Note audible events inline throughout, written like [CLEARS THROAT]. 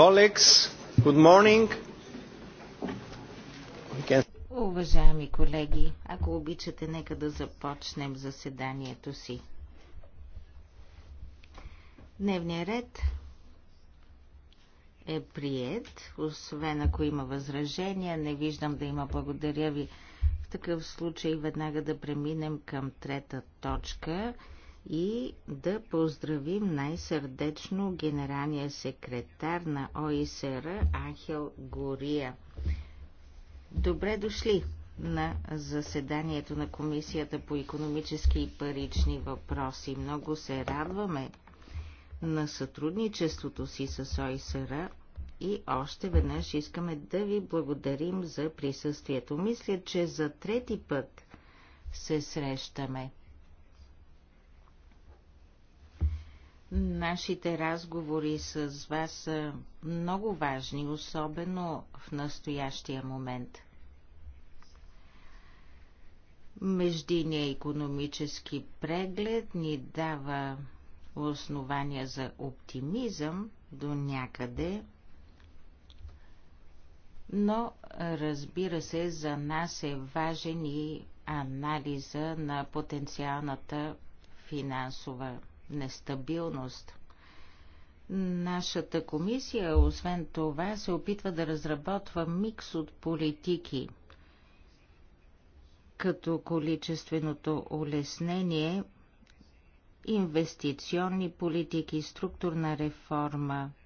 Colleagues, good morning. Уважаеми колеги, ако обичате, нека да започнем заседанието си. Дневния ред е прият, освен ако има възражения. Не виждам да има. Благодаря ви такъв случай веднага да преминем към трета точка и да поздравим най-сърдечно генералния секретар на ОИСР Анхел Гория. Добре дошли на заседанието на Комисията по економически и парични въпроси. Много се радваме на сътрудничеството си с ОИСР и още веднъж искаме да ви благодарим за присъствието. Мисля, че за трети път се срещаме. Нашите разговори с вас са много важни, особено в настоящия момент. Междиния економически преглед ни дава основания за оптимизъм до някъде, но, разбира се, за нас е важен и анализа на потенциалната финансова нестабилност. Нашата комисия, освен това, се опитва да разработва микс от политики, като количественото улеснение, инвестиционни политики, структурна реформа –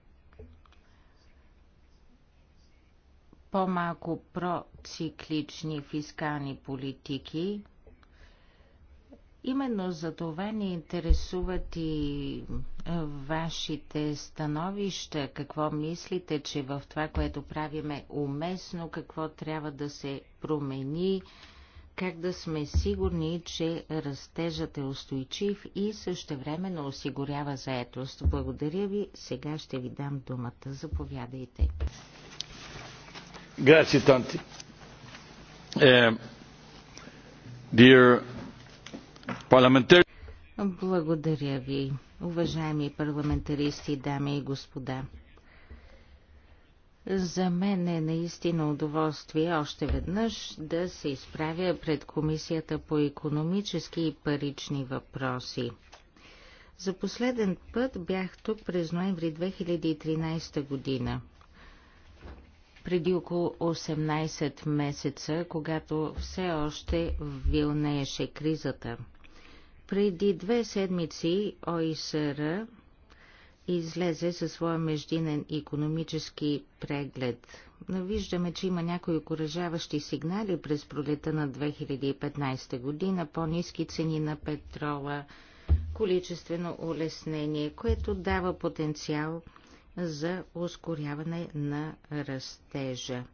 по-малко проциклични фискални политики. Именно за това ни интересуват и вашите становища. Какво мислите, че в това, което правиме е уместно, какво трябва да се промени, как да сме сигурни, че растежът е устойчив и същевременно осигурява заетост. Благодаря ви. Сега ще ви дам думата. Заповядайте. Grazie tanti. Eh, dear parliamentary... Благодаря ви, уважаеми парламентаристи, дами и господа. За мен е наистина удоволствие още веднъж да се изправя пред Комисията по економически и парични въпроси. За последен път бях тук през ноември 2013 година преди около 18 месеца, когато все още вилнееше кризата. Преди две седмици ОИСР излезе със своя междинен економически преглед. Виждаме, че има някои окоръжаващи сигнали през пролета на 2015 година, по-низки цени на петрола, количествено улеснение, което дава потенциал – за ускоряване на растежа.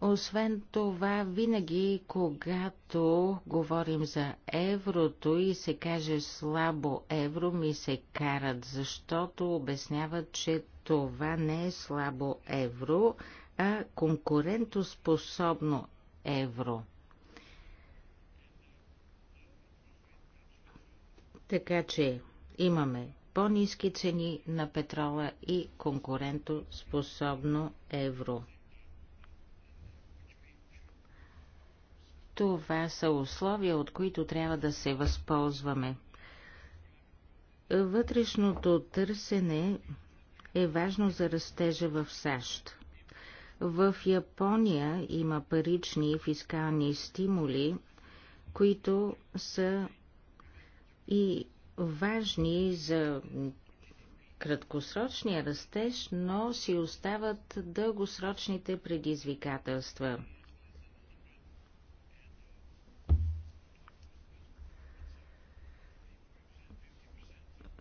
Освен това, винаги, когато говорим за еврото и се каже слабо евро, ми се карат, защото обясняват, че това не е слабо евро, а конкурентоспособно евро. Така че имаме по-низки цени на петрола и конкурентоспособно евро. Това са условия, от които трябва да се възползваме. Вътрешното търсене е важно за растежа в САЩ. В Япония има парични и фискални стимули, които са и важни за краткосрочния растеж, но си остават дългосрочните предизвикателства.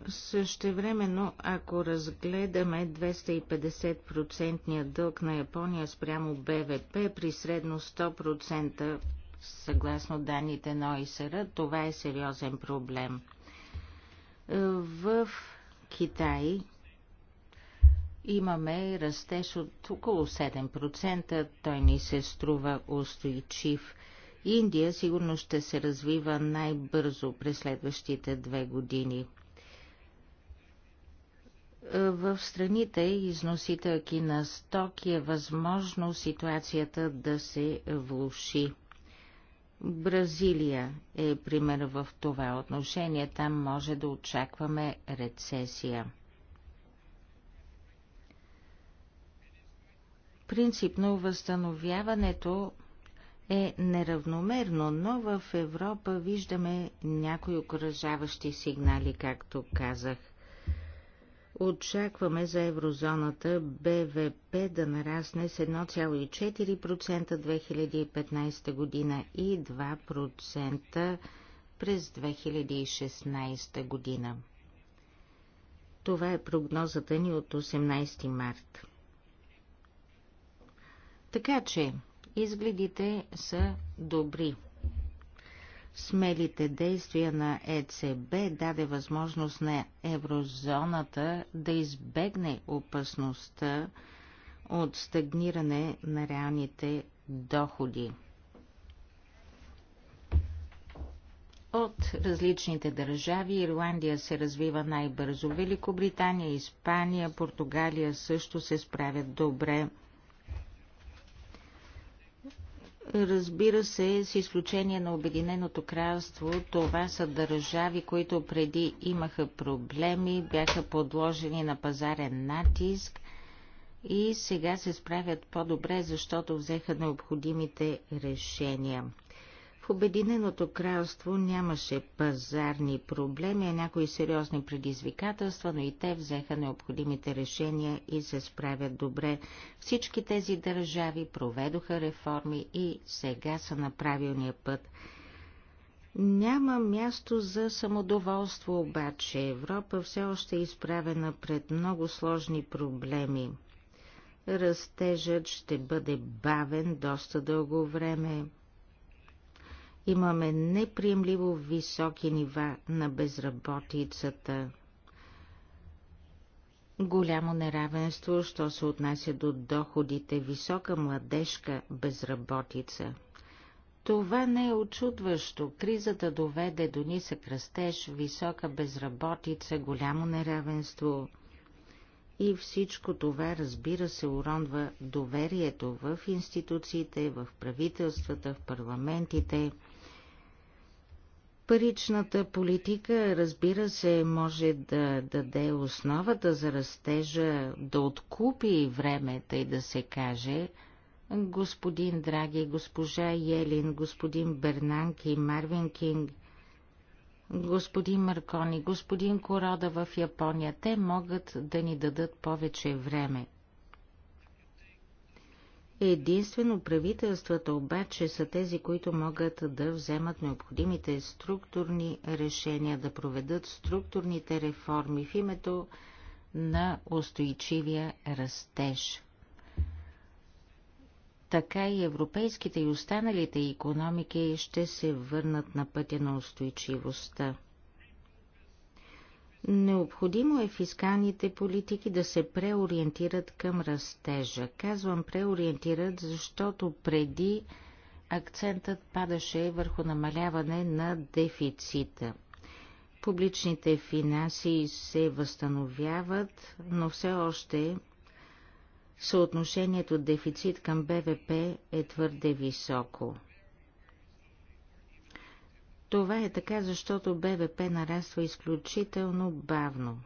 Същевременно, ако разгледаме 250 дълг на Япония спрямо БВП при средно 100% съгласно данните на ОИСР, това е сериозен проблем – в Китай имаме растеж от около 7%. Той ни се струва устойчив. Индия сигурно ще се развива най-бързо през следващите две години. В страните износителки на стоки е възможно ситуацията да се влуши. Бразилия е пример в това отношение. Там може да очакваме рецесия. Принципно възстановяването е неравномерно, но в Европа виждаме някои окоръжаващи сигнали, както казах – Очакваме за еврозоната БВП да нарасне с 1,4% 2015 година и 2% през 2016 година. Това е прогнозата ни от 18 март. Така че изгледите са добри. Смелите действия на ЕЦБ даде възможност на еврозоната да избегне опасността от стагниране на реалните доходи. От различните държави Ирландия се развива най-бързо, Великобритания, Испания, Португалия също се справят добре. Разбира се, с изключение на Обединеното кралство, това са държави, които преди имаха проблеми, бяха подложени на пазарен натиск и сега се справят по-добре, защото взеха необходимите решения. Обединеното кралство нямаше пазарни проблеми, а някои сериозни предизвикателства, но и те взеха необходимите решения и се справят добре. Всички тези държави проведоха реформи и сега са на правилния път. Няма място за самодоволство, обаче Европа все още е изправена пред много сложни проблеми. Растежът ще бъде бавен доста дълго време. Имаме неприемливо високи нива на безработицата. Голямо неравенство, що се отнася до доходите, висока младежка безработица. Това не е очудващо. Кризата доведе до нисък растеж, висока безработица, голямо неравенство. И всичко това, разбира се, уронва доверието в институциите, в правителствата, в парламентите – Паричната политика, разбира се, може да даде основата за растежа, да откупи времето и да се каже, господин Драги, госпожа Елин, господин Бернанки, Марвин Кинг, господин Маркони, господин Корода в Япония, те могат да ни дадат повече време. Единствено правителствата обаче са тези, които могат да вземат необходимите структурни решения, да проведат структурните реформи в името на устойчивия растеж. Така и европейските и останалите економики ще се върнат на пътя на устойчивостта. Необходимо е фискалните политики да се преориентират към растежа. Казвам преориентират, защото преди акцентът падаше върху намаляване на дефицита. Публичните финанси се възстановяват, но все още съотношението дефицит към БВП е твърде високо. Това е така, защото БВП нараства изключително бавно.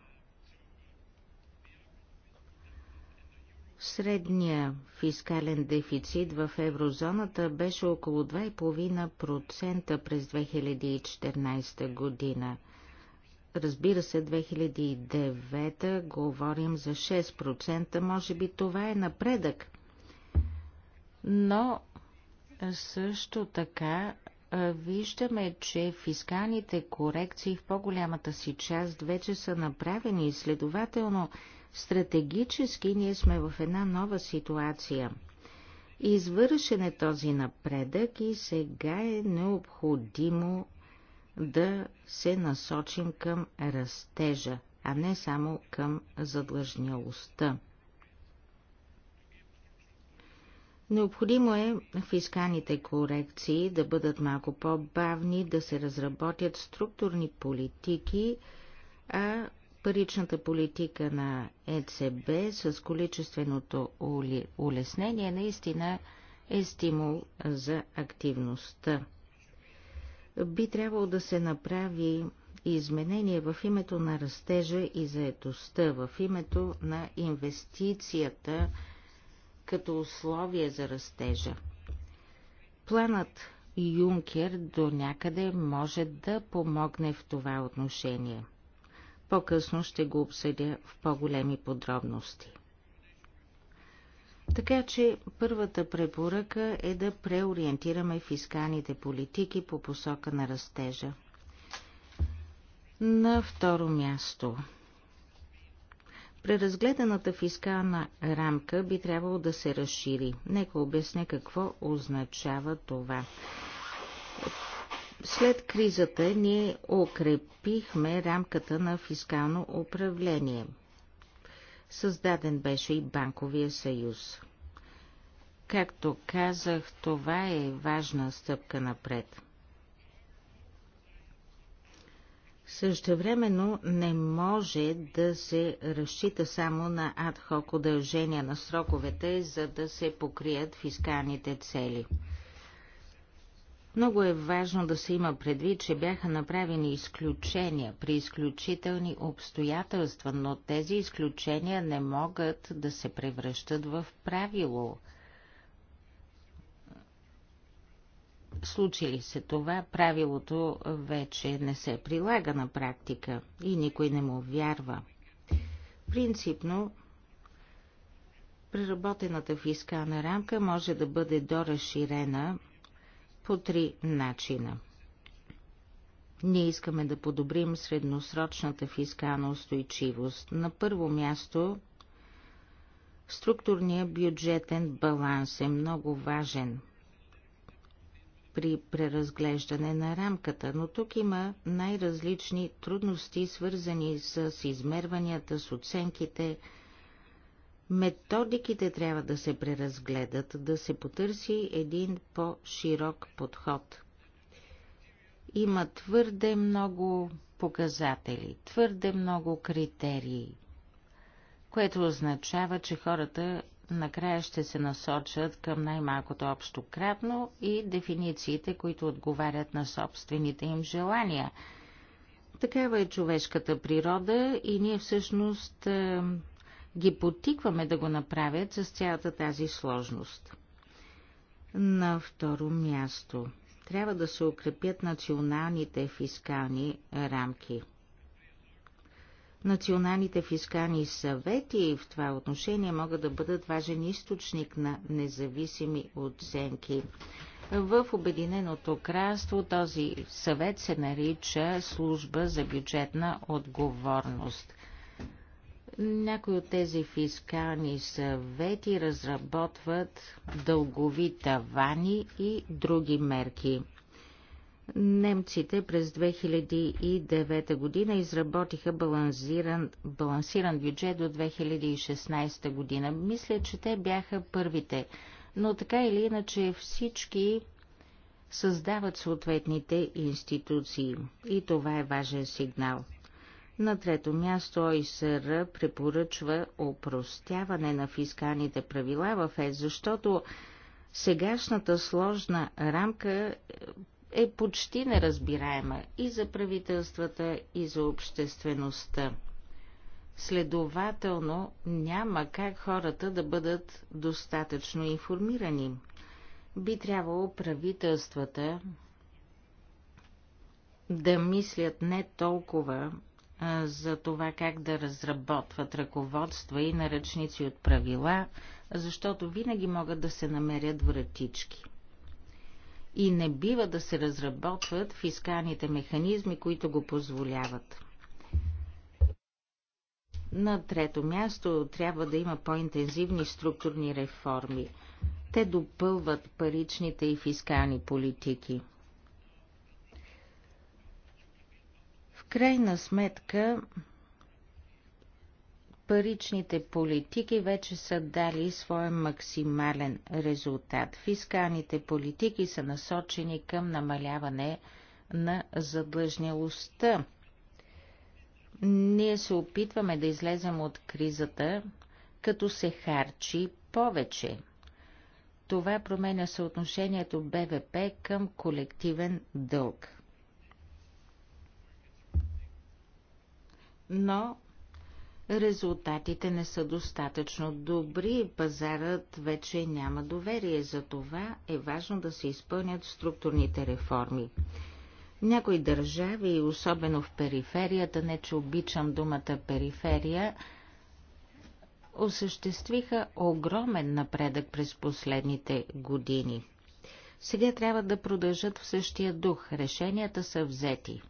Средния фискален дефицит в еврозоната беше около 2,5% през 2014 година. Разбира се, 2009 говорим за 6%, може би това е напредък. Но също така виждаме, че фискалните корекции в по-голямата си част вече са направени и следователно стратегически ние сме в една нова ситуация. Извършен е този напредък и сега е необходимо да се насочим към растежа, а не само към задлъжнялостта. Необходимо е фискалните корекции да бъдат малко по-бавни, да се разработят структурни политики, а паричната политика на ЕЦБ с количественото улеснение наистина е стимул за активността. Би трябвало да се направи изменение в името на растежа и заетостта, в името на инвестицията – като условие за растежа. Планът Юнкер до някъде може да помогне в това отношение. По-късно ще го обсъдя в по-големи подробности. Така че първата препоръка е да преориентираме фискалните политики по посока на растежа. На второ място Преразгледаната фискална рамка би трябвало да се разшири. Нека обясня какво означава това. След кризата ние укрепихме рамката на фискално управление. Създаден беше и Банковия съюз. Както казах, това е важна стъпка напред. Същевременно не може да се разчита само на адхок удължения на сроковете, за да се покрият фискалните цели. Много е важно да се има предвид, че бяха направени изключения при изключителни обстоятелства, но тези изключения не могат да се превръщат в правило – Случи ли се това, правилото вече не се прилага на практика и никой не му вярва. Принципно, преработената фискална рамка може да бъде доразширена по три начина. Ние искаме да подобрим средносрочната фискална устойчивост. На първо място, структурният бюджетен баланс е много важен – при преразглеждане на рамката, но тук има най-различни трудности, свързани с измерванията, с оценките. Методиките трябва да се преразгледат, да се потърси един по-широк подход. Има твърде много показатели, твърде много критерии, което означава, че хората накрая ще се насочат към най-малкото общо кратно и дефинициите, които отговарят на собствените им желания. Такава е човешката природа и ние всъщност е, ги потикваме да го направят с цялата тази сложност. На второ място трябва да се укрепят националните фискални рамки – Националните фискални съвети в това отношение могат да бъдат важен източник на независими оценки. В Обединеното кралство този съвет се нарича служба за бюджетна отговорност. Някои от тези фискални съвети разработват дългови тавани и други мерки – Немците през 2009 година изработиха балансиран, балансиран бюджет до 2016 година. Мисля, че те бяха първите, но така или иначе всички създават съответните институции и това е важен сигнал. На трето място ОИСР препоръчва опростяване на фискалните правила в ЕС, защото сегашната сложна рамка е почти неразбираема и за правителствата, и за обществеността. Следователно няма как хората да бъдат достатъчно информирани. Би трябвало правителствата да мислят не толкова а, за това как да разработват ръководства и наръчници от правила, защото винаги могат да се намерят вратички и не бива да се разработват фискалните механизми, които го позволяват. На трето място трябва да има по-интензивни структурни реформи. Те допълват паричните и фискални политики. В крайна сметка паричните политики вече са дали своя максимален резултат. Фискалните политики са насочени към намаляване на задлъжнялостта. Ние се опитваме да излезем от кризата, като се харчи повече. Това променя съотношението БВП към колективен дълг. Но резултатите не са достатъчно добри, пазарът вече няма доверие, за това е важно да се изпълнят структурните реформи. Някои държави, особено в периферията, не че обичам думата периферия, осъществиха огромен напредък през последните години. Сега трябва да продължат в същия дух. Решенията са взети.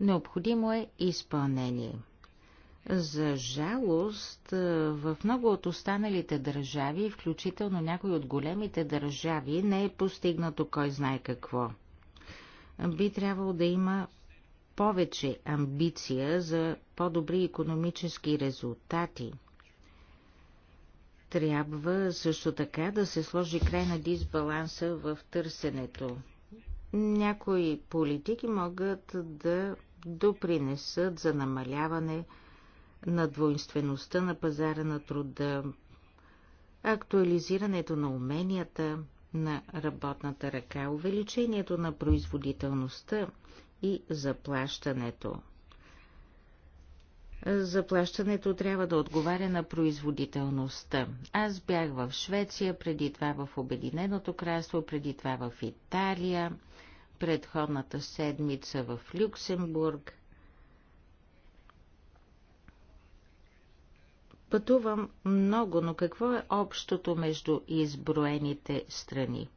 Необходимо е изпълнение. За жалост, е, в много от останалите държави, включително някои от големите държави, не е постигнато кой знае какво. Би трябвало да има повече амбиция за по-добри економически резултати. Трябва също така да се сложи край на дисбаланса в търсенето. Някои политики могат да допринесат за намаляване на на двойствеността на пазара на труда, актуализирането на уменията на работната ръка, увеличението на производителността и заплащането. Заплащането трябва да отговаря на производителността. Аз бях в Швеция, преди това в Обединеното кралство, преди това в Италия, предходната седмица в Люксембург – Пътувам много, но какво е общото между изброените страни?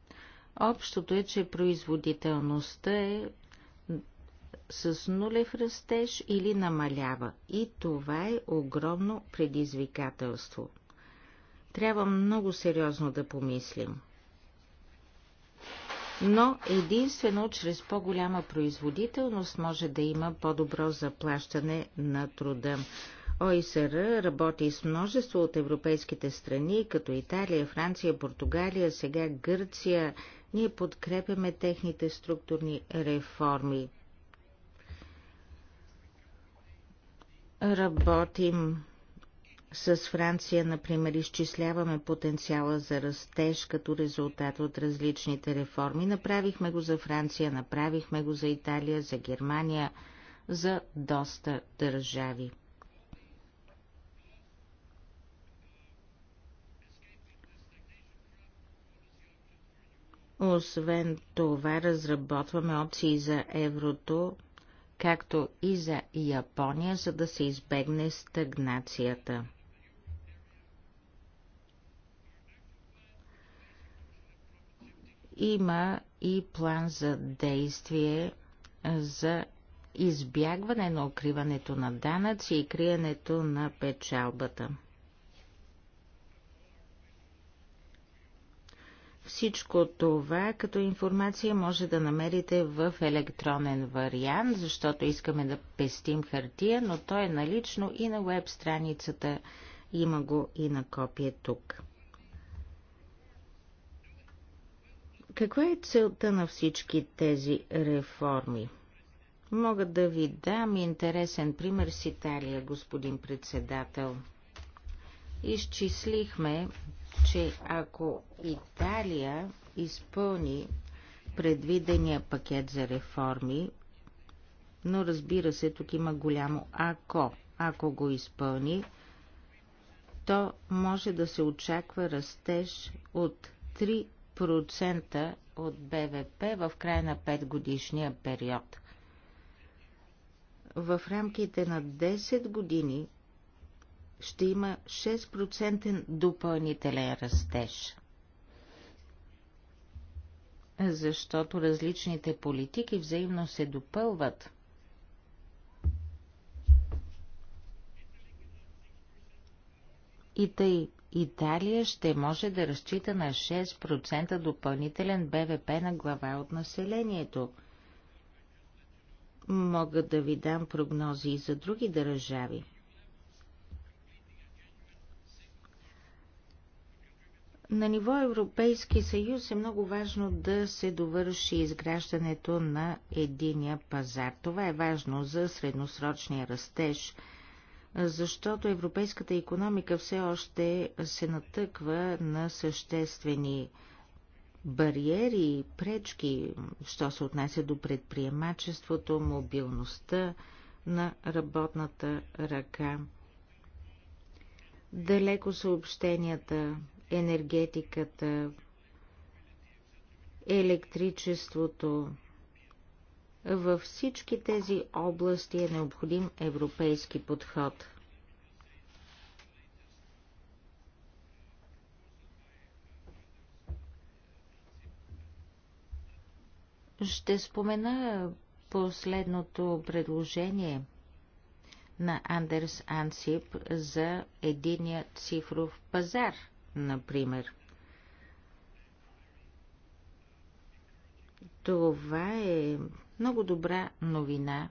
Общото е, че производителността е с нулев растеж или намалява. И това е огромно предизвикателство. Трябва много сериозно да помислим. Но единствено чрез по-голяма производителност може да има по-добро заплащане на труда. ОИСР работи с множество от европейските страни, като Италия, Франция, Португалия, сега Гърция. Ние подкрепяме техните структурни реформи. Работим с Франция, например, изчисляваме потенциала за растеж като резултат от различните реформи. Направихме го за Франция, направихме го за Италия, за Германия, за доста държави. Освен това, разработваме опции за еврото, както и за Япония, за да се избегне стагнацията. Има и план за действие за избягване на укриването на данъци и криенето на печалбата. Всичко това като информация може да намерите в електронен вариант, защото искаме да пестим хартия, но то е налично и на веб страницата. Има го и на копие тук. Каква е целта на всички тези реформи? Мога да ви дам интересен пример с Италия, господин председател. Изчислихме че ако Италия изпълни предвидения пакет за реформи, но разбира се, тук има голямо ако. Ако го изпълни, то може да се очаква растеж от 3% от БВП в края на 5 годишния период. В рамките на 10 години ще има 6% допълнителен растеж. Защото различните политики взаимно се допълват. И тъй Италия ще може да разчита на 6% допълнителен БВП на глава от населението. Мога да ви дам прогнози и за други държави. На ниво Европейски съюз е много важно да се довърши изграждането на единия пазар. Това е важно за средносрочния растеж, защото европейската економика все още се натъква на съществени бариери и пречки, що се отнася до предприемачеството, мобилността на работната ръка. Далеко съобщенията, енергетиката, електричеството. Във всички тези области е необходим европейски подход. Ще спомена последното предложение на Андерс Ансип за единия цифров пазар – например. Това е много добра новина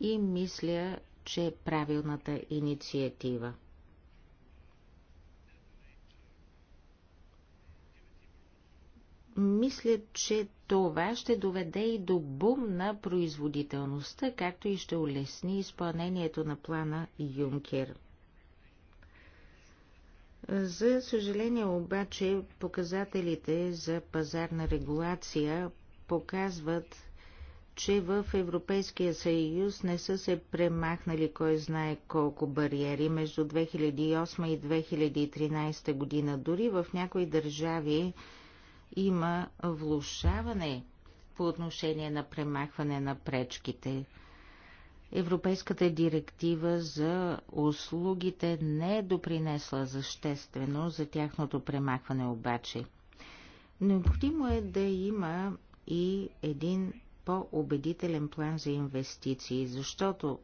и мисля, че е правилната инициатива. Мисля, че това ще доведе и до бум на производителността, както и ще улесни изпълнението на плана Юнкер. За съжаление обаче показателите за пазарна регулация показват, че в Европейския съюз не са се премахнали кой знае колко бариери между 2008 и 2013 година. Дори в някои държави има влушаване по отношение на премахване на пречките. Европейската директива за услугите не е допринесла съществено за тяхното премахване обаче. Необходимо е да има и един по-убедителен план за инвестиции, защото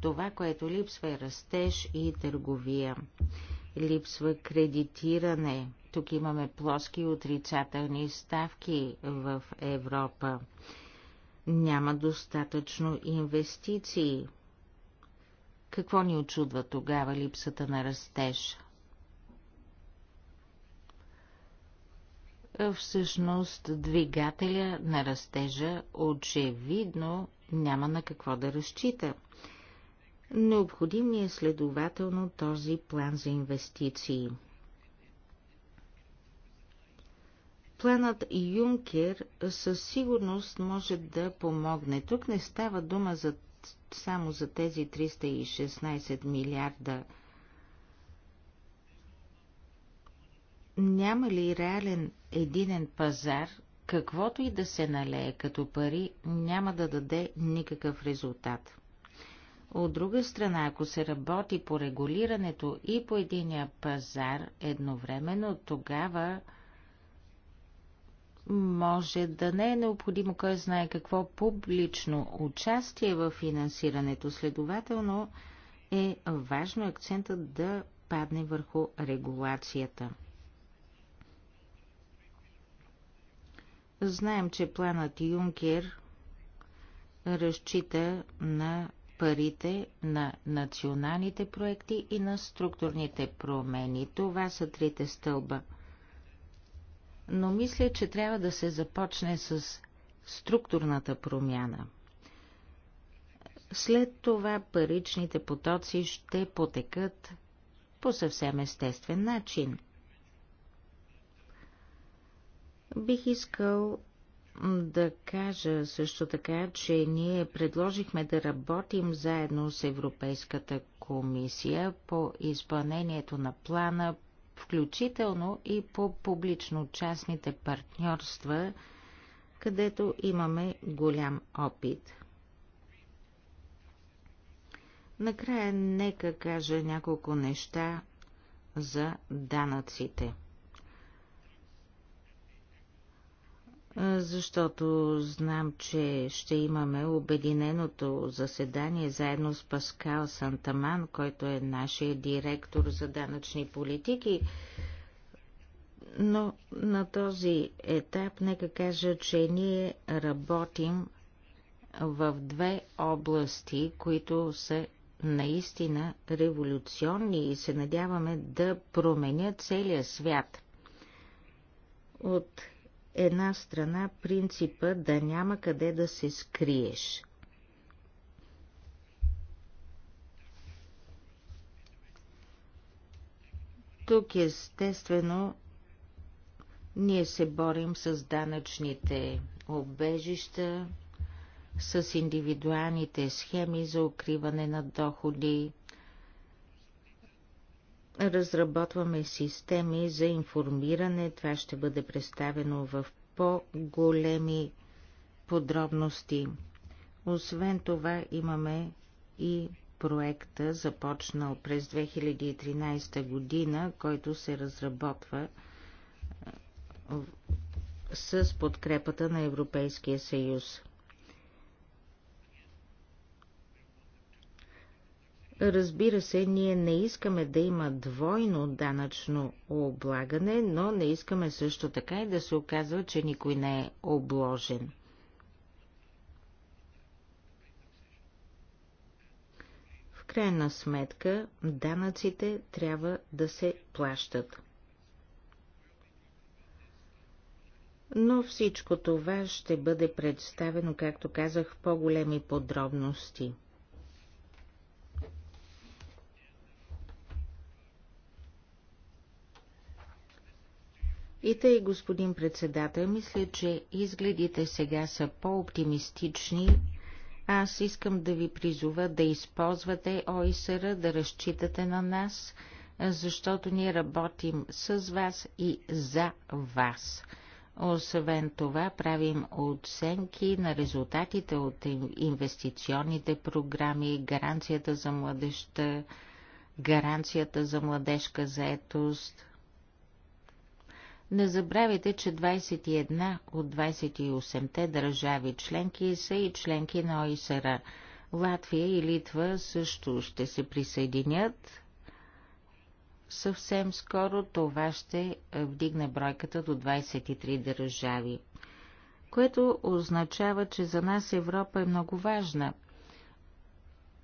това, което липсва е растеж и търговия. Липсва кредитиране. Тук имаме плоски отрицателни ставки в Европа няма достатъчно инвестиции. Какво ни очудва тогава липсата на растеж? Всъщност, двигателя на растежа очевидно няма на какво да разчита. Необходим ни е следователно този план за инвестиции – Планът Юнкер със сигурност може да помогне. Тук не става дума за, само за тези 316 милиарда. Няма ли реален единен пазар, каквото и да се налее като пари, няма да даде никакъв резултат. От друга страна, ако се работи по регулирането и по единия пазар едновременно, тогава може да не е необходимо кой знае какво публично участие в финансирането. Следователно е важно акцентът да падне върху регулацията. Знаем, че планът Юнкер разчита на парите на националните проекти и на структурните промени. Това са трите стълба – но мисля, че трябва да се започне с структурната промяна. След това паричните потоци ще потекат по съвсем естествен начин. Бих искал да кажа също така, че ние предложихме да работим заедно с Европейската комисия по изпълнението на плана, включително и по публично-частните партньорства, където имаме голям опит. Накрая нека кажа няколко неща за данъците – защото знам, че ще имаме обединеното заседание заедно с Паскал Сантаман, който е нашия директор за данъчни политики. Но на този етап нека кажа, че ние работим в две области, които са наистина революционни и се надяваме да променят целия свят. От една страна принципа да няма къде да се скриеш. Тук естествено ние се борим с данъчните обежища, с индивидуалните схеми за укриване на доходи, Разработваме системи за информиране. Това ще бъде представено в по-големи подробности. Освен това имаме и проекта, започнал през 2013 година, който се разработва е, с подкрепата на Европейския съюз. Разбира се, ние не искаме да има двойно данъчно облагане, но не искаме също така и да се оказва, че никой не е обложен. В крайна сметка, данъците трябва да се плащат. Но всичко това ще бъде представено, както казах, в по-големи подробности – И тъй, господин председател, мисля, че изгледите сега са по-оптимистични. Аз искам да ви призова да използвате ОИСР, да разчитате на нас, защото ние работим с вас и за вас. Освен това, правим оценки на резултатите от инвестиционните програми, гаранцията за младеща, гаранцията за младежка заетост – не забравяйте, че 21 от 28-те държави членки са и членки на ОИСР. Латвия и Литва също ще се присъединят. Съвсем скоро това ще вдигне бройката до 23 държави, което означава, че за нас Европа е много важна.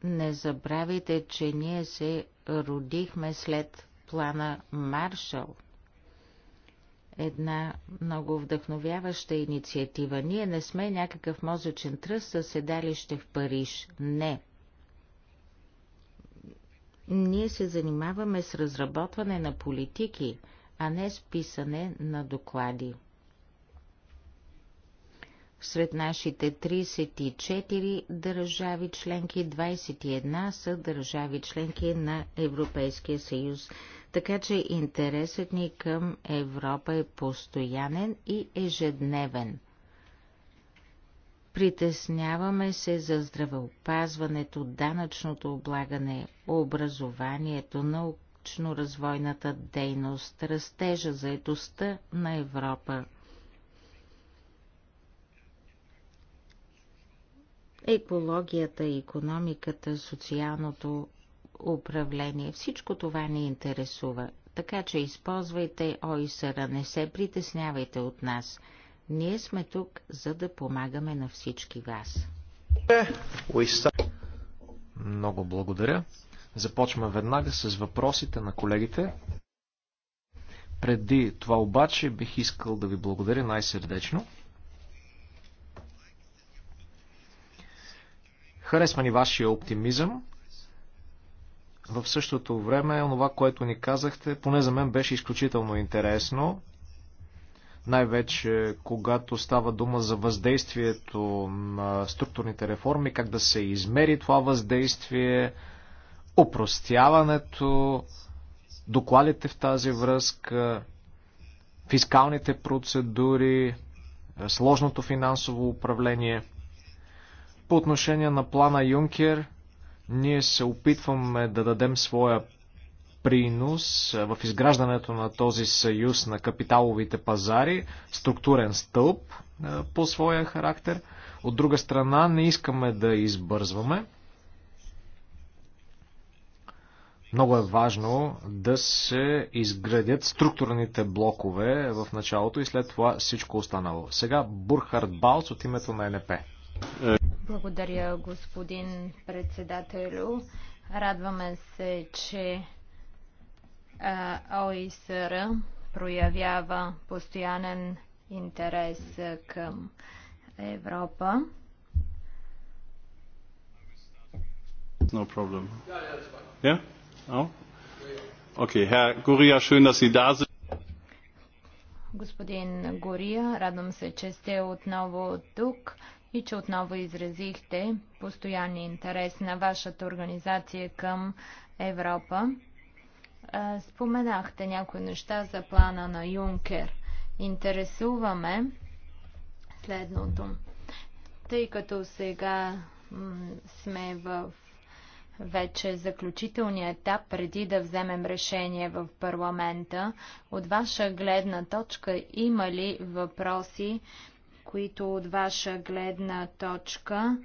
Не забравяйте, че ние се родихме след плана Маршал – една много вдъхновяваща инициатива. Ние не сме някакъв мозъчен тръст със седалище в Париж. Не. Ние се занимаваме с разработване на политики, а не с писане на доклади. Сред нашите 34 държави членки, 21 са държави членки на Европейския съюз. Така че интересът ни към Европа е постоянен и ежедневен. Притесняваме се за здравеопазването, данъчното облагане, образованието, научно-развойната дейност, растежа, заедостта на Европа. Екологията, економиката, социалното управление. Всичко това ни интересува. Така че използвайте ОИСР, не се притеснявайте от нас. Ние сме тук, за да помагаме на всички вас. Много благодаря. Започваме веднага с въпросите на колегите. Преди това обаче бих искал да ви благодаря най-сърдечно. Харесва ни вашия оптимизъм. В същото време, онова, което ни казахте, поне за мен беше изключително интересно. Най-вече, когато става дума за въздействието на структурните реформи, как да се измери това въздействие, опростяването, докладите в тази връзка, фискалните процедури, сложното финансово управление. По отношение на плана Юнкер, ние се опитваме да дадем своя принос е, в изграждането на този съюз на капиталовите пазари, структурен стълб е, по своя характер. От друга страна, не искаме да избързваме. Много е важно да се изградят структурните блокове в началото и след това всичко останало. Сега Бурхард Балц от името на НП. Благодаря, господин председателю. Радваме се, че ОИСР проявява постоянен интерес към Европа. No problem. Ja, ja, No? Okay, Herr Guria, schön, dass Sie da sind. Господин Гория, радвам се, че сте отново тук и че отново изразихте постоянния интерес на вашата организация към Европа. Споменахте някои неща за плана на Юнкер. Интересуваме следното. Тъй като сега сме в вече заключителния етап преди да вземем решение в парламента. От ваша гледна точка има ли въпроси, които от ваша гледна точка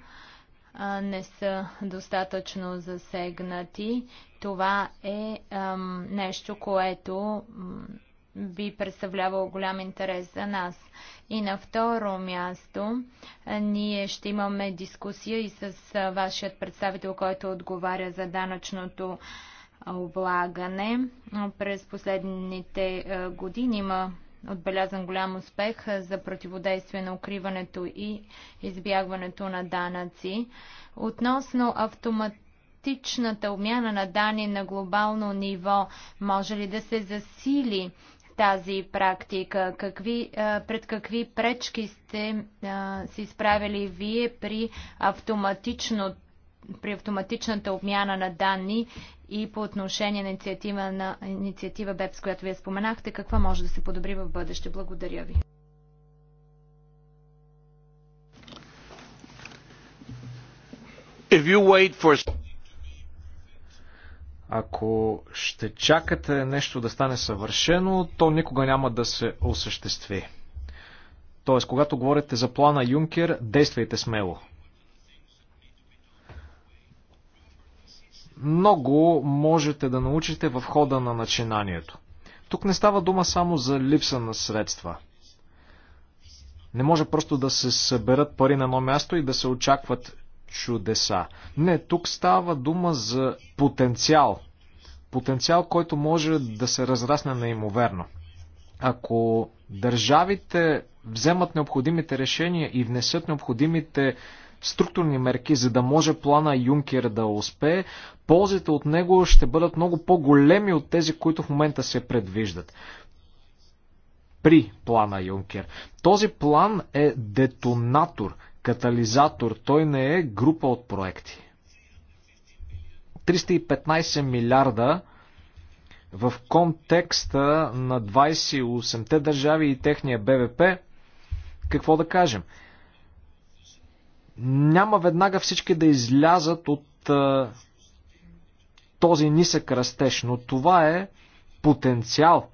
не са достатъчно засегнати. Това е ам, нещо, което би представлявало голям интерес за нас. И на второ място, ние ще имаме дискусия и с вашият представител, който отговаря за данъчното облагане. През последните години има отбелязан голям успех за противодействие на укриването и избягването на данъци. Относно автоматичната обмяна на данни на глобално ниво, може ли да се засили тази практика? Какви, пред какви пречки сте се изправили вие при автоматичното при автоматичната обмяна на данни и по отношение на инициатива, на инициатива БЕПС, която вие споменахте, каква може да се подобри в бъдеще. Благодаря ви. For... Ако ще чакате нещо да стане съвършено, то никога няма да се осъществи. Тоест, когато говорите за плана Юнкер, действайте смело. Много можете да научите в хода на начинанието. Тук не става дума само за липса на средства. Не може просто да се съберат пари на едно място и да се очакват чудеса. Не, тук става дума за потенциал. Потенциал, който може да се разрасне неимоверно. Ако държавите вземат необходимите решения и внесат необходимите структурни мерки, за да може плана Юнкер да успее, ползите от него ще бъдат много по-големи от тези, които в момента се предвиждат. При плана Юнкер. Този план е детонатор, катализатор, той не е група от проекти. 315 милиарда в контекста на 28-те държави и техния БВП, какво да кажем? няма веднага всички да излязат от а, е, този нисък растеж, но това е потенциал,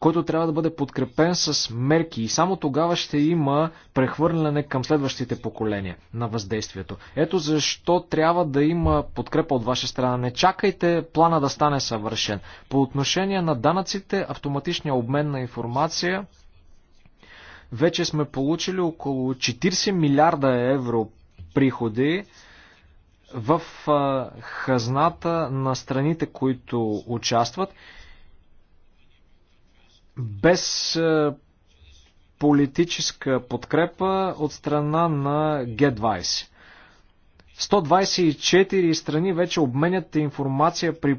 който трябва да бъде подкрепен с мерки и само тогава ще има прехвърляне към следващите поколения на въздействието. Ето защо трябва да има подкрепа от ваша страна. Не чакайте плана да стане съвършен. По отношение на данъците, автоматичния обмен на информация вече сме получили около 40 милиарда евро приходи в хазната на страните, които участват, без политическа подкрепа от страна на g 20 124 страни вече обменят информация при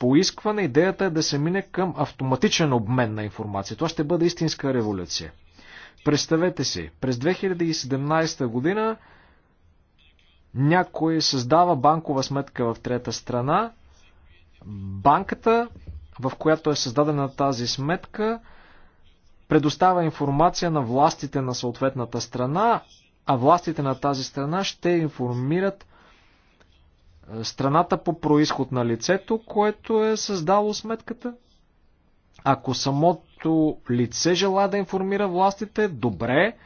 поискване. Идеята е да се мине към автоматичен обмен на информация. Това ще бъде истинска революция. Представете си, през 2017 година някой създава банкова сметка в трета страна, банката, в която е създадена тази сметка, предоставя информация на властите на съответната страна, а властите на тази страна ще информират е, страната по происход на лицето, което е създало сметката. Ако самото лице желая да информира властите, добре.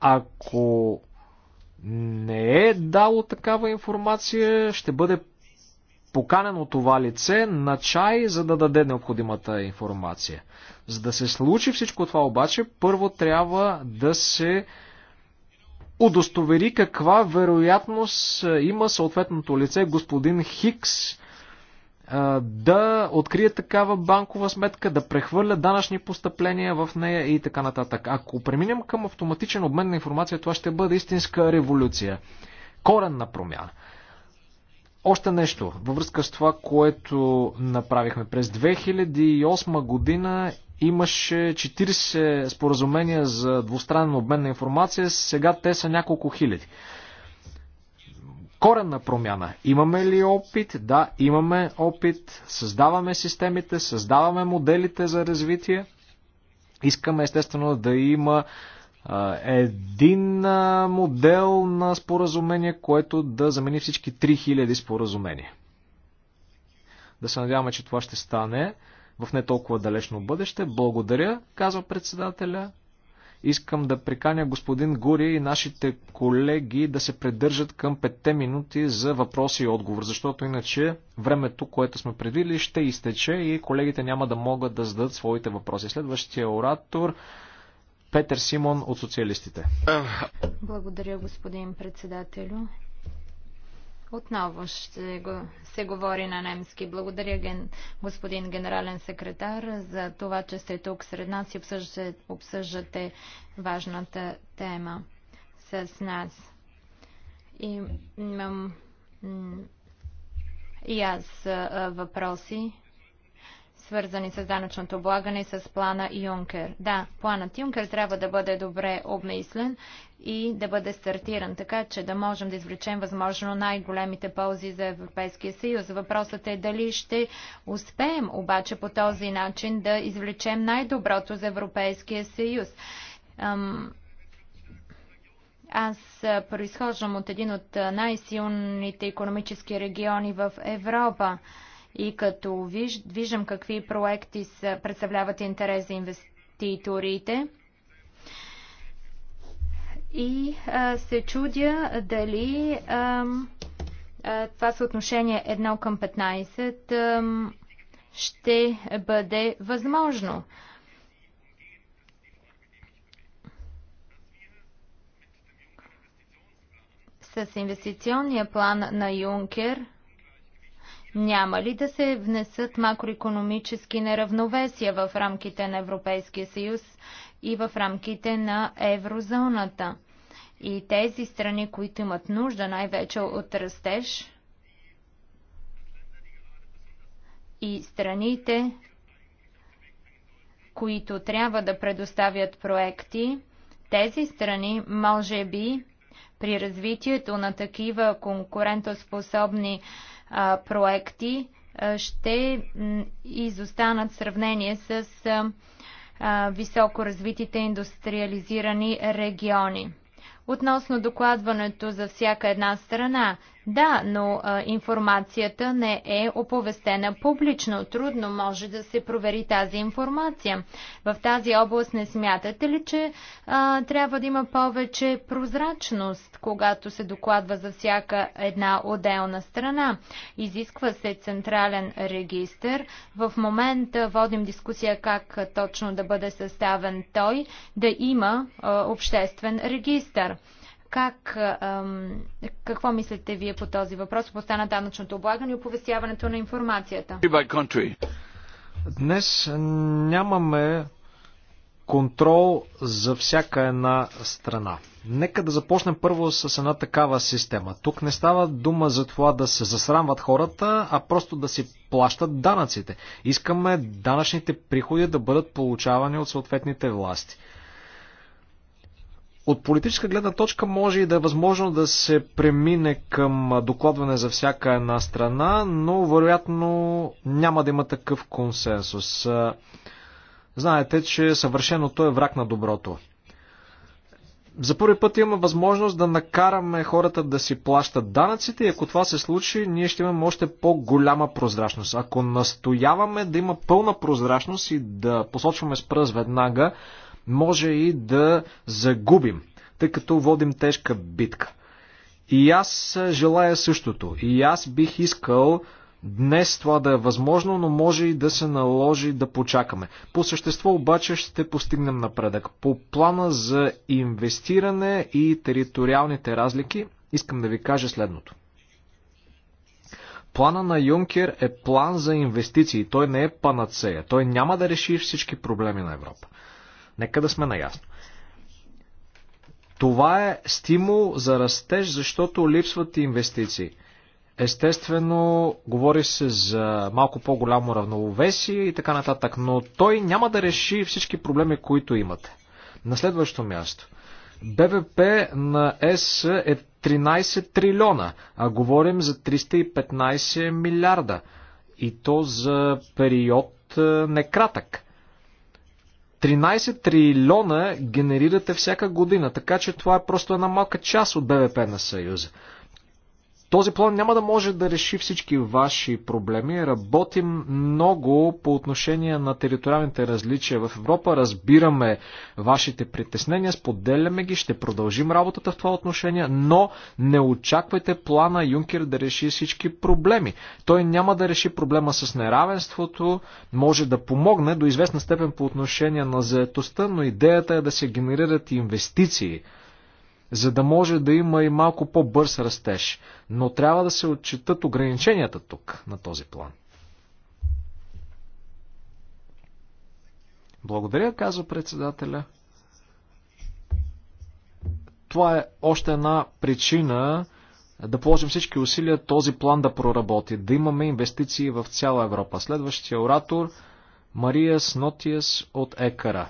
Ако не е дало такава информация, ще бъде поканено това лице на чай, за да даде необходимата информация. За да се случи всичко това обаче, първо трябва да се удостовери каква вероятност има съответното лице господин Хикс да открият такава банкова сметка, да прехвърлят данъчни постъпления в нея и така нататък. Ако преминем към автоматичен обмен на информация, това ще бъде истинска революция. Коренна промяна. Още нещо във връзка с това, което направихме. През 2008 година имаше 40 споразумения за двустранен обмен на информация, сега те са няколко хиляди коренна промяна. Имаме ли опит? Да, имаме опит. Създаваме системите, създаваме моделите за развитие. Искаме естествено да има един модел на споразумение, което да замени всички 3000 споразумения. Да се надяваме, че това ще стане в не толкова далечно бъдеще. Благодаря, казва председателя. Искам да приканя господин Гури и нашите колеги да се придържат към 5 минути за въпроси и отговор, защото иначе времето, което сме предвидили, ще изтече и колегите няма да могат да зададат своите въпроси. Следващия оратор Петър Симон от социалистите. Благодаря, господин председателю. Отново ще го, се говори на немски. Благодаря, ген, господин генерален секретар, за това, че сте тук сред нас и обсъждате, обсъждате важната тема с нас. И имам и аз въпроси свързани с данъчното облагане с плана Юнкер. Да, планът Юнкер трябва да бъде добре обмислен и да бъде стартиран, така че да можем да извлечем възможно най-големите ползи за Европейския съюз. Въпросът е дали ще успеем обаче по този начин да извлечем най-доброто за Европейския съюз. Аз произхождам от един от най-силните економически региони в Европа и като виждам какви проекти представляват интерес за инвеститорите. И а, се чудя дали а, а, това съотношение 1 към 15 а, ще бъде възможно. С инвестиционния план на Юнкер – няма ли да се внесат макроекономически неравновесия в рамките на Европейския съюз и в рамките на еврозоната? И тези страни, които имат нужда най-вече от растеж, и страните, които трябва да предоставят проекти, тези страни може би при развитието на такива конкурентоспособни проекти, проекти ще изостанат в сравнение с високо развитите индустриализирани региони. Относно докладването за всяка една страна, да, но а, информацията не е оповестена публично. Трудно може да се провери тази информация. В тази област не смятате ли, че а, трябва да има повече прозрачност, когато се докладва за всяка една отделна страна? Изисква се централен регистр. В момента водим дискусия как точно да бъде съставен той, да има а, обществен регистр. Как, ам, какво мислите вие по този въпрос, Поста на данъчното облагане и оповестяването на информацията? Днес нямаме контрол за всяка една страна. Нека да започнем първо с една такава система. Тук не става дума за това да се засрамват хората, а просто да си плащат данъците. Искаме данъчните приходи да бъдат получавани от съответните власти. От политическа гледна точка може и да е възможно да се премине към докладване за всяка една страна, но вероятно няма да има такъв консенсус. Знаете, че съвършеното е враг на доброто. За първи път има възможност да накараме хората да си плащат данъците и ако това се случи, ние ще имаме още по-голяма прозрачност. Ако настояваме да има пълна прозрачност и да посочваме с пръст веднага, може и да загубим, тъй като водим тежка битка. И аз желая същото. И аз бих искал днес това да е възможно, но може и да се наложи да почакаме. По същество обаче ще постигнем напредък. По плана за инвестиране и териториалните разлики искам да ви кажа следното. Плана на Юнкер е план за инвестиции. Той не е панацея. Той няма да реши всички проблеми на Европа. Нека да сме наясно. Това е стимул за растеж, защото липсват инвестиции. Естествено, говори се за малко по-голямо равновесие и така нататък, но той няма да реши всички проблеми, които имате. На следващо място. БВП на ЕС е 13 трилиона, а говорим за 315 милиарда. И то за период е, некратък. кратък. 13 трилиона генерирате всяка година, така че това е просто една малка част от БВП на Съюза. Този план няма да може да реши всички ваши проблеми. Работим много по отношение на териториалните различия в Европа. Разбираме вашите притеснения, споделяме ги, ще продължим работата в това отношение, но не очаквайте плана Юнкер да реши всички проблеми. Той няма да реши проблема с неравенството, може да помогне до известна степен по отношение на заетостта, но идеята е да се генерират инвестиции за да може да има и малко по-бърз растеж. Но трябва да се отчитат ограниченията тук, на този план. Благодаря, казва председателя. Това е още една причина да положим всички усилия този план да проработи, да имаме инвестиции в цяла Европа. Следващия оратор Мария Снотиес от Екара.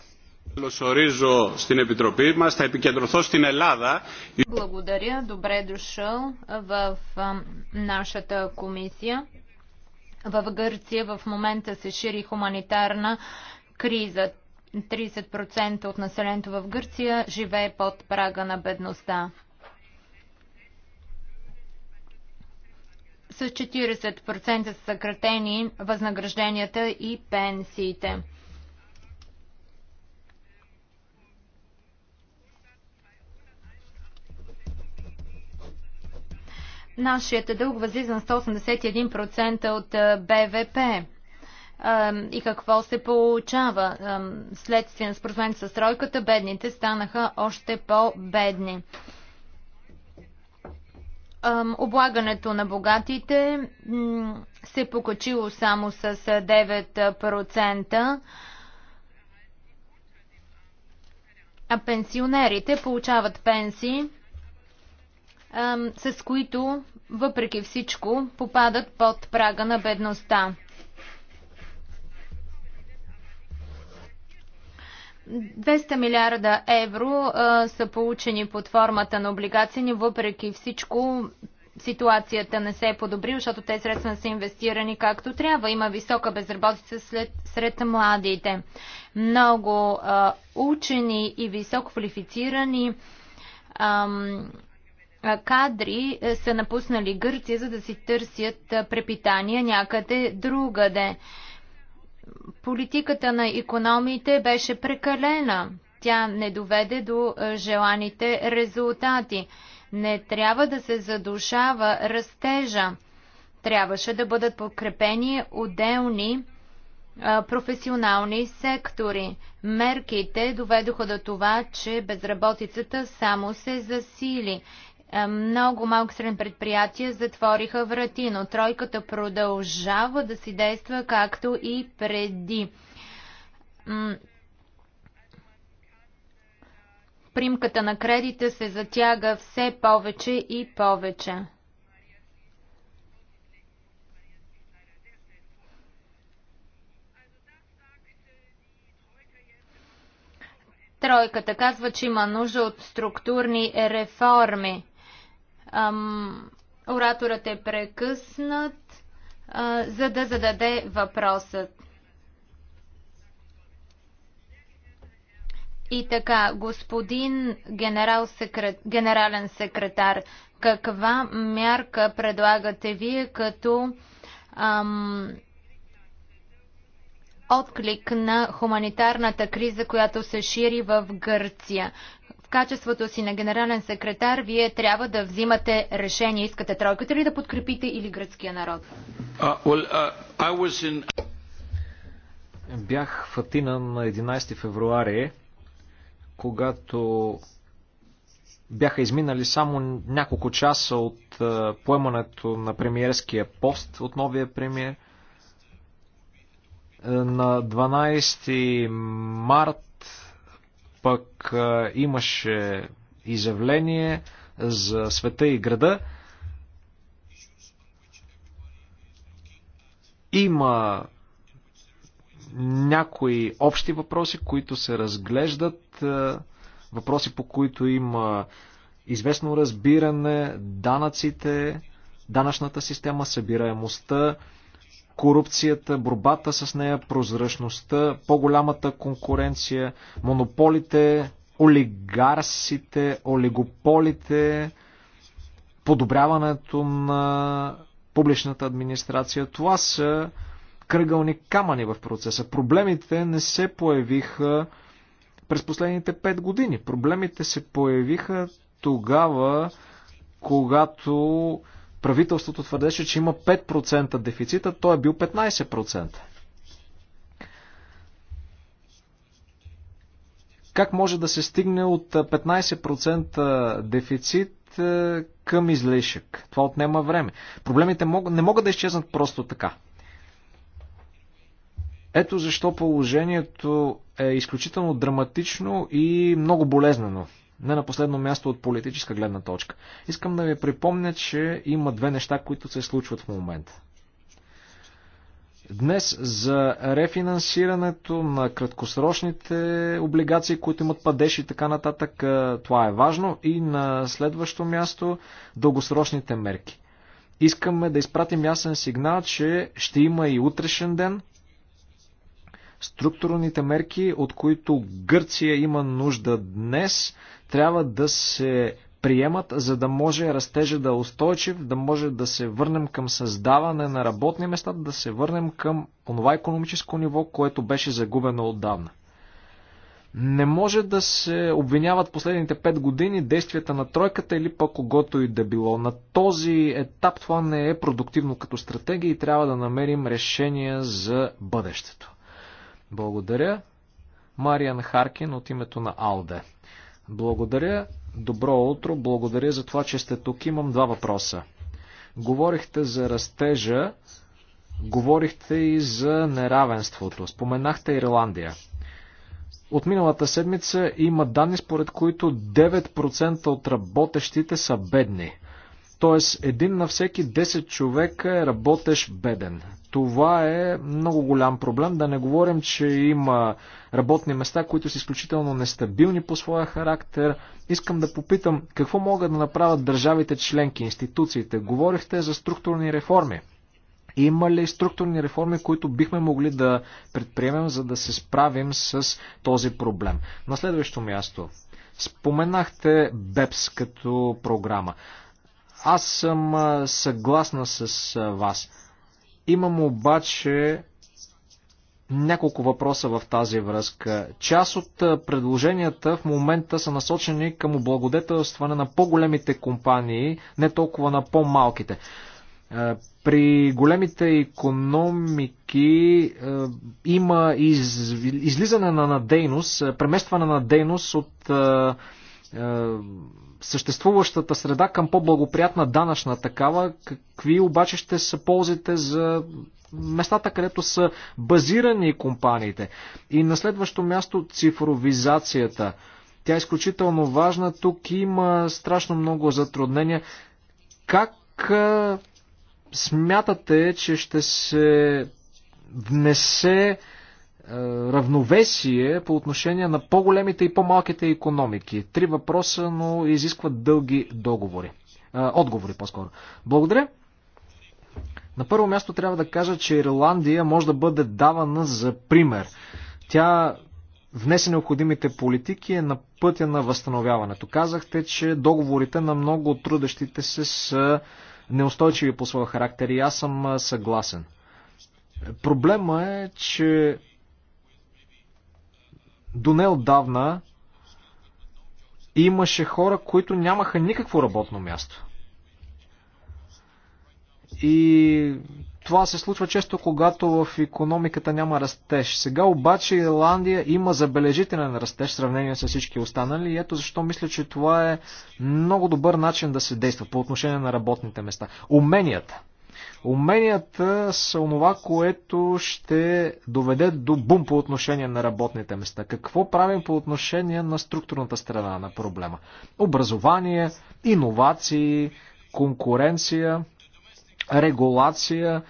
Благодаря. Добре дошъл в нашата комисия. В Гърция в момента се шири хуманитарна криза. 30% от населението в Гърция живее под прага на бедността. С 40% са съкратени възнагражденията и пенсиите. Нашият дълг възлиза на 181% от БВП. И какво се получава? Следствие на споразумението с тройката, бедните станаха още по-бедни. Облагането на богатите се е покачило само с 9%. А пенсионерите получават пенсии с които, въпреки всичко, попадат под прага на бедността. Двеста милиарда евро а, са получени под формата на облигации, но въпреки всичко ситуацията не се е подобрила, защото те средства не са инвестирани както трябва. Има висока безработица след, сред младите. Много а, учени и високо квалифицирани кадри е, са напуснали Гърция, за да си търсят е, препитания някъде другаде. Политиката на економите беше прекалена. Тя не доведе до е, желаните резултати. Не трябва да се задушава растежа. Трябваше да бъдат подкрепени отделни професионални сектори. Мерките доведоха до това, че безработицата само се засили. Е, много малко среден предприятия затвориха врати, но тройката продължава да си действа както и преди. Примката на кредита се затяга все повече и повече. Тройката казва, че има нужда от структурни реформи. Ам, ораторът е прекъснат, а, за да зададе въпросът. И така, господин генерал секрет, генерален секретар, каква мярка предлагате вие като ам, отклик на хуманитарната криза, която се шири в Гърция? в качеството си на генерален секретар вие трябва да взимате решение. Искате тройката ли да подкрепите или гръцкия народ? Uh, well, uh, in... Бях в Атина на 11 февруари, когато бяха изминали само няколко часа от поемането на премиерския пост от новия премиер. Е, на 12 март пък имаше изявление за света и града. Има някои общи въпроси, които се разглеждат, въпроси по които има известно разбиране, данъците, данъчната система, събираемостта, корупцията, борбата с нея, прозрачността, по-голямата конкуренция, монополите, олигарсите, олигополите, подобряването на публичната администрация. Това са кръгълни камъни в процеса. Проблемите не се появиха през последните 5 години. Проблемите се появиха тогава, когато Правителството твърдеше, че има 5% дефицита, той е бил 15%. Как може да се стигне от 15% дефицит е, към излишък? Това отнема време. Проблемите не могат да изчезнат просто така. Ето защо положението е изключително драматично и много болезнено не на последно място от политическа гледна точка. Искам да ви припомня, че има две неща, които се случват в момента. Днес за рефинансирането на краткосрочните облигации, които имат падеж и така нататък, това е важно. И на следващо място дългосрочните мерки. Искаме да изпратим ясен сигнал, че ще има и утрешен ден. Структурните мерки, от които Гърция има нужда днес, трябва да се приемат, за да може растежа да е устойчив, да може да се върнем към създаване на работни места, да се върнем към онова економическо ниво, което беше загубено отдавна. Не може да се обвиняват последните 5 години действията на тройката или пък когото и да било. На този етап това не е продуктивно като стратегия и трябва да намерим решение за бъдещето. Благодаря. Мариан Харкин от името на Алде. Благодаря. Добро утро. Благодаря за това, че сте тук. Имам два въпроса. Говорихте за растежа, говорихте и за неравенството. Споменахте Ирландия. От миналата седмица има данни, според които 9% от работещите са бедни. Т.е. един на всеки 10 човека е работещ беден. Това е много голям проблем. Да не говорим, че има работни места, които са изключително нестабилни по своя характер. Искам да попитам, какво могат да направят държавите членки, институциите? Говорихте за структурни реформи. Има ли структурни реформи, които бихме могли да предприемем, за да се справим с този проблем? На следващо място. Споменахте БЕПС като програма. Аз съм съгласна с вас. Имам обаче няколко въпроса в тази връзка. Част от предложенията в момента са насочени към облагодетелстване на по-големите компании, не толкова на по-малките. При големите економики има излизане на, на дейност, преместване на дейност от съществуващата среда към по-благоприятна данъчна такава. Какви обаче ще са ползите за местата, където са базирани компаниите? И на следващо място цифровизацията. Тя е изключително важна. Тук има страшно много затруднения. Как смятате, че ще се внесе е, равновесие по отношение на по-големите и по-малките економики. Три въпроса, но изискват дълги договори. Е, отговори по-скоро. Благодаря. На първо място трябва да кажа, че Ирландия може да бъде давана за пример. Тя внесе необходимите политики е на пътя на възстановяването. Казахте, че договорите на много от трудещите се са неустойчиви по своя характер и аз съм е, съгласен. Проблема е, че до отдавна имаше хора, които нямаха никакво работно място. И това се случва често, когато в економиката няма растеж. Сега обаче Ирландия има забележителен растеж в сравнение с всички останали. И ето защо мисля, че това е много добър начин да се действа по отношение на работните места. Уменията. Уменията са онова, което ще доведе до бум по отношение на работните места. Какво правим по отношение на структурната страна на проблема? Образование, иновации, конкуренция, регулация,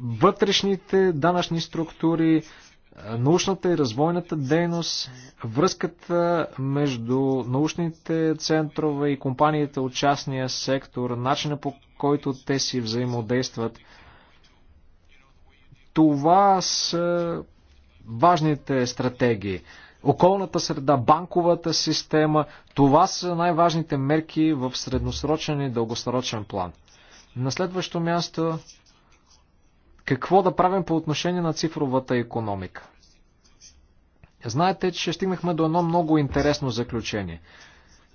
вътрешните данъчни структури, научната и развойната дейност, връзката между научните центрове и компаниите от частния сектор, начина по който те си взаимодействат. Това са важните стратегии. Околната среда, банковата система, това са най-важните мерки в средносрочен и дългосрочен план. На следващо място какво да правим по отношение на цифровата економика? Знаете, че стигнахме до едно много интересно заключение.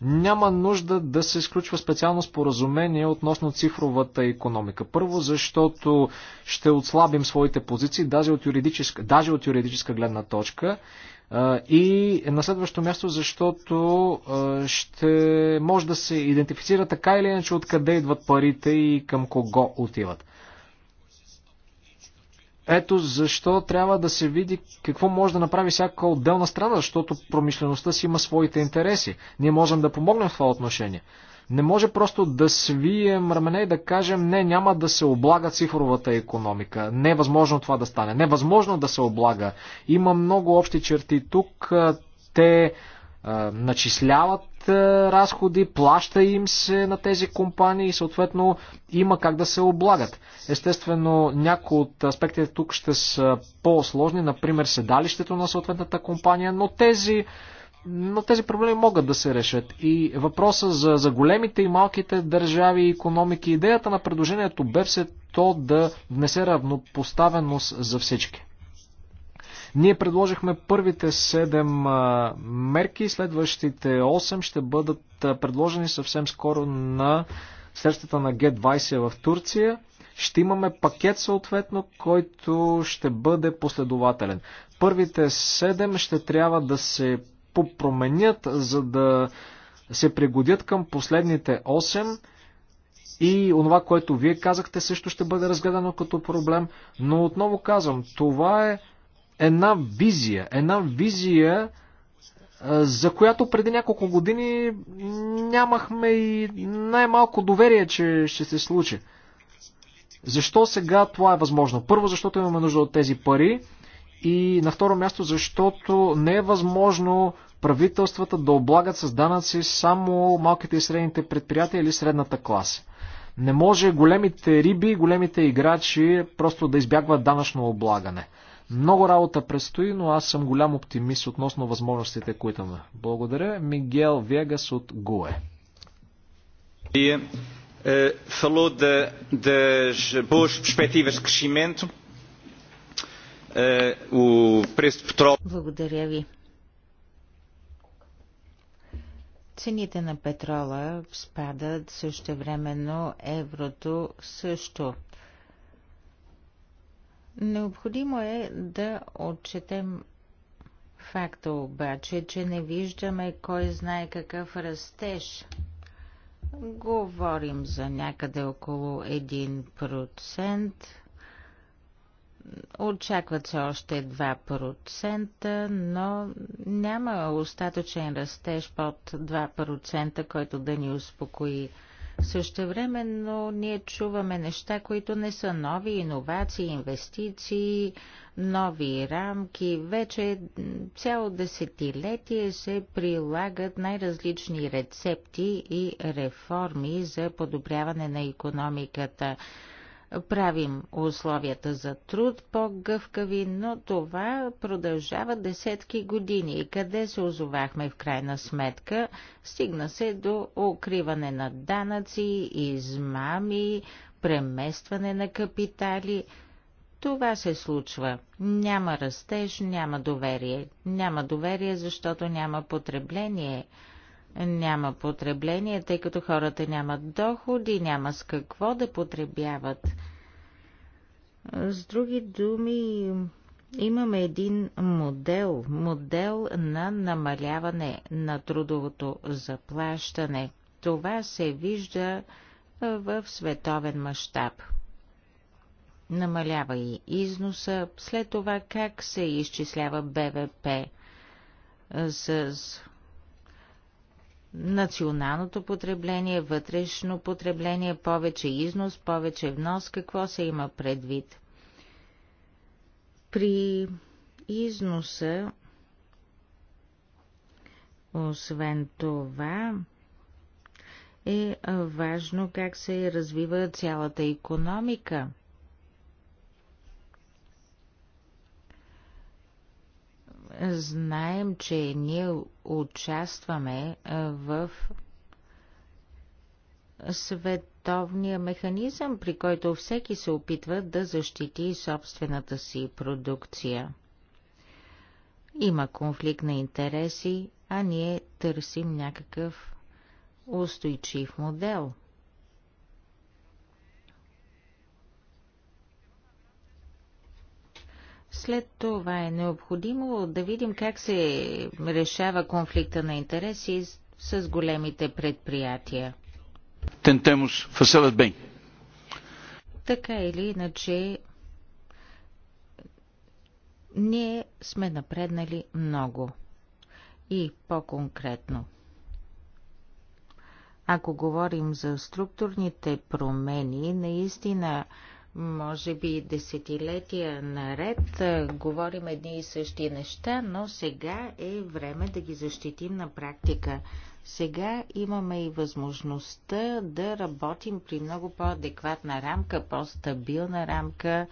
Няма нужда да се изключва специално споразумение относно цифровата економика. Първо, защото ще отслабим своите позиции, даже от юридическа, даже от юридическа гледна точка. И на следващо място, защото ще може да се идентифицира така или иначе откъде идват парите и към кого отиват. Ето защо трябва да се види какво може да направи всяка отделна страна, защото промишлеността си има своите интереси. Ние можем да помогнем в това отношение. Не може просто да свием рамене и да кажем не, няма да се облага цифровата економика. Не е възможно това да стане. Не е възможно да се облага. Има много общи черти тук. Те а, начисляват е, разходи, плаща им се на тези компании и съответно има как да се облагат. Естествено, някои от аспектите тук ще са по-сложни, например седалището на съответната компания, но тези но тези проблеми могат да се решат. И въпроса за, за големите и малките държави и економики, идеята на предложението бе все то да внесе равнопоставеност за всички. Ние предложихме първите 7 мерки, следващите 8 ще бъдат предложени съвсем скоро на срещата на g 20 в Турция. Ще имаме пакет съответно, който ще бъде последователен. Първите 7 ще трябва да се попроменят, за да се пригодят към последните 8. И онова, което вие казахте, също ще бъде разгледано като проблем. Но отново казвам, това е една визия. Една визия, за която преди няколко години нямахме и най-малко доверие, че ще се случи. Защо сега това е възможно? Първо, защото имаме нужда от тези пари и на второ място, защото не е възможно правителствата да облагат с данъци само малките и средните предприятия или средната класа. Не може големите риби, големите играчи просто да избягват данъчно облагане. Много работа предстои, но аз съм голям оптимист относно възможностите, които има. Благодаря. Мигел Вегас от ГУЕ. Falou de, das boas perspectivas de crescimento, е, o preço de petróleo. Благодаря ви. Цените на петрола спадат, също времено еврото също. Необходимо е да отчетем факта обаче, че не виждаме кой знае какъв растеж. Говорим за някъде около 1%. Очакват се още 2%, но няма остатъчен растеж под 2%, който да ни успокои. Също време, но ние чуваме неща, които не са нови, иновации, инвестиции, нови рамки. Вече цяло десетилетие се прилагат най-различни рецепти и реформи за подобряване на економиката правим условията за труд по-гъвкави, но това продължава десетки години. И къде се озовахме в крайна сметка? Стигна се до укриване на данъци, измами, преместване на капитали. Това се случва. Няма растеж, няма доверие. Няма доверие, защото няма потребление няма потребление, тъй като хората нямат доходи, няма с какво да потребяват. С други думи, имаме един модел, модел на намаляване на трудовото заплащане. Това се вижда в световен мащаб. Намалява и износа, след това как се изчислява БВП с националното потребление, вътрешно потребление, повече износ, повече внос, какво се има предвид? При износа, освен това, е важно как се развива цялата економика – знаем, че ние участваме в световния механизъм, при който всеки се опитва да защити собствената си продукция. Има конфликт на интереси, а ние търсим някакъв устойчив модел – След това е необходимо да видим как се решава конфликта на интереси с големите предприятия. Тентемус фасалът бен. Така или иначе, ние сме напреднали много. И по-конкретно. Ако говорим за структурните промени, наистина може би десетилетия наред говорим едни и същи неща, но сега е време да ги защитим на практика. Сега имаме и възможността да работим при много по-адекватна рамка, по-стабилна рамка,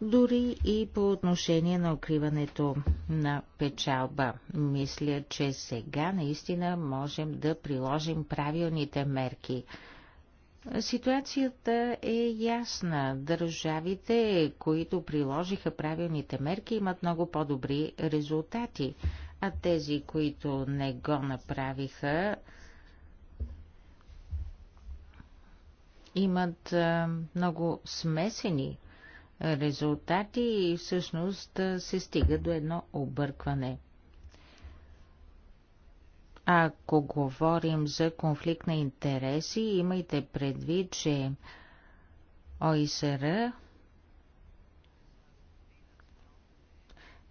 дори и по отношение на укриването на печалба. Мисля, че сега наистина можем да приложим правилните мерки – Ситуацията е ясна. Държавите, които приложиха правилните мерки, имат много по-добри резултати, а тези, които не го направиха, имат много смесени резултати и всъщност се стига до едно объркване – ако говорим за конфликт на интереси, имайте предвид, че ОИСР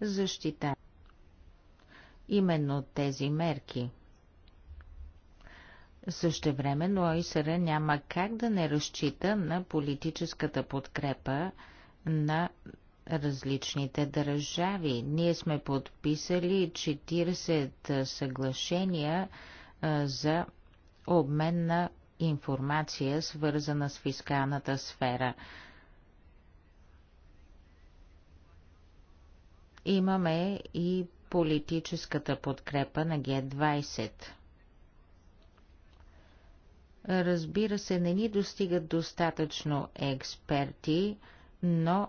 защита именно тези мерки. Същевременно ОИСР няма как да не разчита на политическата подкрепа на различните държави. Ние сме подписали 40 съглашения за обмен на информация, свързана с фискалната сфера. Имаме и политическата подкрепа на Г-20. Разбира се, не ни достигат достатъчно експерти, но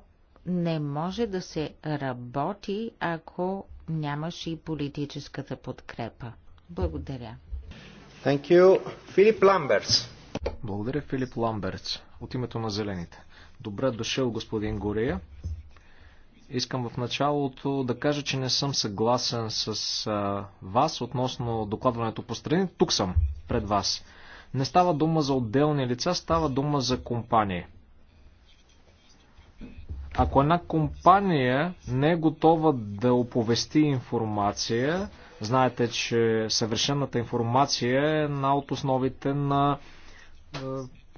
не може да се работи, ако нямаш и политическата подкрепа. Благодаря. Thank you. Филип Ламберс. Благодаря, Филип Ламберц, от името на Зелените. Добре дошъл, господин Горея. Искам в началото да кажа, че не съм съгласен с а, вас относно докладването по страни. Тук съм, пред вас. Не става дума за отделни лица, става дума за компании. Ако една компания не е готова да оповести информация, знаете, че съвършената информация е една от основите на е,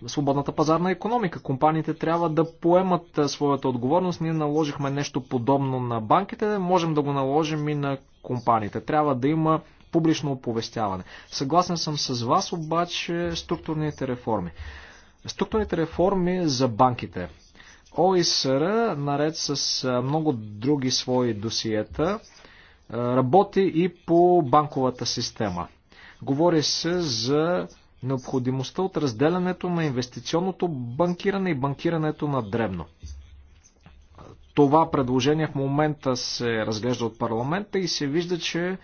свободната пазарна економика. Компаниите трябва да поемат е, своята отговорност. Ние наложихме нещо подобно на банките, можем да го наложим и на компаниите. Трябва да има публично оповестяване. Съгласен съм с вас, обаче структурните реформи. Структурните реформи за банките. ОИСР, наред с много други свои досиета, работи и по банковата система. Говори се за необходимостта от разделянето на инвестиционното банкиране и банкирането на дребно. Това предложение в момента се разглежда от парламента и се вижда, че е,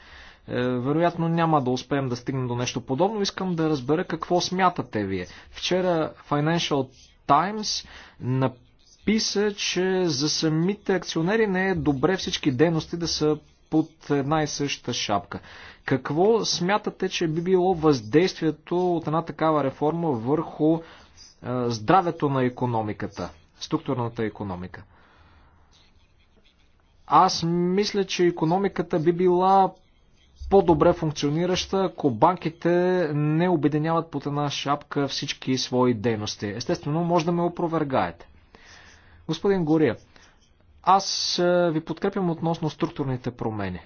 вероятно няма да успеем да стигнем до нещо подобно. Искам да разбера какво смятате вие. Вчера Financial Times написа, писа, че за самите акционери не е добре всички дейности да са под една и съща шапка. Какво смятате, че би било въздействието от една такава реформа върху е, здравето на економиката, структурната економика? Аз мисля, че економиката би била по-добре функционираща, ако банките не обединяват под една шапка всички свои дейности. Естествено, може да ме опровергаете. Господин Гория, аз е, ви подкрепям относно структурните промени.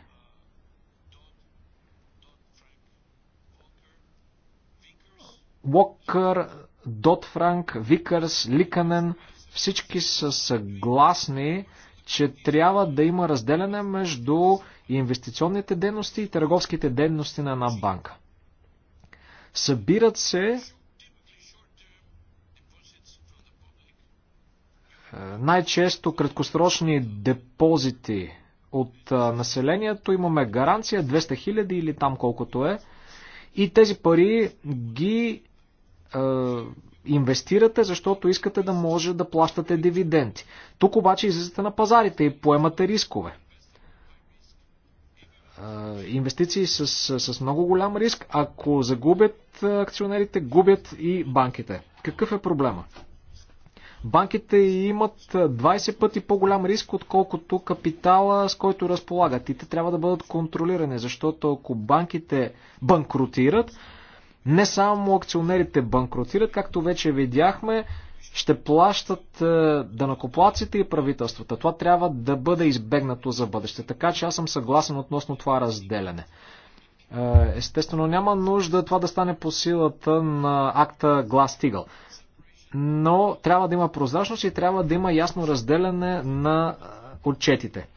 Уокър, Дот Франк, Викърс, Ликанен, всички са съгласни, че трябва да има разделяне между инвестиционните дейности и търговските дейности на една банка. Събират се най-често краткосрочни депозити от населението. Имаме гаранция 200 хиляди или там колкото е. И тези пари ги е, инвестирате, защото искате да може да плащате дивиденти. Тук обаче излизате на пазарите и поемате рискове. Е, инвестиции с, с много голям риск. Ако загубят акционерите, губят и банките. Какъв е проблема? Банките имат 20 пъти по-голям риск, отколкото капитала, с който разполагат. И те трябва да бъдат контролирани, защото ако банките банкротират, не само акционерите банкротират, както вече видяхме, ще плащат е, данакоплаците и правителствата. Това трябва да бъде избегнато за бъдеще. Така че аз съм съгласен относно това разделяне. Е, естествено, няма нужда това да стане по силата на акта Глас Тигъл но трябва да има прозрачност и трябва да има ясно разделяне на отчетите,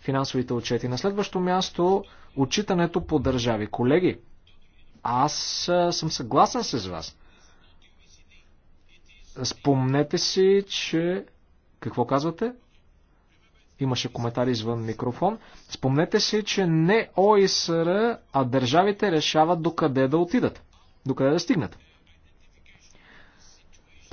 финансовите отчети. На следващо място, отчитането по държави. Колеги, аз съм съгласен с вас. Спомнете си, че... Какво казвате? Имаше коментар извън микрофон. Спомнете си, че не ОИСР, а държавите решават докъде да отидат. Докъде да стигнат.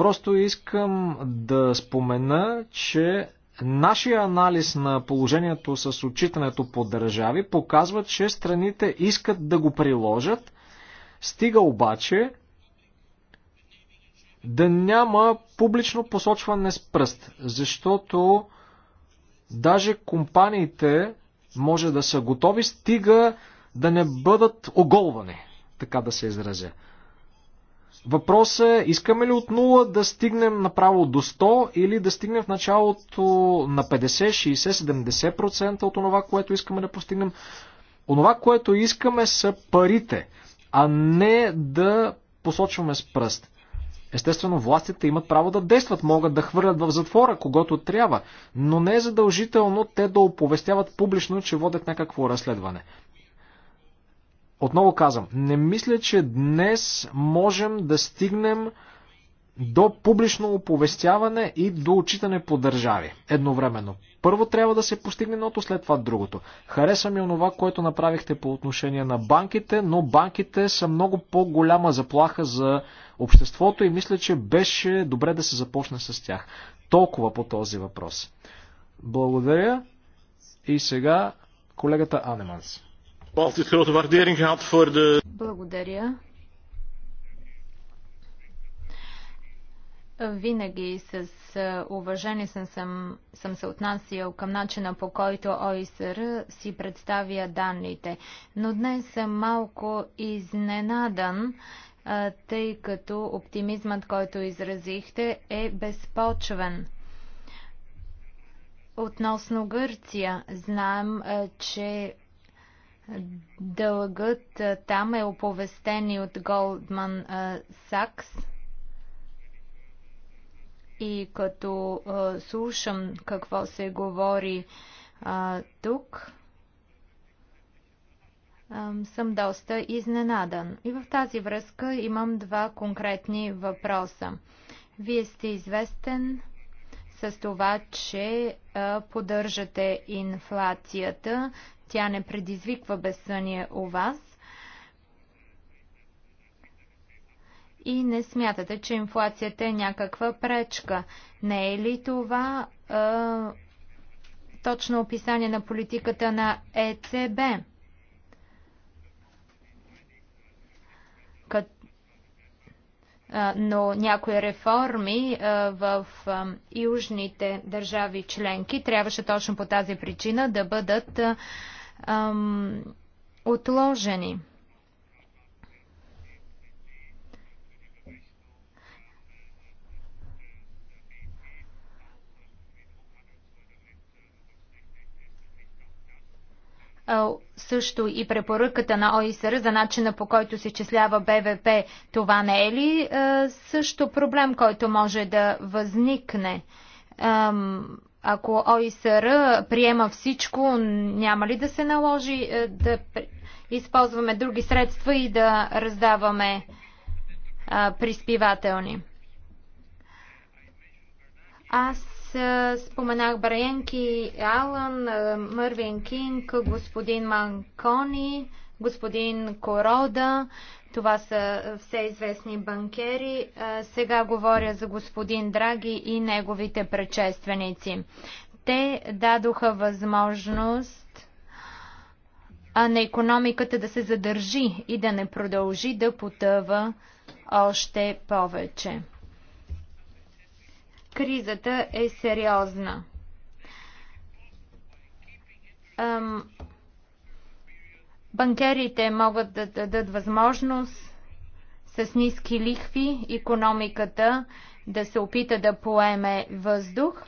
Просто искам да спомена, че Нашия анализ на положението с отчитането по държави показва, че страните искат да го приложат, стига обаче да няма публично посочване с пръст, защото даже компаниите може да са готови, стига да не бъдат оголвани, така да се изразя. Въпросът е, искаме ли от 0 да стигнем направо до 100 или да стигнем в началото на 50, 60, 70% от това, което искаме да постигнем. Онова, което искаме са парите, а не да посочваме с пръст. Естествено, властите имат право да действат, могат да хвърлят в затвора, когато трябва, но не е задължително те да оповестяват публично, че водят някакво разследване. Отново казвам, не мисля, че днес можем да стигнем до публично оповестяване и до отчитане по държави едновременно. Първо трябва да се постигне едното, след това другото. Хареса ми онова, което направихте по отношение на банките, но банките са много по-голяма заплаха за обществото и мисля, че беше добре да се започне с тях. Толкова по този въпрос. Благодаря. И сега колегата Анеманс. Благодаря. Винаги с е, уважение съм, съм, съм се отнасял към начина по който ОИСР си представя данните. Но днес съм малко изненадан, е, тъй като оптимизмът, който изразихте, е безпочвен. Относно Гърция, знаем, е, че Дългът там е оповестен и от Голдман Сакс. И като слушам какво се говори тук, съм доста изненадан. И в тази връзка имам два конкретни въпроса. Вие сте известен с това, че поддържате инфлацията. Тя не предизвиква безсъние у вас. И не смятате, че инфлацията е някаква пречка. Не е ли това е, точно описание на политиката на ЕЦБ? Но някои реформи в южните държави членки трябваше точно по тази причина да бъдат ам, отложени. също и препоръката на ОИСР за начина по който се изчислява БВП, това не е ли също проблем, който може да възникне? Ако ОИСР приема всичко, няма ли да се наложи е, да използваме други средства и да раздаваме е, приспивателни? Аз е, споменах Брайенки, Алан, Мървин Кинг, господин Манкони господин Корода. Това са все известни банкери. Сега говоря за господин Драги и неговите предшественици. Те дадоха възможност на економиката да се задържи и да не продължи да потъва още повече. Кризата е сериозна. Банкерите могат да дадат възможност с ниски лихви економиката да се опита да поеме въздух.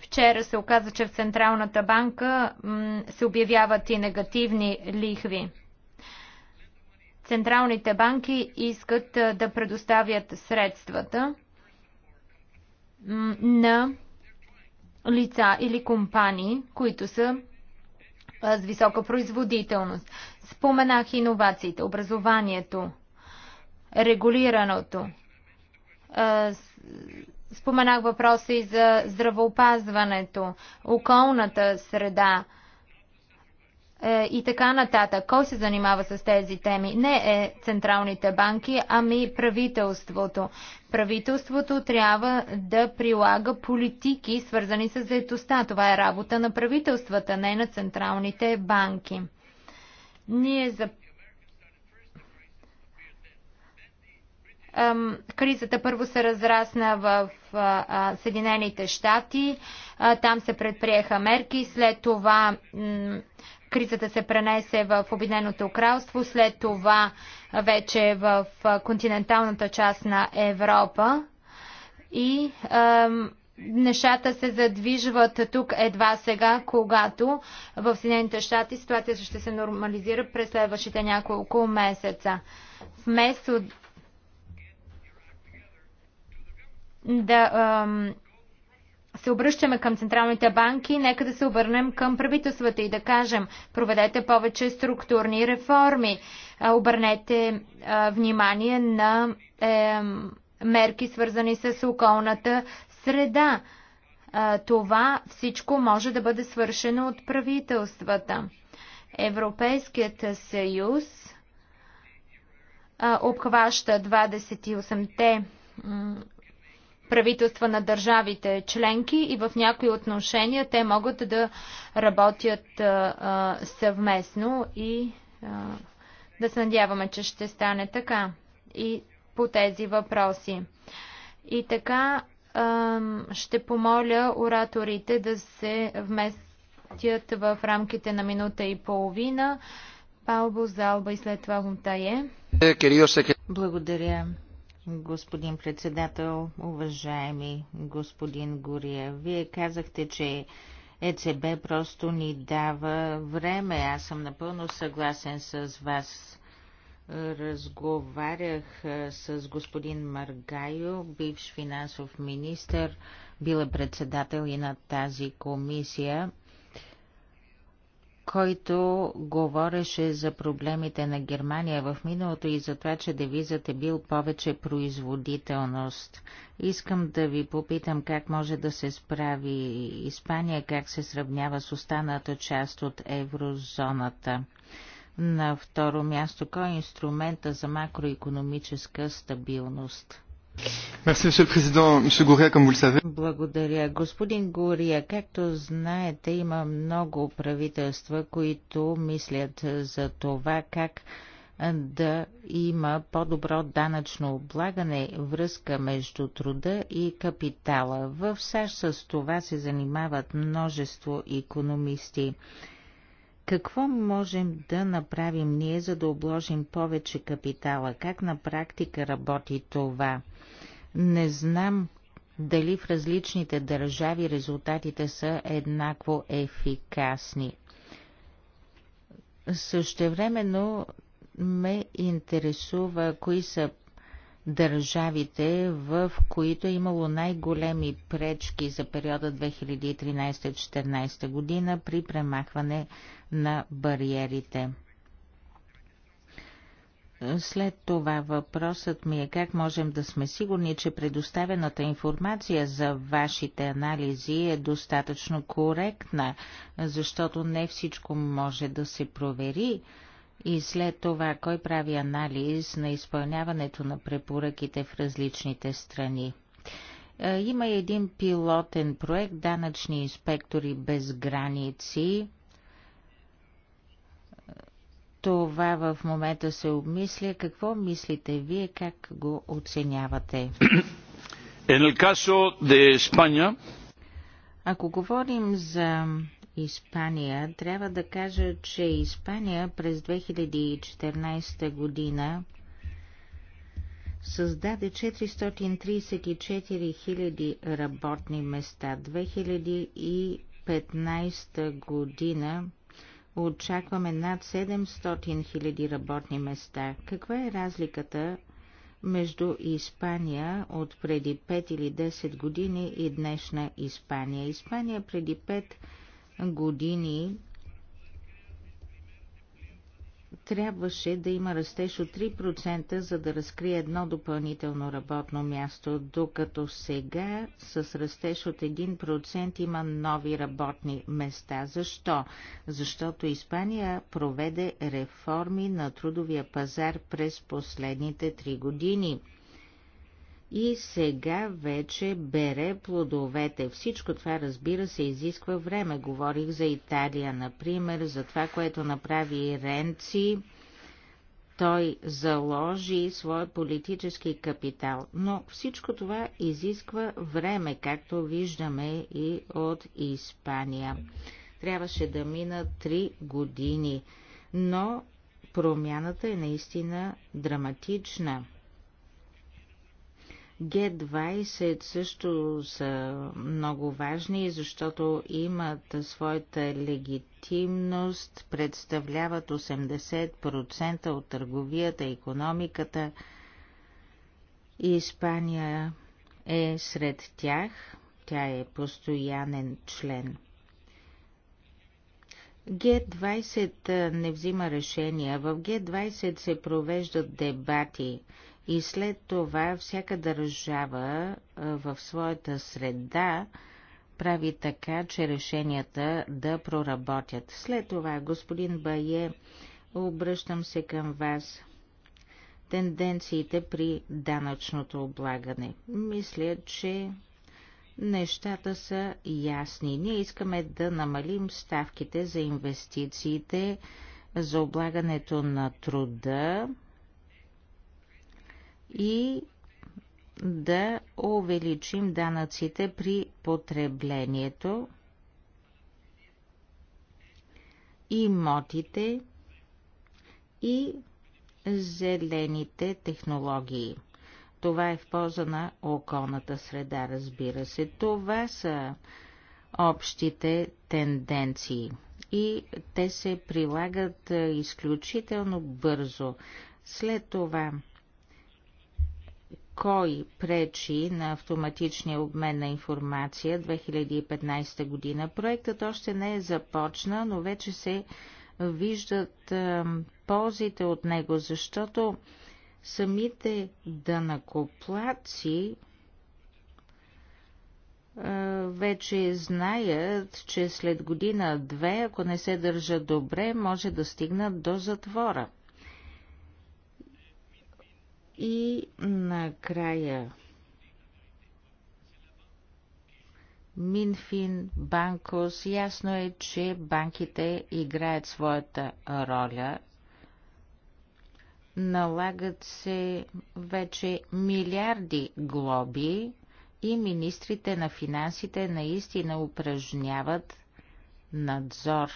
Вчера се оказа, че в Централната банка се обявяват и негативни лихви. Централните банки искат да предоставят средствата на лица или компании, които са с висока производителност. Споменах иновациите, образованието, регулираното. Споменах въпроси за здравеопазването, околната среда, е, и така нататък. Кой се занимава с тези теми? Не е централните банки, ами правителството. Правителството трябва да прилага политики, свързани с заедостта. Това е работа на правителствата, не на централните банки. Ние за Кризата първо се разрасна в Съединените щати. Там се предприеха мерки. След това Кризата се пренесе в Обединеното кралство, след това вече в континенталната част на Европа и ем, нещата се задвижват тук едва сега, когато в Съединените щати ситуацията ще се нормализира през следващите няколко месеца. Вместо да ем, се обръщаме към централните банки, нека да се обърнем към правителствата и да кажем, проведете повече структурни реформи, обърнете внимание на е, мерки свързани с околната среда. Това всичко може да бъде свършено от правителствата. Европейският съюз обхваща 28-те правителства на държавите членки и в някои отношения те могат да работят съвместно и да се надяваме, че ще стане така и по тези въпроси. И така ще помоля ораторите да се вместят в рамките на минута и половина. Палбо Залба и след това Мутае. Е, Благодаря господин председател, уважаеми господин Гория. Вие казахте, че ЕЦБ просто ни дава време. Аз съм напълно съгласен с вас. Разговарях с господин Маргайо, бивш финансов министр, била председател и на тази комисия който говореше за проблемите на Германия в миналото и за това, че девизът е бил повече производителност. Искам да ви попитам как може да се справи Испания, как се сравнява с останата част от еврозоната. На второ място, кой е инструмента за макроекономическа стабилност? Благодаря. Господин Гория, както знаете, има много правителства, които мислят за това как да има по-добро данъчно облагане, връзка между труда и капитала. В САЩ с това се занимават множество економисти. Какво можем да направим ние, за да обложим повече капитала? Как на практика работи това? Не знам дали в различните държави резултатите са еднакво ефикасни. Същевременно ме интересува кои са държавите, в които е имало най-големи пречки за периода 2013-2014 година при премахване на бариерите. След това въпросът ми е как можем да сме сигурни, че предоставената информация за вашите анализи е достатъчно коректна, защото не всичко може да се провери. И след това кой прави анализ на изпълняването на препоръките в различните страни. Е, има един пилотен проект Данъчни инспектори без граници това в момента се обмисля. Какво мислите вие, как го оценявате? Ако говорим за Испания, трябва да кажа, че Испания през 2014 година създаде 434 000 работни места. 2015 година очакваме над 700 000 работни места. Каква е разликата между Испания от преди 5 или 10 години и днешна Испания? Испания преди 5 години трябваше да има растеж от 3%, за да разкрие едно допълнително работно място, докато сега с растеж от 1% има нови работни места. Защо? Защото Испания проведе реформи на трудовия пазар през последните 3 години – и сега вече бере плодовете. Всичко това, разбира се, изисква време. Говорих за Италия, например, за това, което направи Ренци. Той заложи свой политически капитал, но всичко това изисква време, както виждаме и от Испания. Трябваше да мина три години, но промяната е наистина драматична. Г20 също са много важни, защото имат своята легитимност, представляват 80% от търговията, економиката. Испания е сред тях. Тя е постоянен член. Г20 не взима решения. В Г20 се провеждат дебати – и след това всяка държава в своята среда прави така, че решенията да проработят. След това, господин Бае, обръщам се към вас. Тенденциите при данъчното облагане. Мисля, че нещата са ясни. Ние искаме да намалим ставките за инвестициите, за облагането на труда, и да увеличим данъците при потреблението, имотите и зелените технологии. Това е в полза на околната среда, разбира се. Това са общите тенденции и те се прилагат изключително бързо. След това кой пречи на автоматичния обмен на информация 2015 година. Проектът още не е започна, но вече се виждат е, ползите от него, защото самите данакоплаци е, вече знаят, че след година-две, ако не се държат добре, може да стигнат до затвора – и накрая Минфин, Банкос, ясно е, че банките играят своята роля. Налагат се вече милиарди глоби и министрите на финансите наистина упражняват надзор.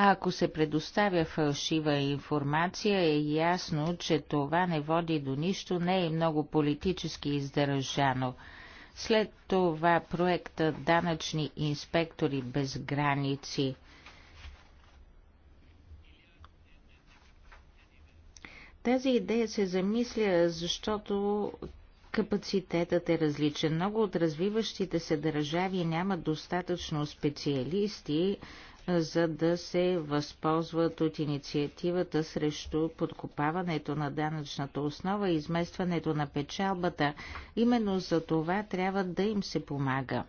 А ако се предоставя фалшива информация, е ясно, че това не води до нищо, не е много политически издържано. След това проекта Данъчни инспектори без граници. Тази идея се замисля, защото капацитетът е различен. Много от развиващите се държави нямат достатъчно специалисти, за да се възползват от инициативата срещу подкопаването на данъчната основа и изместването на печалбата. Именно за това трябва да им се помага.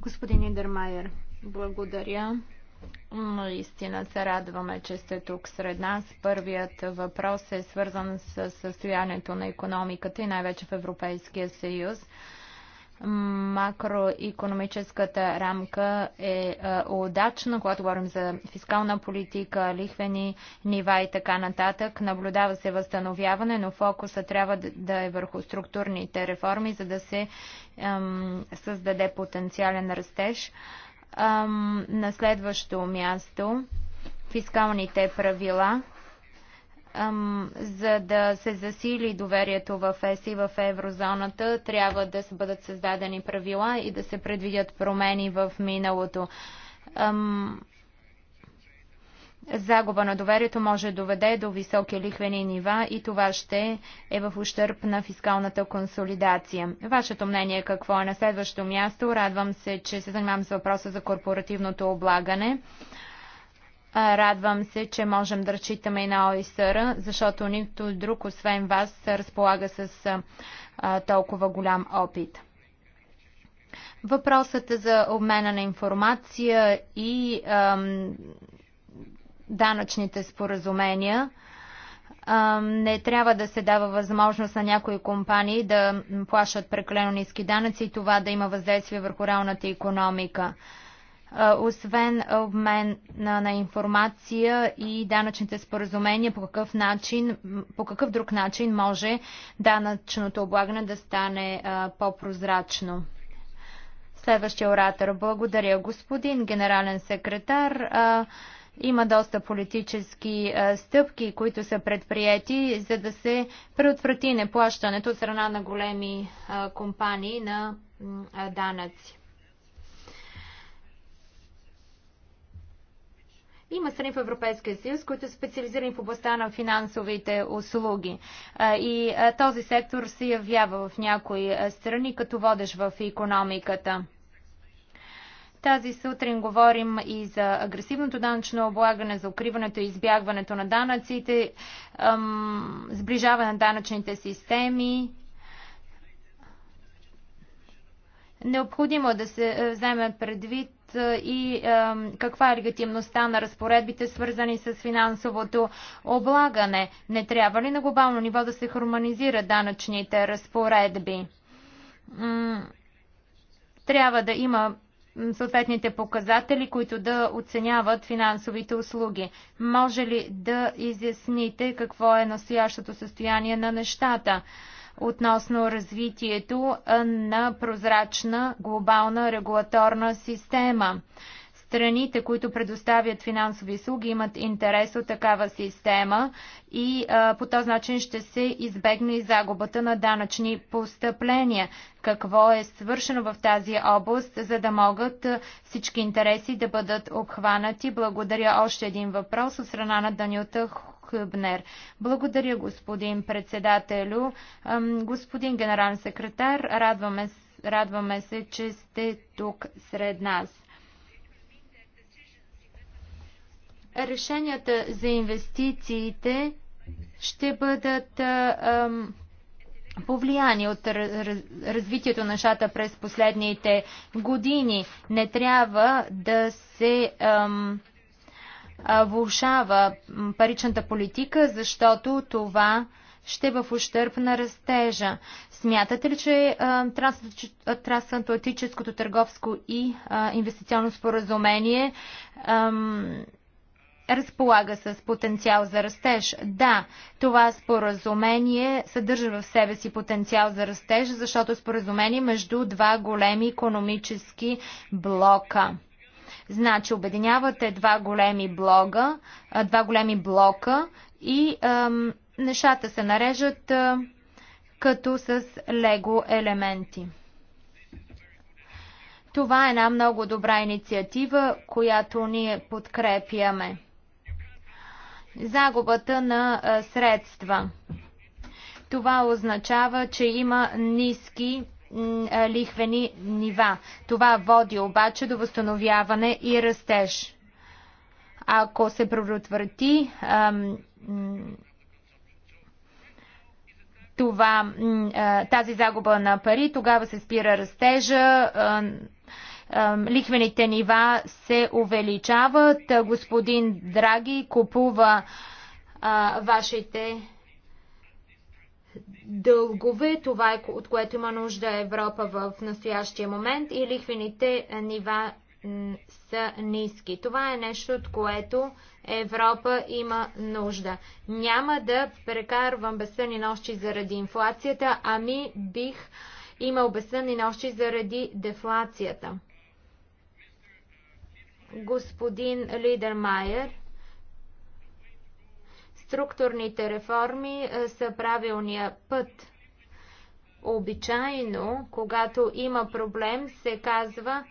Господин Идермайер, благодаря. Наистина се радваме, че сте тук сред нас. Първият въпрос е свързан с състоянието на економиката и най-вече в Европейския съюз макроекономическата рамка е, е удачна, когато говорим за фискална политика, лихвени нива и така нататък. Наблюдава се възстановяване, но фокуса трябва да е върху структурните реформи, за да се ем, създаде потенциален растеж. Ем, на следващо място фискалните правила – за да се засили доверието в ЕС и в еврозоната, трябва да бъдат създадени правила и да се предвидят промени в миналото. Загуба на доверието може да доведе до високи лихвени нива и това ще е в ущърп на фискалната консолидация. Вашето мнение какво е на следващо място? Радвам се, че се занимавам с въпроса за корпоративното облагане. Радвам се, че можем да разчитаме и на ОИСР, защото нито друг, освен вас, разполага с толкова голям опит. Въпросът за обмена на информация и ам, данъчните споразумения не трябва да се дава възможност на някои компании да плащат прекалено ниски данъци и това да има въздействие върху реалната економика освен обмен на, на информация и данъчните споразумения, по какъв, начин, по какъв друг начин може данъчното облагане да стане по-прозрачно. Следващия оратор. Благодаря, господин генерален секретар. Има доста политически стъпки, които са предприяти, за да се предотврати неплащането от страна на големи компании на данъци. Има страни в Европейския съюз, които са специализирани в областта на финансовите услуги. И този сектор се явява в някои страни като водещ в економиката. Тази сутрин говорим и за агресивното данъчно облагане, за укриването и избягването на данъците, сближаване на данъчните системи. Необходимо е да се вземе предвид и каква е легитимността на разпоредбите, свързани с финансовото облагане? Не трябва ли на глобално ниво да се хармонизират данъчните разпоредби? Трябва да има съответните показатели, които да оценяват финансовите услуги. Може ли да изясните какво е настоящото състояние на нещата? относно развитието на прозрачна глобална регулаторна система. Страните, които предоставят финансови услуги, имат интерес от такава система и а, по този начин ще се избегне и загубата на данъчни постъпления. Какво е свършено в тази област, за да могат всички интереси да бъдат обхванати? Благодаря още един въпрос от страна на Данилта Хъбнер. Благодаря, господин председателю. Господин генерален секретар, радваме, радваме се, че сте тук сред нас. Решенията за инвестициите ще бъдат ам, повлияни от развитието на шата през последните години. Не трябва да се ам, влушава паричната политика, защото това ще е в ущърп на растежа. Смятате ли, че трансатлантическото търговско и инвестиционно споразумение разполага с потенциал за растеж? Да, това споразумение съдържа в себе си потенциал за растеж, защото е споразумение между два големи економически блока. Значи обединявате два големи блога, два големи блока и ам, нещата се нарежат а, като с лего елементи. Това е една много добра инициатива, която ние подкрепяме. Загубата на а, средства. Това означава, че има ниски лихвени нива. Това води обаче до възстановяване и растеж. Ако се предотврати това, тази загуба на пари, тогава се спира растежа, лихвените нива се увеличават, господин Драги купува вашите дългове, това е от което има нужда Европа в настоящия момент и лихвените нива са ниски. Това е нещо, от което Европа има нужда. Няма да прекарвам безсънни нощи заради инфлацията, ами бих имал безсънни нощи заради дефлацията. Господин Лидермайер, Майер, Структурните реформи е, са правилния път. Обичайно, когато има проблем, се казва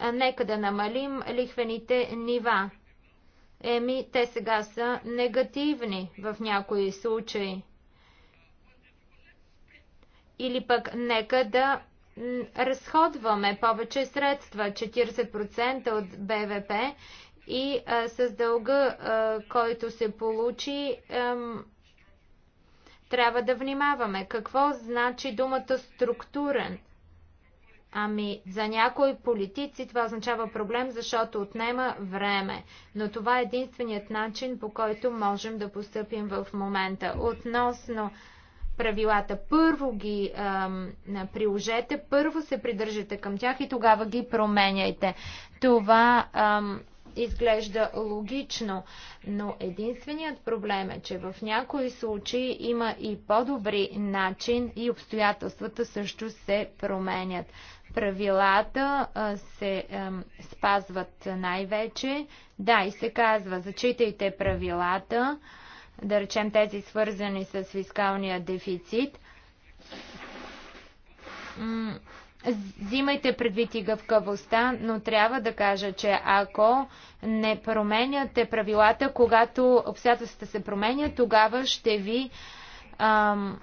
е, нека да намалим лихвените нива. Еми, те сега са негативни в някои случаи. Или пък нека да разходваме повече средства, 40% от БВП и а, с дълга, а, който се получи, ам, трябва да внимаваме. Какво значи думата структурен? Ами, за някои политици това означава проблем, защото отнема време. Но това е единственият начин, по който можем да постъпим в момента. Относно правилата, първо ги ам, приложете, първо се придържате към тях и тогава ги променяйте. Това ам, изглежда логично, но единственият проблем е, че в някои случаи има и по-добри начин и обстоятелствата също се променят. Правилата се спазват най-вече. Да, и се казва, зачитайте правилата, да речем тези свързани с фискалния дефицит Взимайте предвид и гъвкавостта, но трябва да кажа, че ако не променяте правилата, когато обстоятелствата се променят, тогава ще ви ам,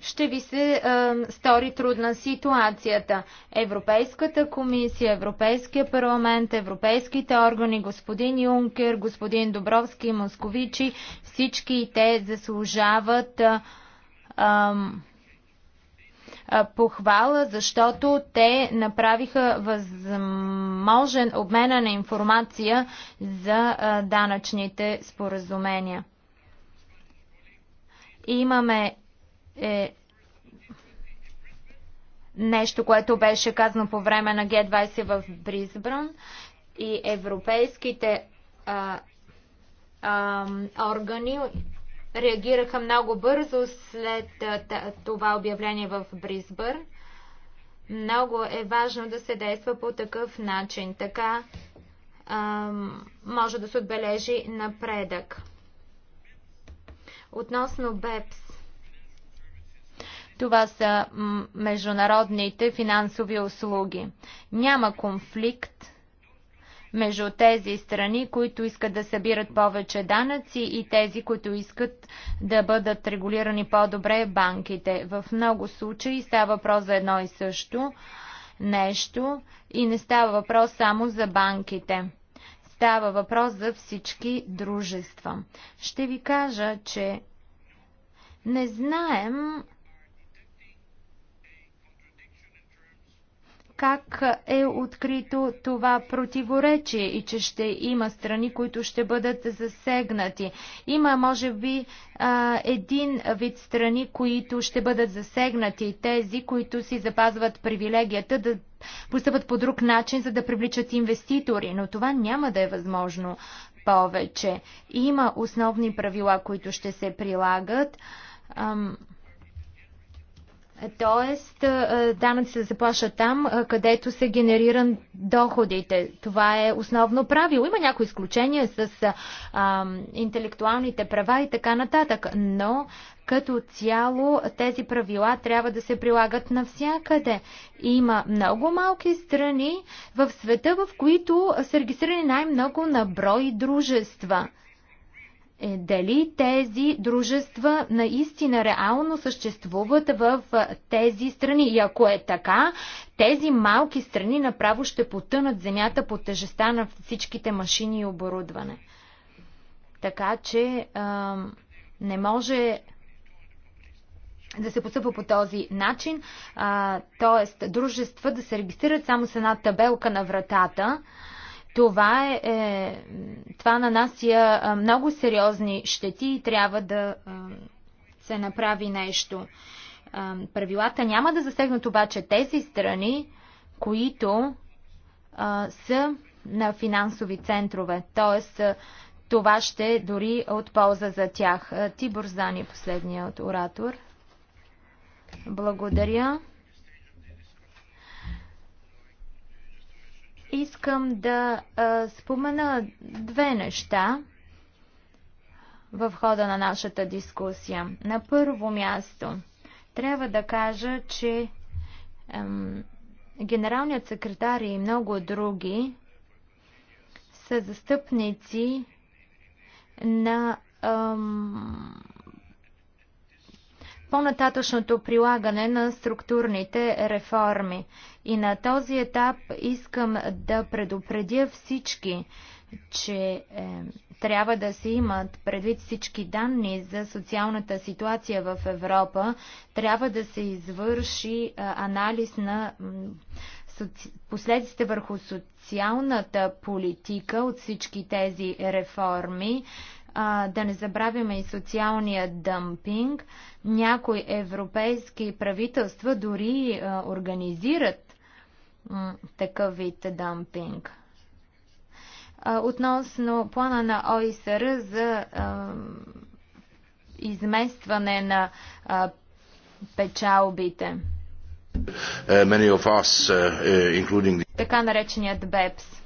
ще ви се ам, стори трудна ситуацията. Европейската комисия, Европейския парламент, европейските органи, господин Юнкер, господин Добровски, Московичи, всички те заслужават ам, ам, похвала, защото те направиха възможен обмена на информация за данъчните споразумения. Имаме е, нещо, което беше казано по време на Г20 в Бризбран и европейските а, а, органи реагираха много бързо след това обявление в Бризбър. Много е важно да се действа по такъв начин. Така може да се отбележи напредък. Относно БЕПС. Това са международните финансови услуги. Няма конфликт между тези страни, които искат да събират повече данъци и тези, които искат да бъдат регулирани по-добре банките. В много случаи става въпрос за едно и също нещо и не става въпрос само за банките. Става въпрос за всички дружества. Ще ви кажа, че не знаем как е открито това противоречие и че ще има страни, които ще бъдат засегнати. Има, може би, един вид страни, които ще бъдат засегнати, тези, които си запазват привилегията да постъпват по друг начин, за да привличат инвеститори, но това няма да е възможно повече. Има основни правила, които ще се прилагат. Ам, Тоест, данъци се заплащат там, където се генериран доходите. Това е основно правило. Има някои изключения с а, интелектуалните права и така нататък, но като цяло тези правила трябва да се прилагат навсякъде. Има много малки страни в света, в които са регистрирани най-много на брой дружества – е дали тези дружества наистина реално съществуват в тези страни. И ако е така, тези малки страни направо ще потънат земята по тежеста на всичките машини и оборудване. Така че а, не може да се постъпва по този начин, т.е. дружества да се регистрират само с една табелка на вратата, това, е, е, това нанася е, много сериозни щети и трябва да е, се направи нещо. Е, правилата няма да засегнат обаче тези страни, които е, са на финансови центрове. Тоест, е, това ще дори от полза за тях. Е, Тибор Зани, последният оратор. Благодаря. Искам да а, спомена две неща в хода на нашата дискусия. На първо място, трябва да кажа, че ем, генералният секретар и много други са застъпници на ем, по-нататъчното прилагане на структурните реформи. И на този етап искам да предупредя всички, че е, трябва да се имат предвид всички данни за социалната ситуация в Европа, трябва да се извърши е, анализ на соци... последиците върху социалната политика от всички тези реформи. Е, а, да не забравяме и социалния дъмпинг. Някои европейски правителства дори а, организират а, такъв вид дъмпинг. А, относно плана на ОИСР за а, изместване на а, печалбите. Uh, us, uh, uh, including... Така нареченият БЕПС.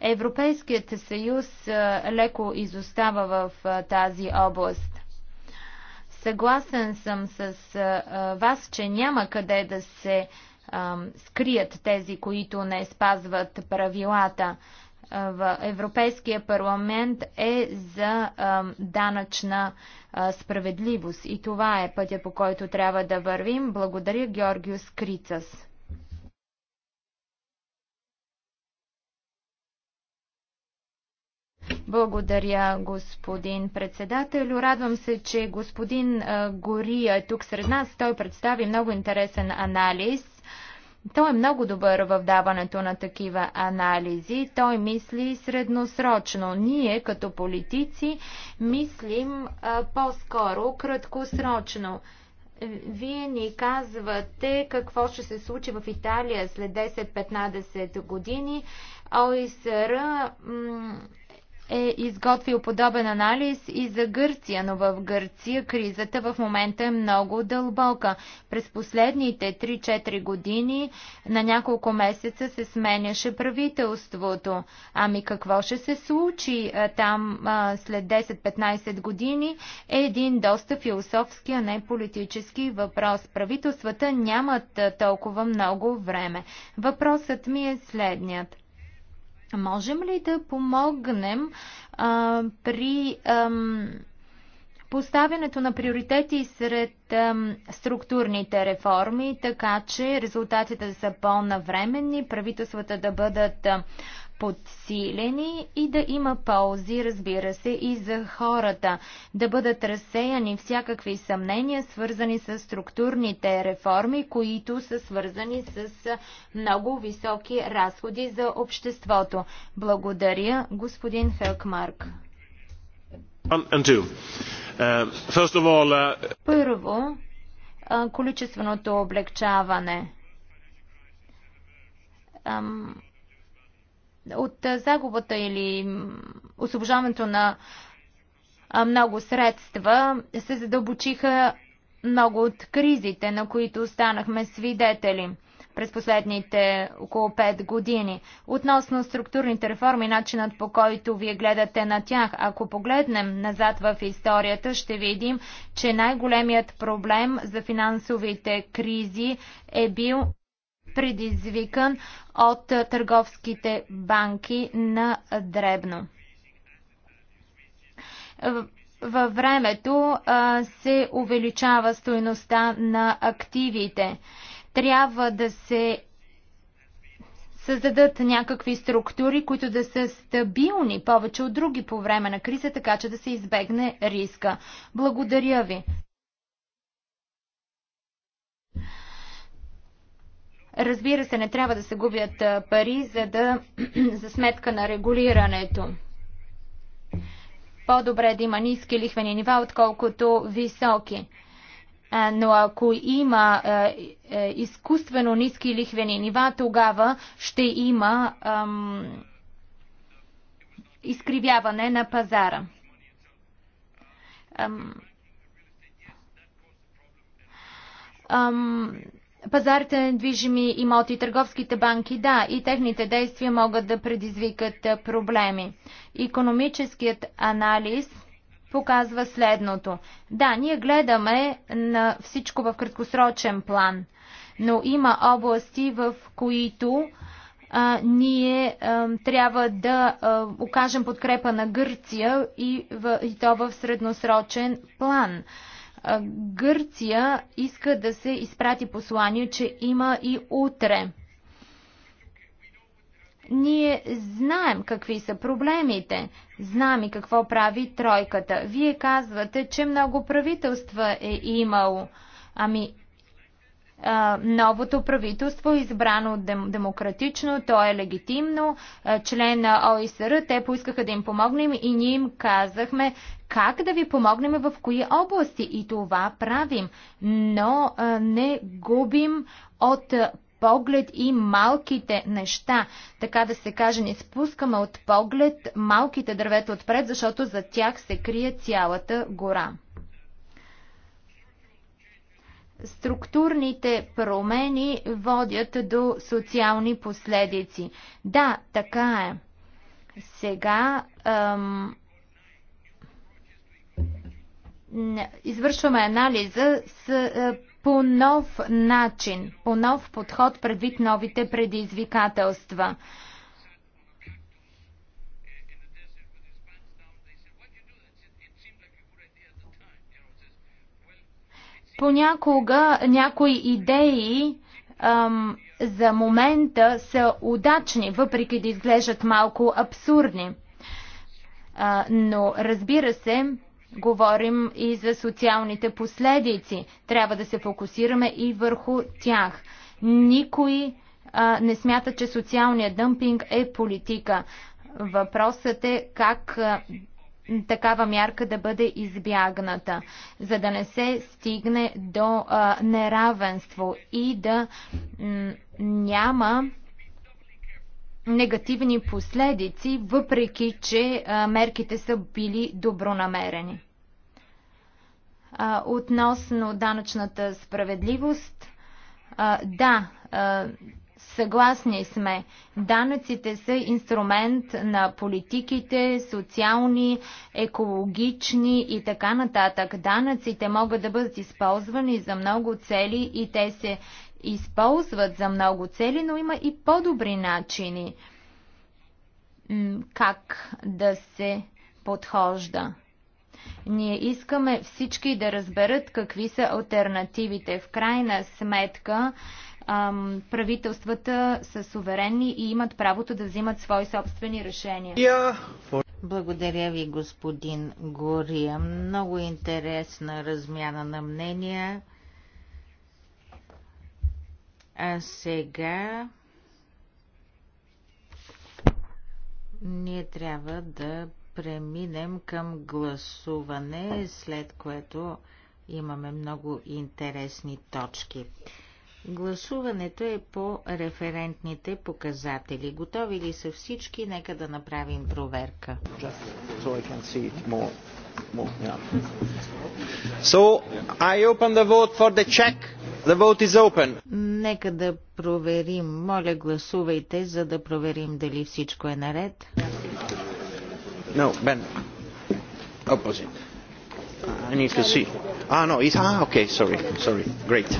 Европейският съюз леко изостава в тази област. Съгласен съм с вас, че няма къде да се скрият тези, които не спазват правилата. В Европейския парламент е за данъчна справедливост и това е пътя, по който трябва да вървим. Благодаря, Георгиус Крицас. Благодаря, господин председател. Радвам се, че господин Гория е тук сред нас. Той представи много интересен анализ. Той е много добър в даването на такива анализи. Той мисли средносрочно. Ние, като политици, мислим по-скоро краткосрочно. Вие ни казвате какво ще се случи в Италия след 10-15 години. ОИСР е изготвил подобен анализ и за Гърция, но в Гърция кризата в момента е много дълбока. През последните 3-4 години на няколко месеца се сменяше правителството. Ами какво ще се случи там след 10-15 години е един доста философски, а не политически въпрос. Правителствата нямат толкова много време. Въпросът ми е следният. Можем ли да помогнем а, при ам, поставянето на приоритети сред ам, структурните реформи, така че резултатите да са по-навременни, правителствата да бъдат подсилени и да има ползи, разбира се, и за хората. Да бъдат разсеяни всякакви съмнения, свързани с структурните реформи, които са свързани с много високи разходи за обществото. Благодаря, господин Хелкмарк. Uh, uh, Първо, количественото облегчаване от загубата или освобождаването на много средства се задълбочиха много от кризите, на които станахме свидетели през последните около 5 години. Относно структурните реформи, начинът по който вие гледате на тях, ако погледнем назад в историята, ще видим, че най-големият проблем за финансовите кризи е бил предизвикан от търговските банки на Дребно. Във времето се увеличава стоеността на активите. Трябва да се създадат някакви структури, които да са стабилни повече от други по време на криза, така че да се избегне риска. Благодаря ви. Разбира се, не трябва да се губят пари за, да, [CLEARS THROAT] за сметка на регулирането. По-добре да има ниски лихвени нива, отколкото високи. Но ако има е, изкуствено ниски лихвени нива, тогава ще има ам, изкривяване на пазара. Ам, ам, Пазарите на движими имоти, търговските банки, да, и техните действия могат да предизвикат проблеми. Економическият анализ показва следното. Да, ние гледаме на всичко в краткосрочен план, но има области, в които а, ние а, трябва да а, окажем подкрепа на Гърция и, в, и то в средносрочен план. А, Гърция иска да се изпрати послание, че има и утре. Ние знаем какви са проблемите, знаем и какво прави тройката. Вие казвате, че много правителства е имало. Ами, новото правителство, избрано демократично, то е легитимно, член на ОИСР, те поискаха да им помогнем и ние им казахме как да ви помогнем в кои области и това правим, но не губим от поглед и малките неща. Така да се каже, не спускаме от поглед малките дървета отпред, защото за тях се крие цялата гора. Структурните промени водят до социални последици. Да, така е. Сега ам, извършваме анализа с, а, е, по нов начин, по нов подход предвид новите предизвикателства. Понякога някои идеи ам, за момента са удачни, въпреки да изглеждат малко абсурдни. А, но разбира се, говорим и за социалните последици. Трябва да се фокусираме и върху тях. Никой а, не смята, че социалният дъмпинг е политика. Въпросът е как такава мярка да бъде избягната, за да не се стигне до а, неравенство и да няма негативни последици, въпреки че а, мерките са били добронамерени. А, относно данъчната справедливост, а, да, Съгласни сме. Данъците са инструмент на политиките, социални, екологични и така нататък. Данъците могат да бъдат използвани за много цели и те се използват за много цели, но има и по-добри начини как да се подхожда. Ние искаме всички да разберат какви са альтернативите. В крайна сметка, ам, правителствата са суверенни и имат правото да взимат свои собствени решения. Yeah. Благодаря ви, господин Гория. Много интересна размяна на мнения. А сега ние трябва да преминем към гласуване, след което имаме много интересни точки. Гласуването е по референтните показатели. Готови ли са всички? Нека да направим проверка. Нека да проверим. Моля, гласувайте, за да проверим дали всичко е наред. No, Ben. Opposite. I need to see. Ah, no, it's... Ah, okay, sorry, sorry. Great.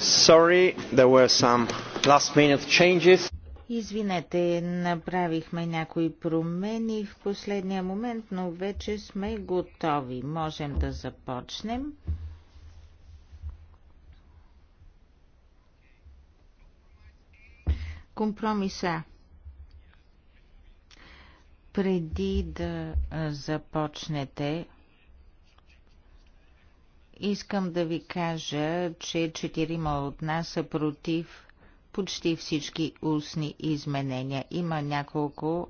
Sorry, there were some last minute changes. Извинете, направихме някои промени в последния момент, но вече сме готови. Можем да започнем. Компромиса. Преди да започнете Искам да ви кажа, че четирима от нас са против почти всички устни изменения. Има няколко,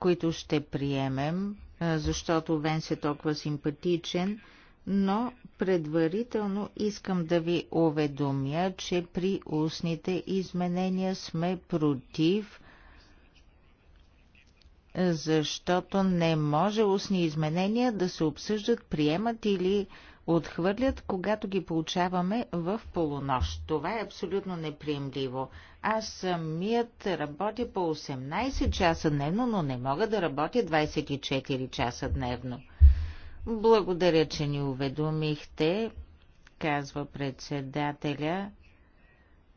които ще приемем, защото Венс е толкова симпатичен, но предварително искам да ви уведомя, че при устните изменения сме против, защото не може устни изменения да се обсъждат, приемат или отхвърлят, когато ги получаваме в полунощ. Това е абсолютно неприемливо. Аз самият работя по 18 часа дневно, но не мога да работя 24 часа дневно. Благодаря, че ни уведомихте, казва председателя.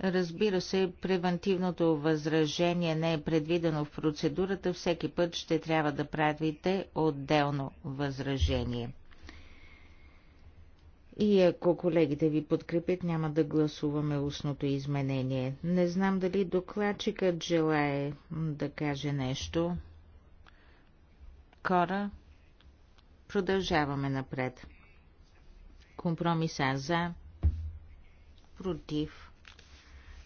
Разбира се, превентивното възражение не е предвидено в процедурата, всеки път ще трябва да правите отделно възражение. И ако колегите ви подкрепят, няма да гласуваме устното изменение. Не знам дали докладчикът желае да каже нещо. Кора, продължаваме напред. Компромиса за, против,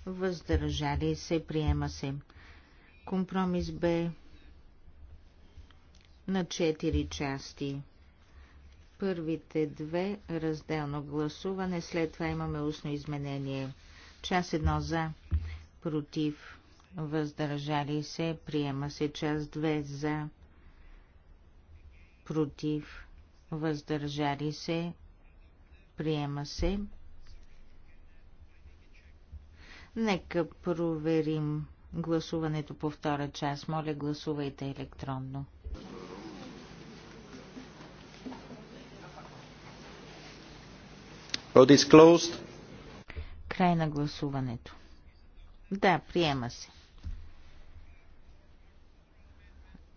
въздържали се, приема се. Компромис Б на 4 части. Първите две разделно гласуване, след това имаме устно изменение. Час едно за, против, въздържали се, приема се Час две за, против, въздържали се, приема се. Нека проверим гласуването по втора част. Моля, гласувайте електронно. Vote is closed. Край на гласуването. Да, приема се.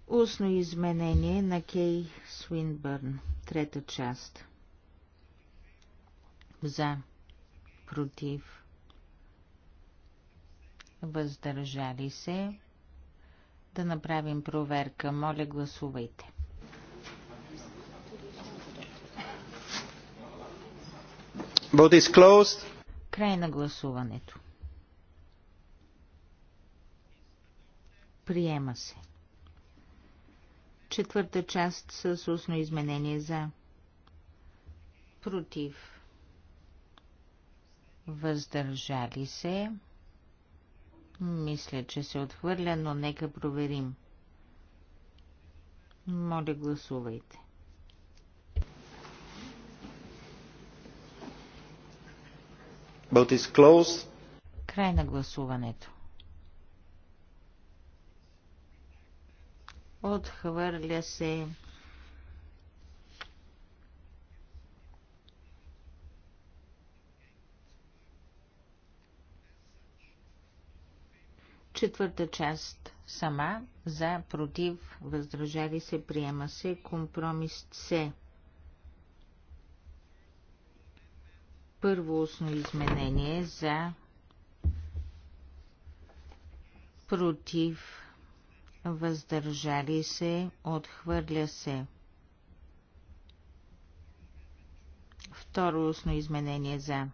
Устно изменение на Кей Свинбърн. Трета част. За. Против. Въздържали се. Да направим проверка. Моля, гласувайте. Vote is closed. Край на гласуването. Приема се. Четвърта част с устно изменение за. Против. Въздържали се. Мисля, че се отхвърля, но нека проверим. Моля, гласувайте. is closed. Край на гласуването. Отхвърля се. Четвърта част сама, за, против, въздържали се, приема се, компромис С. Първо устно изменение за против, въздържали се, отхвърля се. Второ устно изменение за.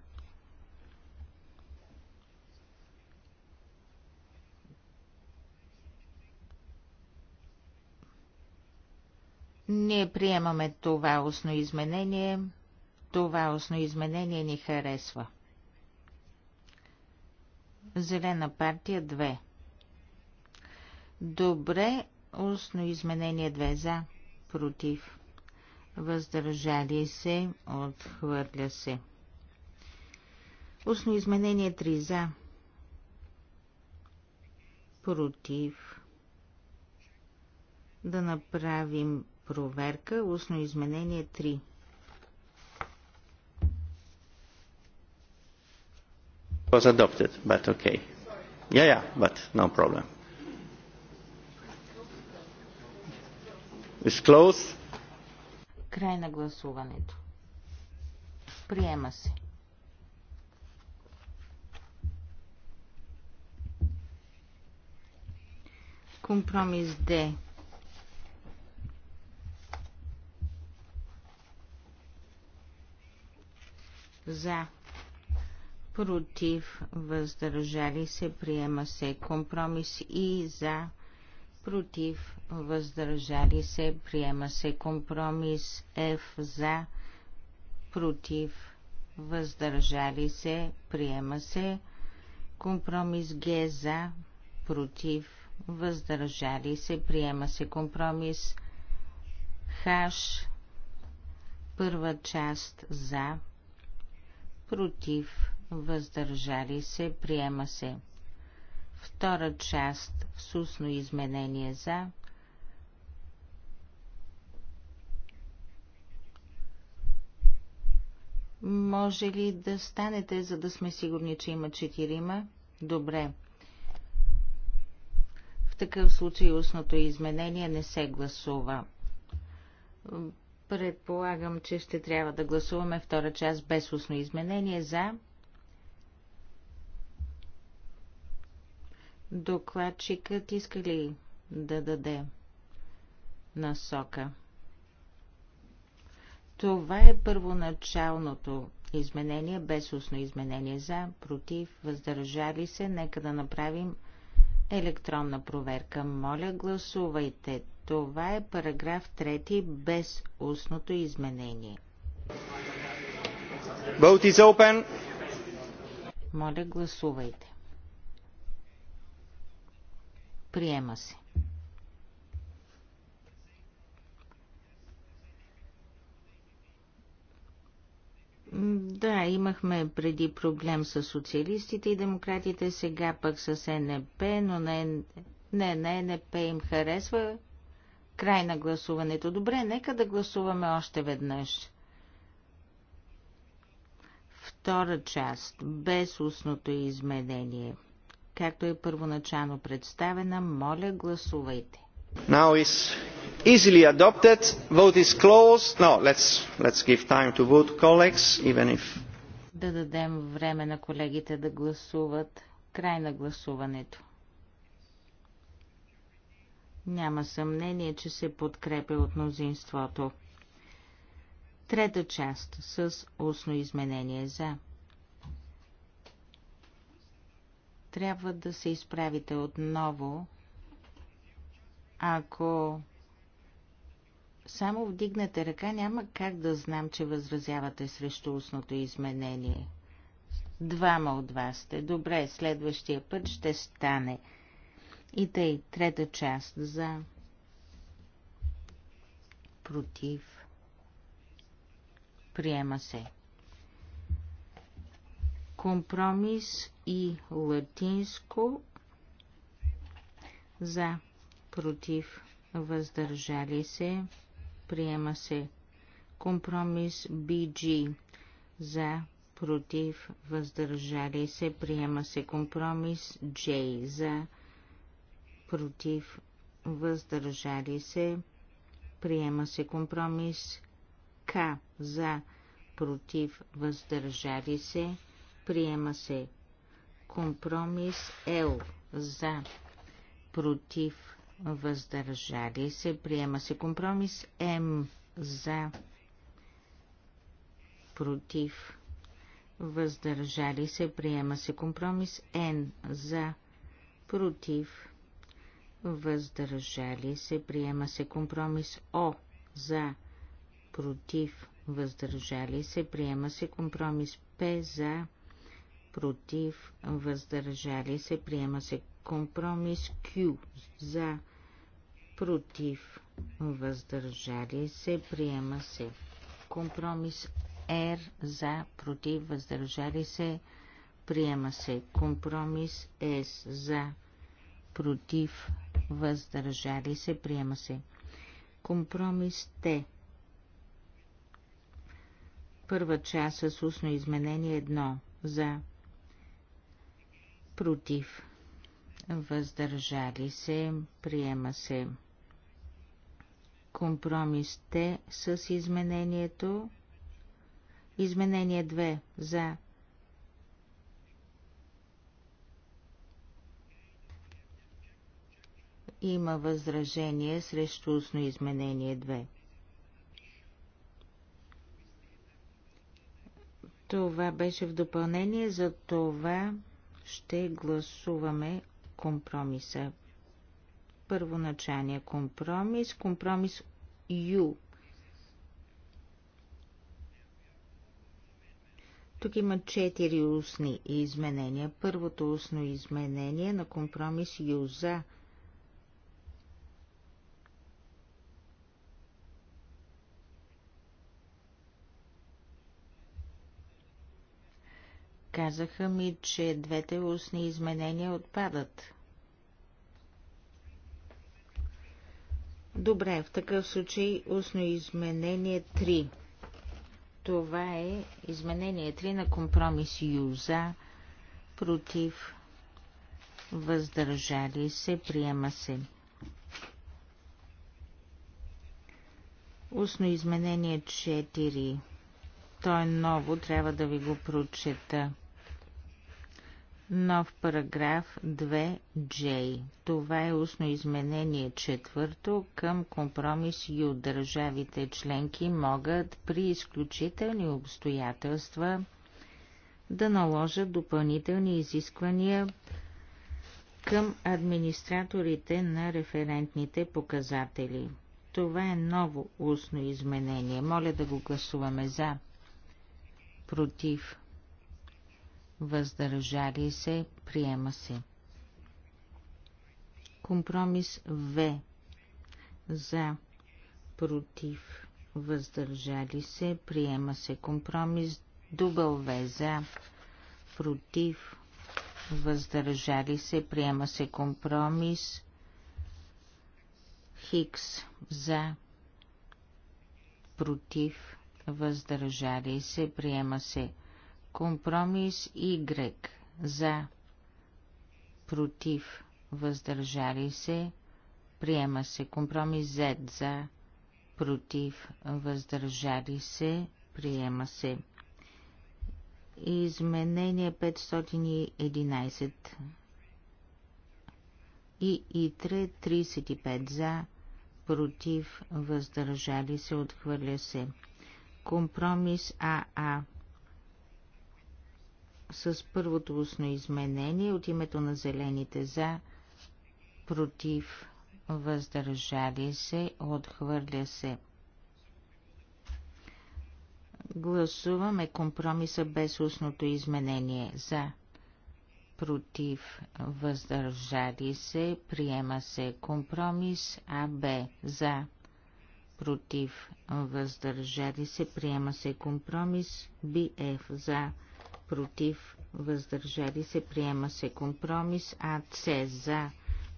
Не приемаме това устно изменение. Това осно изменение ни харесва. Зелена партия 2 Добре, устно изменение 2 за, против, въздържали се, отхвърля се. Устно изменение 3 за, против, да направим проверка, устно изменение 3. was adopted, but okay. Yeah, yeah, but no problem. It's close. Край на гласуването. Приема се. Компромис Д. За против, въздържали се, приема се компромис и за, против, въздържали се, приема се компромис F за, против, въздържали се, приема се компромис Г за, против, въздържали се, приема се компромис H, първа част за, против, въздържали се, приема се. Втора част в сусно изменение за. Може ли да станете, за да сме сигурни, че има четирима? Добре. В такъв случай устното изменение не се гласува. Предполагам, че ще трябва да гласуваме втора част без устно изменение за Докладчикът иска ли да даде насока? Това е първоначалното изменение, без устно изменение за, против, въздържали се. Нека да направим електронна проверка. Моля, гласувайте. Това е параграф 3 без устното изменение. Vote is open. Моля, гласувайте. Приема се. Да, имахме преди проблем с социалистите и демократите, сега пък с НП, но не, не, не НП им харесва. Край на гласуването. Добре, нека да гласуваме още веднъж. Втора част. Без устното изменение както е първоначално представена. Моля, гласувайте. Now is easily adopted. Vote is closed. No, let's, let's give time to vote, colleagues, even if... Да дадем време на колегите да гласуват. Край на гласуването. Няма съмнение, че се подкрепя от мнозинството. Трета част с устно изменение за. трябва да се изправите отново, ако само вдигнете ръка, няма как да знам, че възразявате срещу устното изменение. Двама от вас сте. Добре, следващия път ще стане. И тъй, трета част за против. Приема се. Компромис и латинско за, против, въздържали се, приема се. Компромис BG за, против, въздържали се, приема се. Компромис J за, против, въздържали се, приема се. Компромис К за, против, въздържали се, Приема се. Компромис Л. За. Против. Въздържали се. Приема се. Компромис М. За. Против. Въздържали се. Приема се. Компромис Н. За. Против. Въздържали се. Приема се. Компромис О. За. Против въздържали се, приема се компромис П за против, въздържали се, приема се компромис Q за, против, въздържали се, приема се компромис R за, против, въздържали се, приема се компромис S за, против, въздържали се, приема се компромис Т първа част с устно изменение 1 за против, въздържали се, приема се. Компромис Т с изменението. Изменение 2 за. Има възражение срещу устно изменение 2. Това беше в допълнение за това, ще гласуваме компромиса. Първоначалния компромис, компромис Ю. Тук има четири устни изменения. Първото устно изменение на компромис Ю за – Казаха ми, че двете устни изменения отпадат. Добре, в такъв случай устно изменение 3. Това е изменение 3 на компромис Юза против въздържали се, приема се. Устно изменение 4. То е ново, трябва да ви го прочета нов параграф 2J. Това е устно изменение четвърто към компромис и от Държавите членки могат при изключителни обстоятелства да наложат допълнителни изисквания към администраторите на референтните показатели. Това е ново устно изменение. Моля да го гласуваме за. Против въздържали се, приема се. Компромис В за, против, въздържали се, приема се. Компромис В. за, против, въздържали се, приема се. Компромис Хикс за, против, въздържали се, приема се. Компромис Y. За. Против. Въздържали се. Приема се. Компромис Z. За. Против. Въздържали се. Приема се. Изменение 511 и ИТРЕ 35 за, против, въздържали се, отхвърля се. Компромис АА с първото устно изменение от името на зелените за, против, въздържали се, отхвърля се. Гласуваме компромиса без устното изменение за, против, въздържали се, приема се компромис АБ за, против, въздържали се, приема се компромис БФ за, против, против, въздържали се, приема се компромис АЦ за,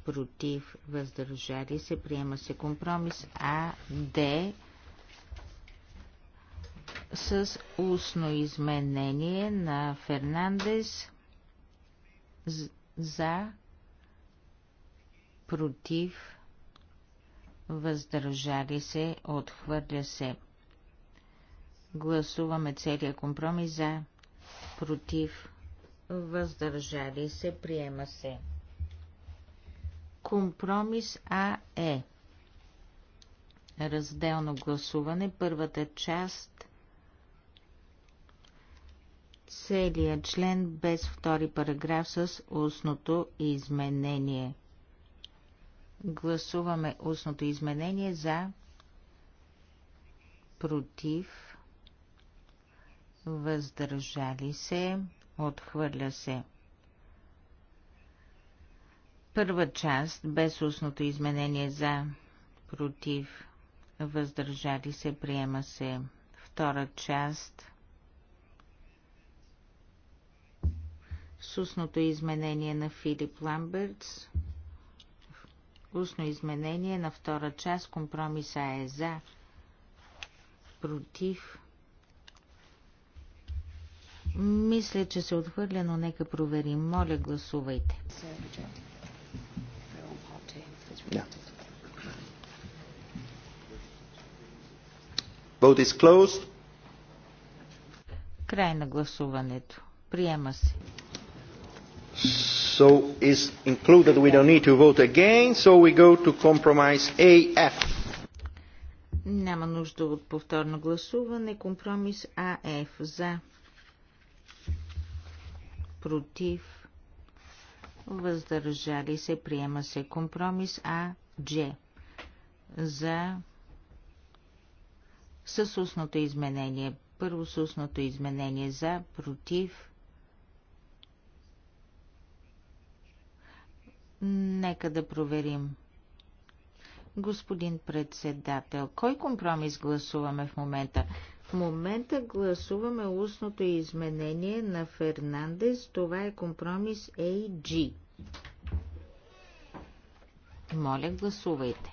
против, въздържали се, приема се компромис Д с устно изменение на Фернандес за, против, въздържали се, отхвърля се. Гласуваме целият компромис за против, въздържали се, приема се. Компромис АЕ. Разделно гласуване, първата част. Целият член без втори параграф с устното изменение. Гласуваме устното изменение за против въздържали се, отхвърля се. Първа част без устното изменение за, против, въздържали се, приема се. Втора част с устното изменение на Филип Ламбертс. Устно изменение на втора част компромиса е за, против, мисля, че се отхвърля, но нека проверим. Моля, гласувайте. Vote is closed. Край на гласуването. Приема се. So is included we don't need to vote again, so we go to compromise AF. Няма нужда от повторно гласуване. Компромис АФ за против, въздържали се, приема се компромис А, Дж. За с устното изменение. Първо с устното изменение за, против. Нека да проверим. Господин председател, кой компромис гласуваме в момента? момента гласуваме устното изменение на Фернандес. Това е компромис AG. Моля, гласувайте.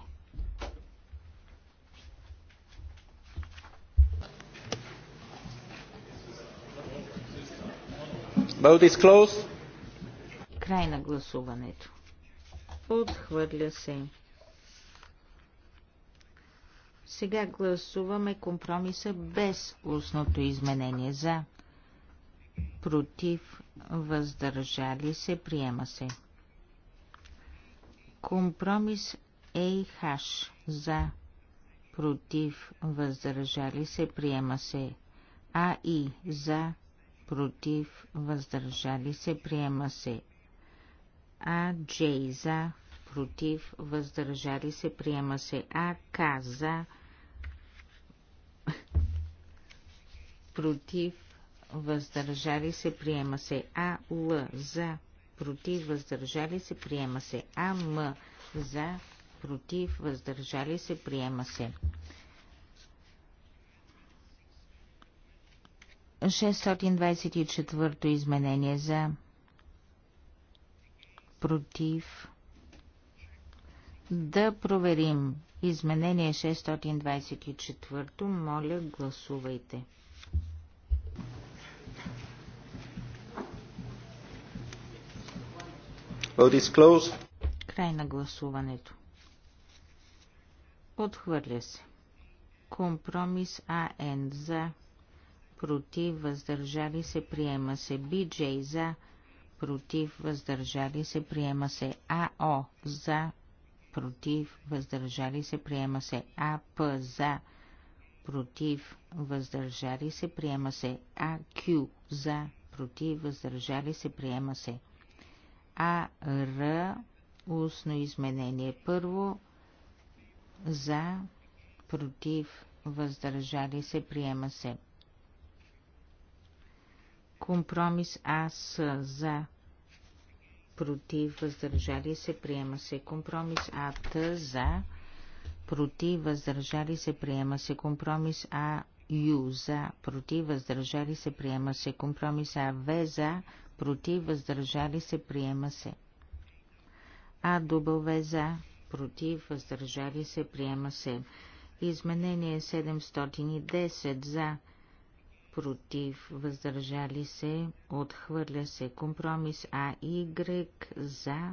Край на гласуването. Отхвърля се. Сега гласуваме компромиса без устното изменение за. Против, въздържали се, приема се. Компромис ЕХ за. Против, въздържали се, приема се. АИ за. Против, въздържали се, приема се. АДЖ за. Против, въздържали се, приема се. АК за. Против, против, въздържали се, приема се. А, Л, за, против, въздържали се, приема се. А, М, за, против, въздържали се, приема се. 624 изменение за против да проверим изменение 624 моля гласувайте Край на гласуването. Отхвърля се. Компромис АН за. Против, въздържали се, приема се. Биджей за. Против, въздържали се, приема се. АО за. Против, въздържали се, приема се. АП за. Против, въздържали се, приема се. АК за. Против, въздържали се, приема се. АР устно изменение. Първо за, против, въздържали се, приема се. Компромис АС за, против, въздържали се, приема се. Компромис АТ за, против, въздържали се, приема се. Компромис АС Ю за, против, въздържали се, приема се. Компромис А, В за, против, въздържали се, приема се. А, W за, против, въздържали се, приема се. Изменение 710 за, против, въздържали се, отхвърля се. Компромис А, И за,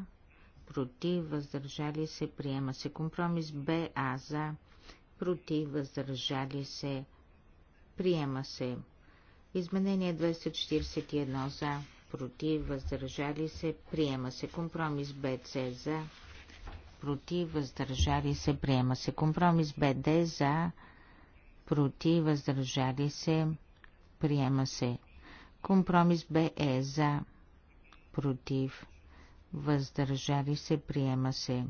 против, въздържали се, приема се. Компромис Б, А за, против, въздържали се, Приема се. Изменение 241 за, против, въздържали се, приема се. Компромис БЦ за, против, въздържали се, приема се. Компромис БД за, против, въздържали се, приема се. Компромис БЕ за, против, въздържали се, приема се.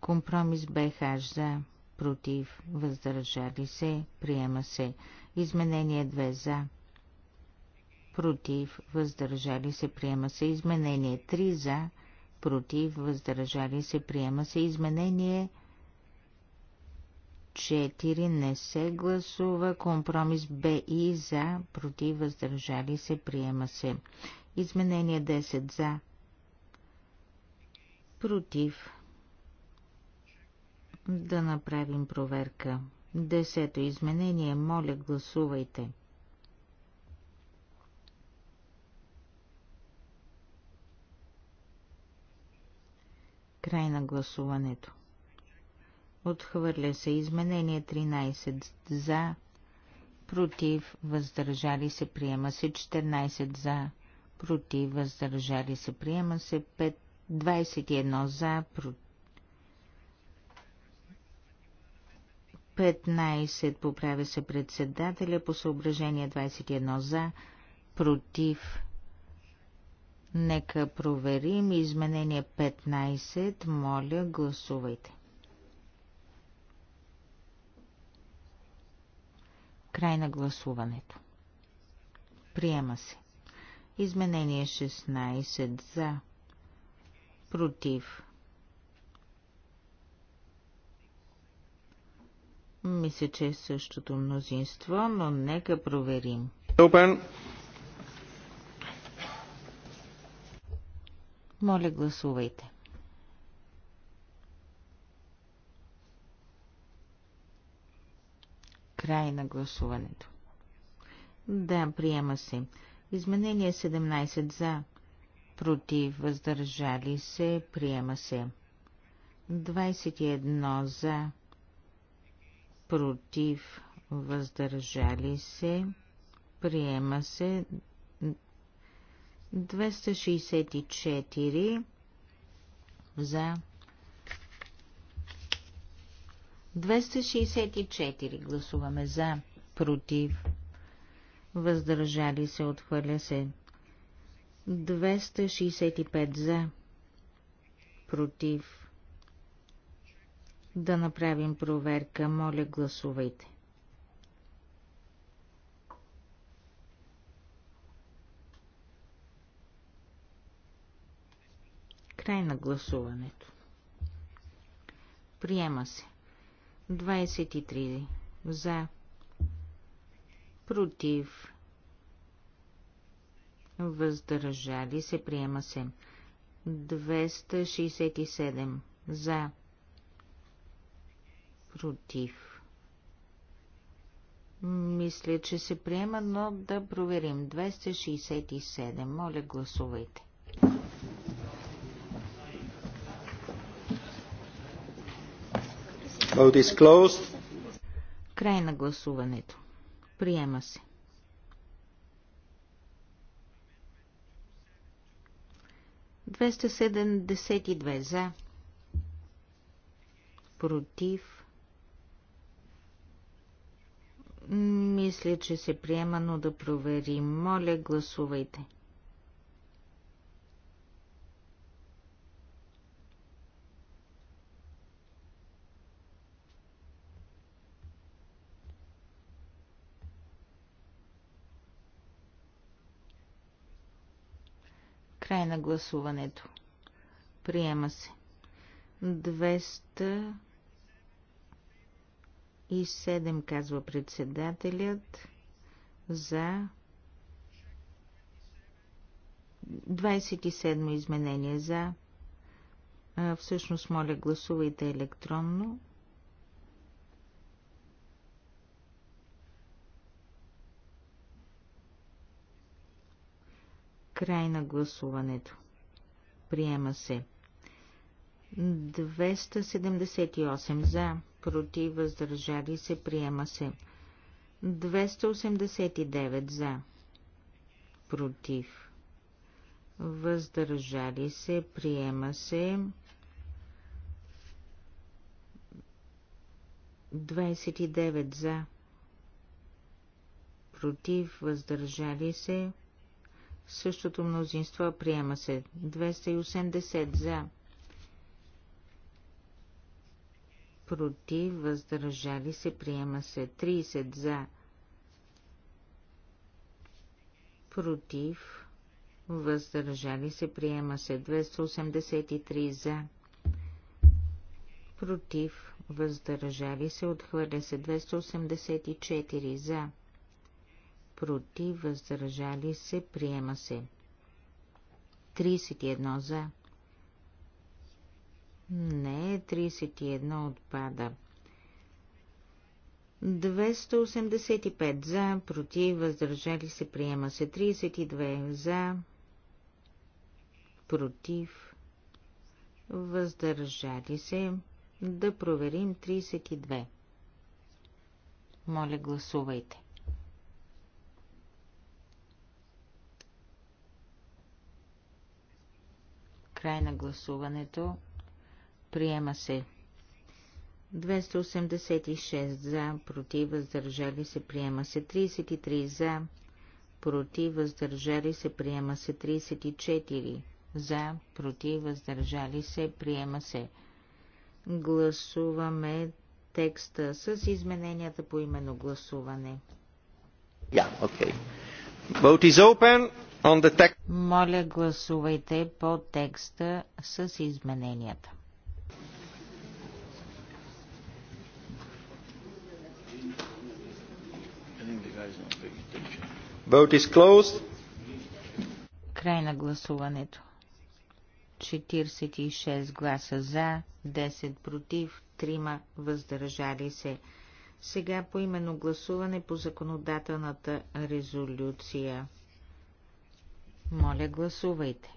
Компромис БХ за, против, въздържали се, приема се. Изменение 2 за, против, въздържали се, приема се. Изменение 3 за, против, въздържали се, приема се. Изменение 4 не се гласува. Компромис Б и за, против, въздържали се, приема се. Изменение 10 за, против, да направим проверка. Десето изменение. Моля, гласувайте. Край на гласуването. Отхвърля се изменение 13 за, против, въздържали се, приема се 14 за, против, въздържали се, приема се 5, 21 за, против 15 поправя се председателя по съображение 21 за, против. Нека проверим изменение 15. Моля, гласувайте. Край на гласуването. Приема се. Изменение 16 за, против. Мисля, че е същото мнозинство, но нека проверим. Open. Моля, гласувайте. Край на гласуването. Да, приема се. Изменение 17 за. Против, въздържали се, приема се. 21 за против, въздържали се, приема се 264 за 264 гласуваме за, против, въздържали се, отхвърля се 265 за, против, да направим проверка. Моля, гласувайте. Край на гласуването. Приема се. 23 за. Против. Въздържали се. Приема се. 267 за против. Мисля, че се приема, но да проверим. 267. Моля, гласувайте. Vote is closed. Край на гласуването. Приема се. Двеста седемдесет и две за. Против. Мисля, че се приема, но да проверим. Моля, гласувайте. Край на гласуването. Приема се. 200 и 7, казва председателят, за 27 изменение за. всъщност, моля, гласувайте електронно. Край на гласуването. Приема се. 278 за против, въздържали се, приема се. 289 за, против, въздържали се, приема се. 29 за, против, въздържали се. Същото мнозинство приема се. 280 за, против, въздържали се, приема се 30 за, против, въздържали се, приема се 283 за, против, въздържали се, отхвърля се 284 за, против, въздържали се, приема се 31 за, не, 31 отпада. 285 за, против, въздържали се, приема се 32 за, против, въздържали се, да проверим 32. Моля, гласувайте. Край на гласуването. Приема се. 286 за, против, въздържали се, приема се. 33 за, против, въздържали се, приема се. 34 за, против, въздържали се, приема се. Гласуваме текста с измененията по именно гласуване. Yeah, okay. Vote is open on the text. Моля, гласувайте по текста с измененията. Vote is closed. Край на гласуването. 46 гласа за, 10 против, 3 въздържали се. Сега по именно гласуване по законодателната резолюция. Моля, гласувайте.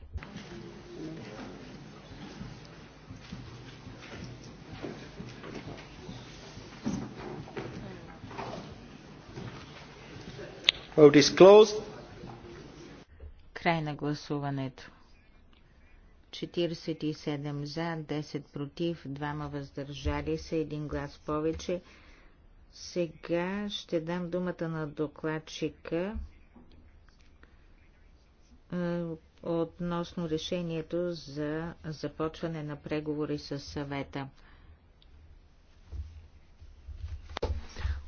Vote is closed. Край на гласуването. 47 за, 10 против, 2 въздържали се, 1 глас повече. Сега ще дам думата на докладчика е, относно решението за започване на преговори с съвета.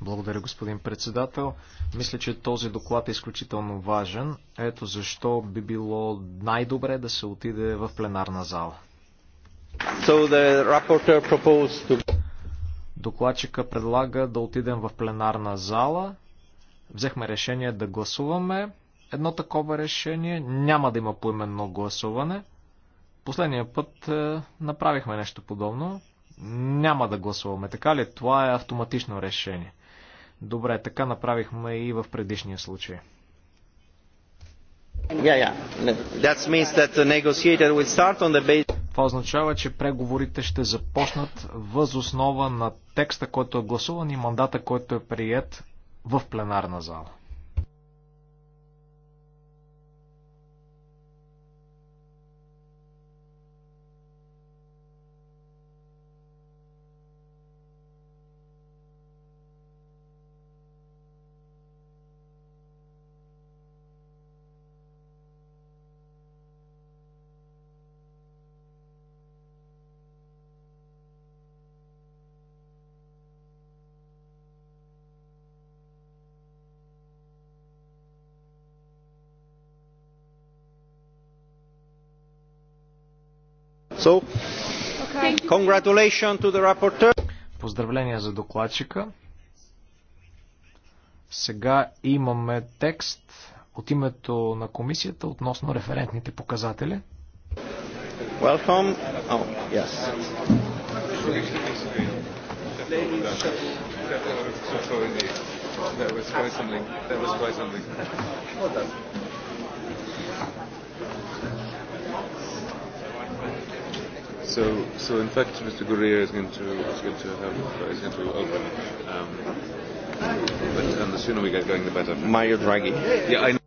Благодаря, господин председател. Мисля, че този доклад е изключително важен. Ето защо би било най-добре да се отиде в пленарна зала. So to... Докладчика предлага да отидем в пленарна зала. Взехме решение да гласуваме. Едно такова решение няма да има поименно гласуване. Последния път е, направихме нещо подобно. Няма да гласуваме. Така ли? Това е автоматично решение. Добре, така направихме и в предишния случай. Това означава, че преговорите ще започнат въз основа на текста, който е гласуван и мандата, който е прият в пленарна зала. So, congratulations to the rapporteur. Поздравления за докладчика. Сега имаме текст от името на комисията относно референтните показатели. Welcome. Oh, yes. There was quite something. There was quite something. Well done. So, so in fact, Mr. Gurria is going to is going to have is going to open. Um, but and the sooner we get going, the better. Mario Draghi. Yeah, I know.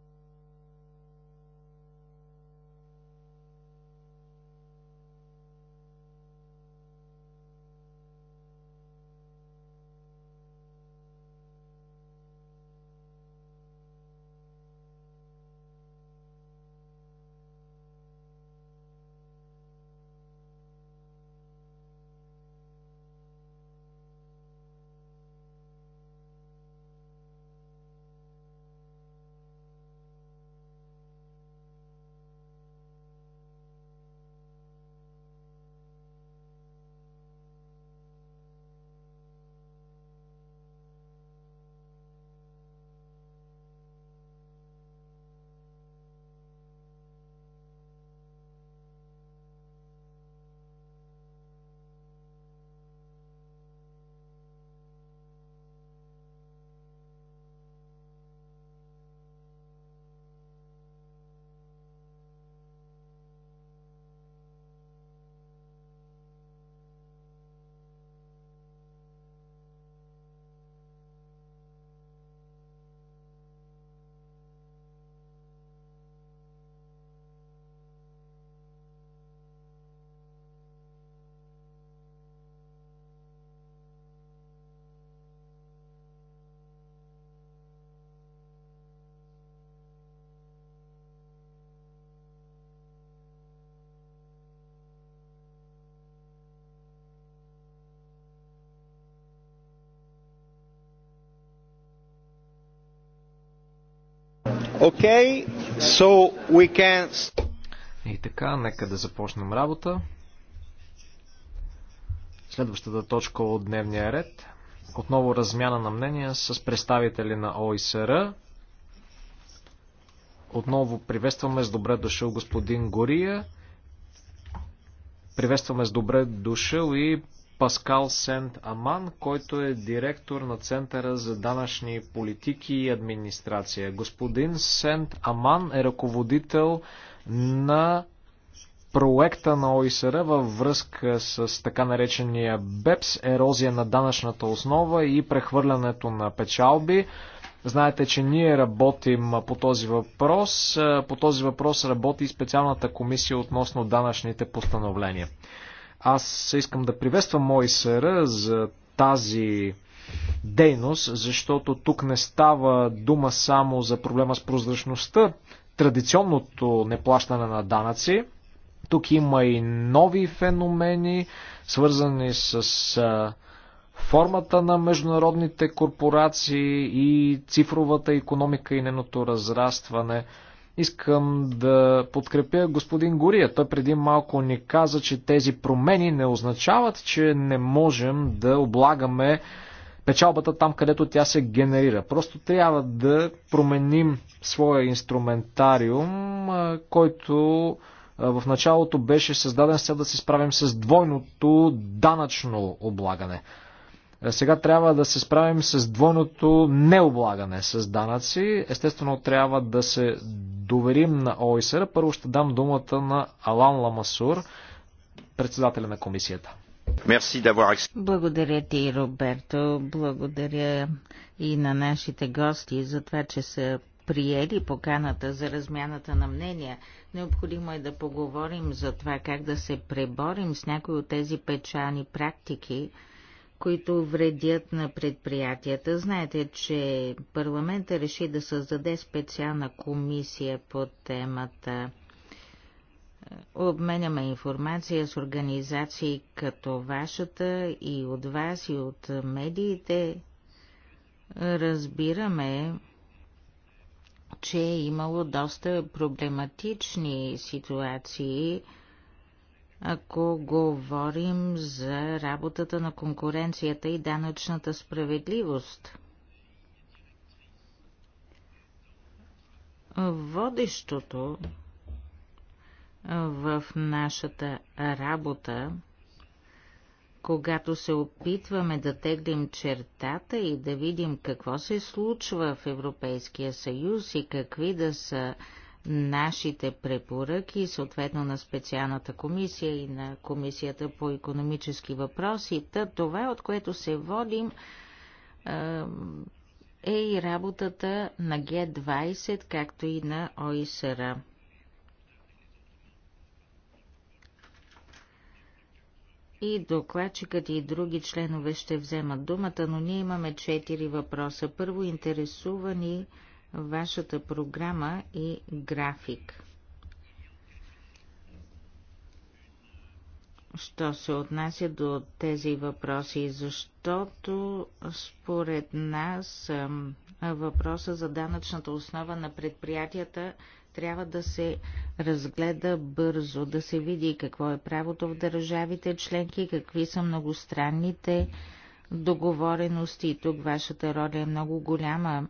Okay, so we can... И така, нека да започнем работа. Следващата точка от дневния ред. Отново размяна на мнения с представители на ОИСР. Отново приветстваме с добре дошъл господин Гория. Приветстваме с добре дошъл и Паскал Сент Аман, който е директор на Центъра за данъчни политики и администрация. Господин Сент Аман е ръководител на проекта на ОИСР във връзка с така наречения БЕПС, ерозия на данъчната основа и прехвърлянето на печалби. Знаете, че ние работим по този въпрос. По този въпрос работи и специалната комисия относно данъчните постановления. Аз искам да приветствам Мойсера за тази дейност, защото тук не става дума само за проблема с прозрачността, традиционното неплащане на данъци. Тук има и нови феномени, свързани с формата на международните корпорации и цифровата економика и неното разрастване. Искам да подкрепя господин Гория. Той преди малко ни каза, че тези промени не означават, че не можем да облагаме печалбата там, където тя се генерира. Просто трябва да променим своя инструментариум, който в началото беше създаден след да се справим с двойното данъчно облагане. Е, сега трябва да се справим с двойното необлагане с данъци. Естествено, трябва да се доверим на ОИСР. Първо ще дам думата на Алан Ламасур, председателя на комисията. Благодаря ти, Роберто. Благодаря и на нашите гости за това, че са приели поканата за размяната на мнения. Необходимо е да поговорим за това как да се преборим с някои от тези печални практики, които вредят на предприятията. Знаете, че парламента реши да създаде специална комисия по темата. Обменяме информация с организации като вашата и от вас и от медиите. Разбираме, че е имало доста проблематични ситуации, ако говорим за работата на конкуренцията и данъчната справедливост. Водещото в нашата работа, когато се опитваме да теглим чертата и да видим какво се случва в Европейския съюз и какви да са нашите препоръки, съответно на специалната комисия и на комисията по економически въпроси. Та това, от което се водим, е, е и работата на Г20, както и на ОИСР. И докладчикът и други членове ще вземат думата, но ние имаме четири въпроса. Първо, интересувани ни вашата програма и график. Що се отнася до тези въпроси, защото според нас въпроса за данъчната основа на предприятията трябва да се разгледа бързо, да се види какво е правото в държавите членки, какви са многостранните договорености. Тук вашата роля е много голяма.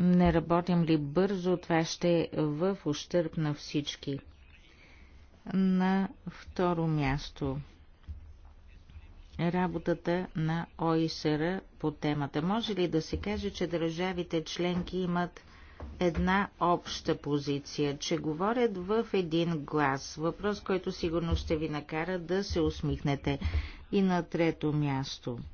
Не работим ли бързо, това ще е в ущърп на всички. На второ място работата на ОИСР по темата. Може ли да се каже, че държавите членки имат една обща позиция, че говорят в един глас? Въпрос, който сигурно ще ви накара да се усмихнете. И на трето място –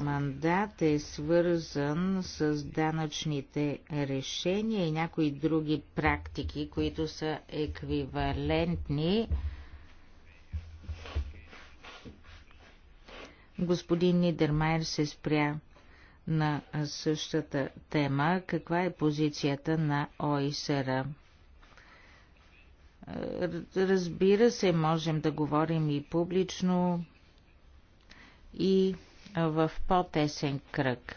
мандат е свързан с данъчните решения и някои други практики, които са еквивалентни. Господин Нидермайер се спря на същата тема. Каква е позицията на ОИСР? Разбира се, можем да говорим и публично, и в по-тесен кръг.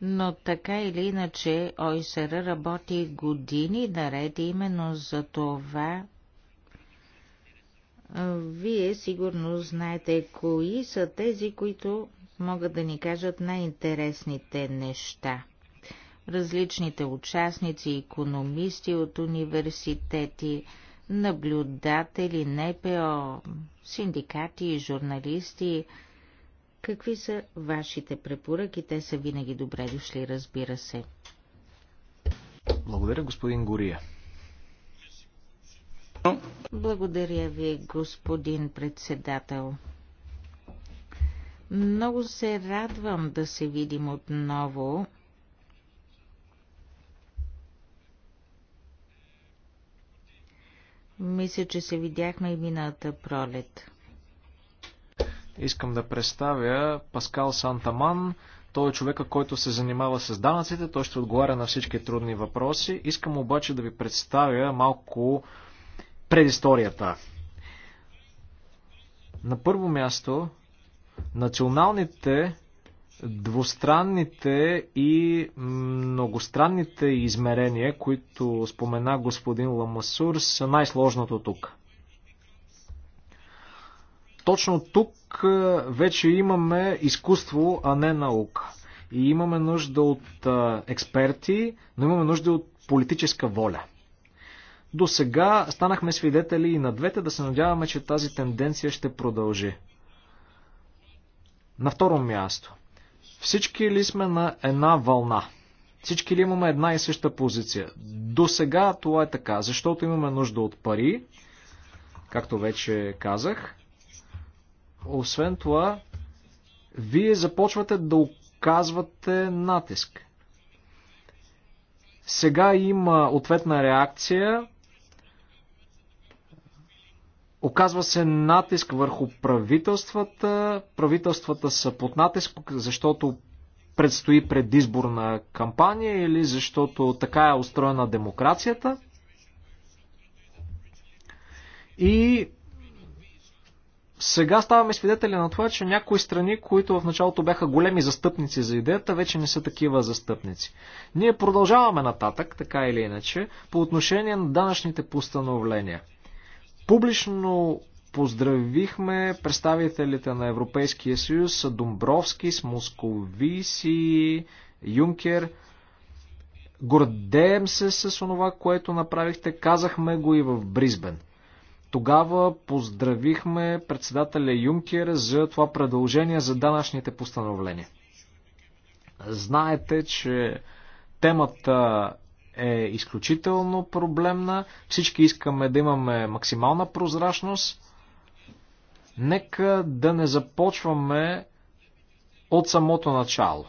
Но така или иначе Ойсера работи години наред именно за това. Вие сигурно знаете кои са тези, които могат да ни кажат най-интересните неща. Различните участници, економисти от университети, наблюдатели, НПО, синдикати, журналисти. Какви са вашите препоръки? Те са винаги добре дошли, разбира се. Благодаря, господин Гория. Благодаря ви, господин председател. Много се радвам да се видим отново. Мисля, че се видяхме и миналата пролет. Искам да представя Паскал Сантаман. Той е човека, който се занимава с данъците. Той ще отговаря на всички трудни въпроси. Искам обаче да ви представя малко предисторията. На първо място, националните Двустранните и многостранните измерения, които спомена господин Ламасур, са най-сложното тук. Точно тук вече имаме изкуство, а не наука. И имаме нужда от експерти, но имаме нужда от политическа воля. До сега станахме свидетели и на двете, да се надяваме, че тази тенденция ще продължи. На второ място. Всички ли сме на една вълна? Всички ли имаме една и съща позиция? До сега това е така, защото имаме нужда от пари, както вече казах. Освен това, вие започвате да оказвате натиск. Сега има ответна реакция, Оказва се натиск върху правителствата. Правителствата са под натиск, защото предстои предизборна кампания или защото така е устроена демокрацията. И сега ставаме свидетели на това, че някои страни, които в началото бяха големи застъпници за идеята, вече не са такива застъпници. Ние продължаваме нататък, така или иначе, по отношение на данъчните постановления – Публично поздравихме представителите на Европейския съюз, Домбровски, Московиси, Юнкер. Гордеем се с онова, което направихте. Казахме го и в Бризбен. Тогава поздравихме председателя Юнкер за това предложение за данъчните постановления. Знаете, че темата е изключително проблемна. Всички искаме да имаме максимална прозрачност. Нека да не започваме от самото начало.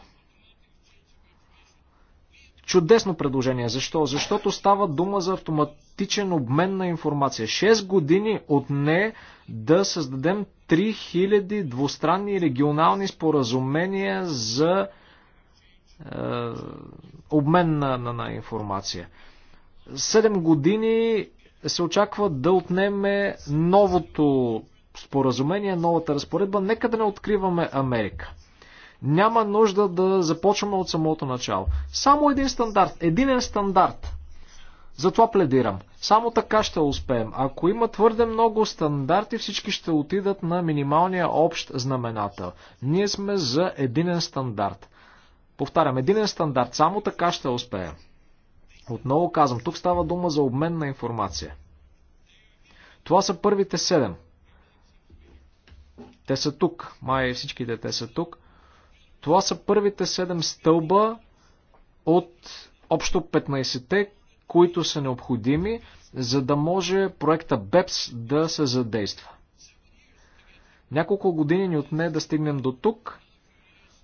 Чудесно предложение. Защо? Защото става дума за автоматичен обмен на информация. 6 години от не да създадем 3000 двустранни регионални споразумения за е, обмен на, на, на информация. Седем години се очаква да отнеме новото споразумение, новата разпоредба. Нека да не откриваме Америка. Няма нужда да започваме от самото начало. Само един стандарт. Единен стандарт. Затова пледирам. Само така ще успеем. Ако има твърде много стандарти, всички ще отидат на минималния общ знаменател. Ние сме за единен стандарт. Повтарям, единен стандарт. Само така ще успея. Отново казвам, тук става дума за обмен на информация. Това са първите седем. Те са тук. Май всичките те са тук. Това са първите седем стълба от общо 15-те, които са необходими, за да може проекта БЕПС да се задейства. Няколко години ни отне да стигнем до тук –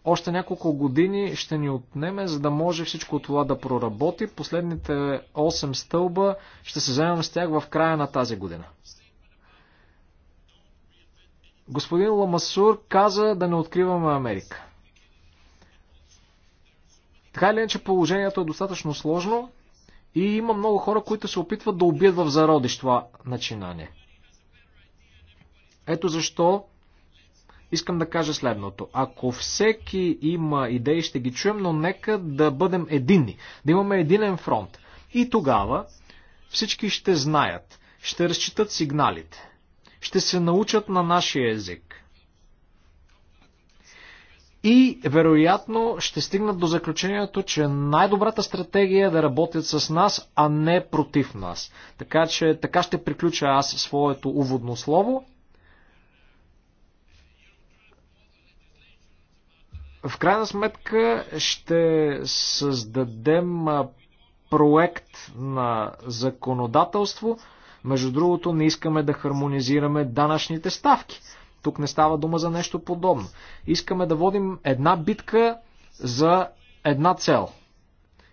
още няколко години ще ни отнеме, за да може всичко това да проработи. Последните 8 стълба ще се вземем с тях в края на тази година. Господин Ламасур каза да не откриваме Америка. Така или иначе положението е достатъчно сложно и има много хора, които се опитват да убият в зародиш това начинание. Ето защо искам да кажа следното. Ако всеки има идеи, ще ги чуем, но нека да бъдем единни, да имаме единен фронт. И тогава всички ще знаят, ще разчитат сигналите, ще се научат на нашия език. И вероятно ще стигнат до заключението, че най-добрата стратегия е да работят с нас, а не против нас. Така че така ще приключа аз своето уводно слово. В крайна сметка ще създадем проект на законодателство. Между другото, не искаме да хармонизираме данъчните ставки. Тук не става дума за нещо подобно. Искаме да водим една битка за една цел.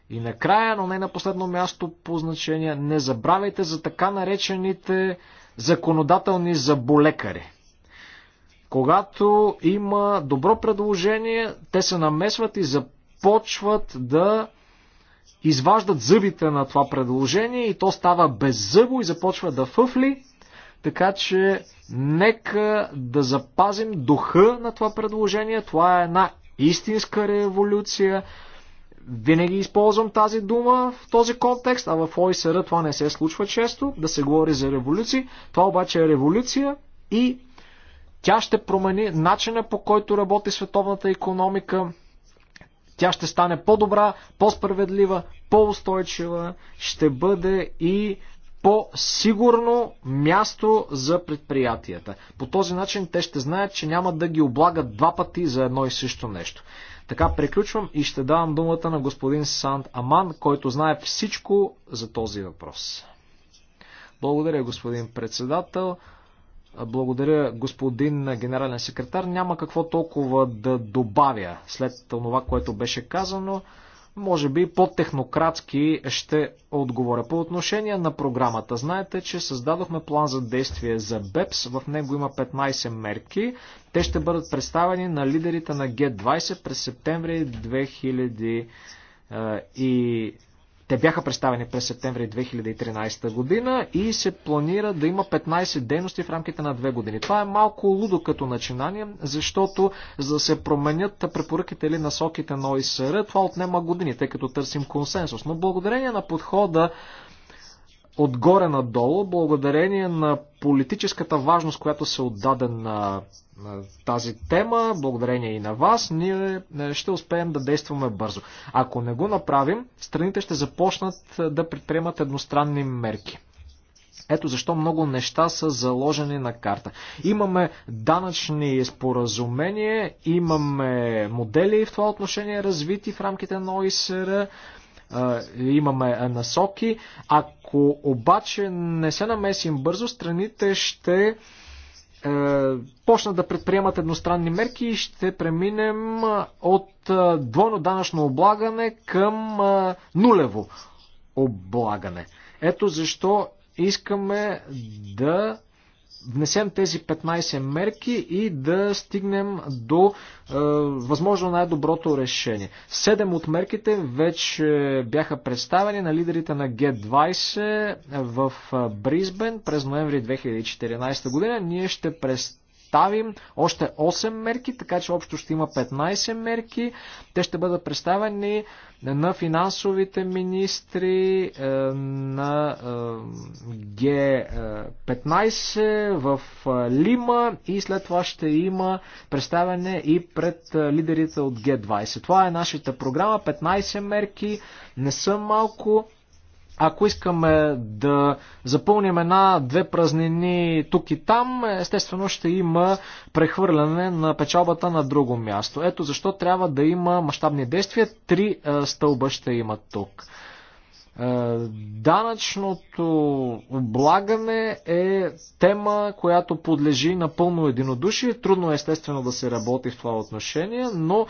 И накрая, но не на последно място по значение, не забравяйте за така наречените законодателни заболекари. Когато има добро предложение, те се намесват и започват да изваждат зъбите на това предложение и то става беззъбо и започва да фъфли. Така че нека да запазим духа на това предложение. Това е една истинска революция. Винаги използвам тази дума в този контекст, а в ОИСР това не се случва често, да се говори за революции. Това обаче е революция и тя ще промени начина по който работи световната економика. Тя ще стане по-добра, по-справедлива, по-устойчива, ще бъде и по-сигурно място за предприятията. По този начин те ще знаят, че няма да ги облагат два пъти за едно и също нещо. Така приключвам и ще давам думата на господин Санд Аман, който знае всичко за този въпрос. Благодаря, господин председател. Благодаря, господин генерален секретар. Няма какво толкова да добавя след това, което беше казано. Може би по-технократски ще отговоря. По отношение на програмата, знаете, че създадохме план за действие за БЕПС. В него има 15 мерки. Те ще бъдат представени на лидерите на Г20 през септември 2000 и те бяха представени през септември 2013 година и се планира да има 15 дейности в рамките на 2 години. Това е малко лудо като начинание, защото за да се променят препоръките или насоките на ОИСР, това отнема години, тъй като търсим консенсус. Но благодарение на подхода отгоре надолу, благодарение на политическата важност, която се отдаде на, на тази тема, благодарение и на вас, ние е, ще успеем да действаме бързо. Ако не го направим, страните ще започнат е, да предприемат едностранни мерки. Ето защо много неща са заложени на карта. Имаме данъчни споразумения, имаме модели в това отношение развити в рамките на ОИСР имаме насоки. Ако обаче не се намесим бързо, страните ще почнат да предприемат едностранни мерки и ще преминем от двойно данъчно облагане към нулево облагане. Ето защо искаме да внесем тези 15 мерки и да стигнем до е, възможно най-доброто решение. Седем от мерките вече бяха представени на лидерите на G20 в е, Бризбен през ноември 2014 година. Ние ще представим представим още 8 мерки, така че общо ще има 15 мерки. Те ще бъдат представени на финансовите министри е, на е, Г15 в е, Лима и след това ще има представяне и пред лидерите от Г20. Това е нашата програма. 15 мерки не са малко. Ако искаме да запълним една-две празнини тук и там, естествено ще има прехвърляне на печалбата на друго място. Ето защо трябва да има мащабни действия. Три стълба ще има тук. Е, данъчното облагане е тема, която подлежи на пълно единодушие. Трудно е естествено да се работи в това отношение, но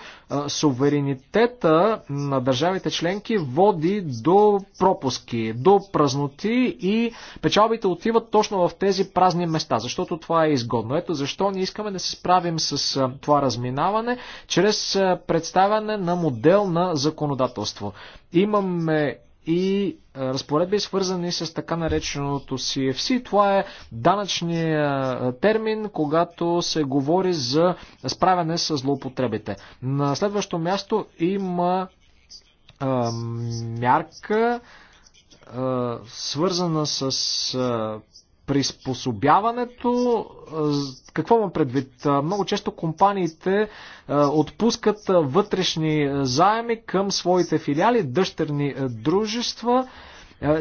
е, суверенитета на държавите членки води до пропуски, до празноти и печалбите отиват точно в тези празни места, защото това е изгодно. Ето защо ние искаме да се справим с е, това разминаване чрез представяне на модел на законодателство. Имаме и разпоредби, свързани с така нареченото CFC. Това е данъчният термин, когато се говори за справяне с злоупотребите. На следващо място има а, мярка, а, свързана с а, приспособяването, какво имам предвид? Много често компаниите отпускат вътрешни заеми към своите филиали, дъщерни дружества,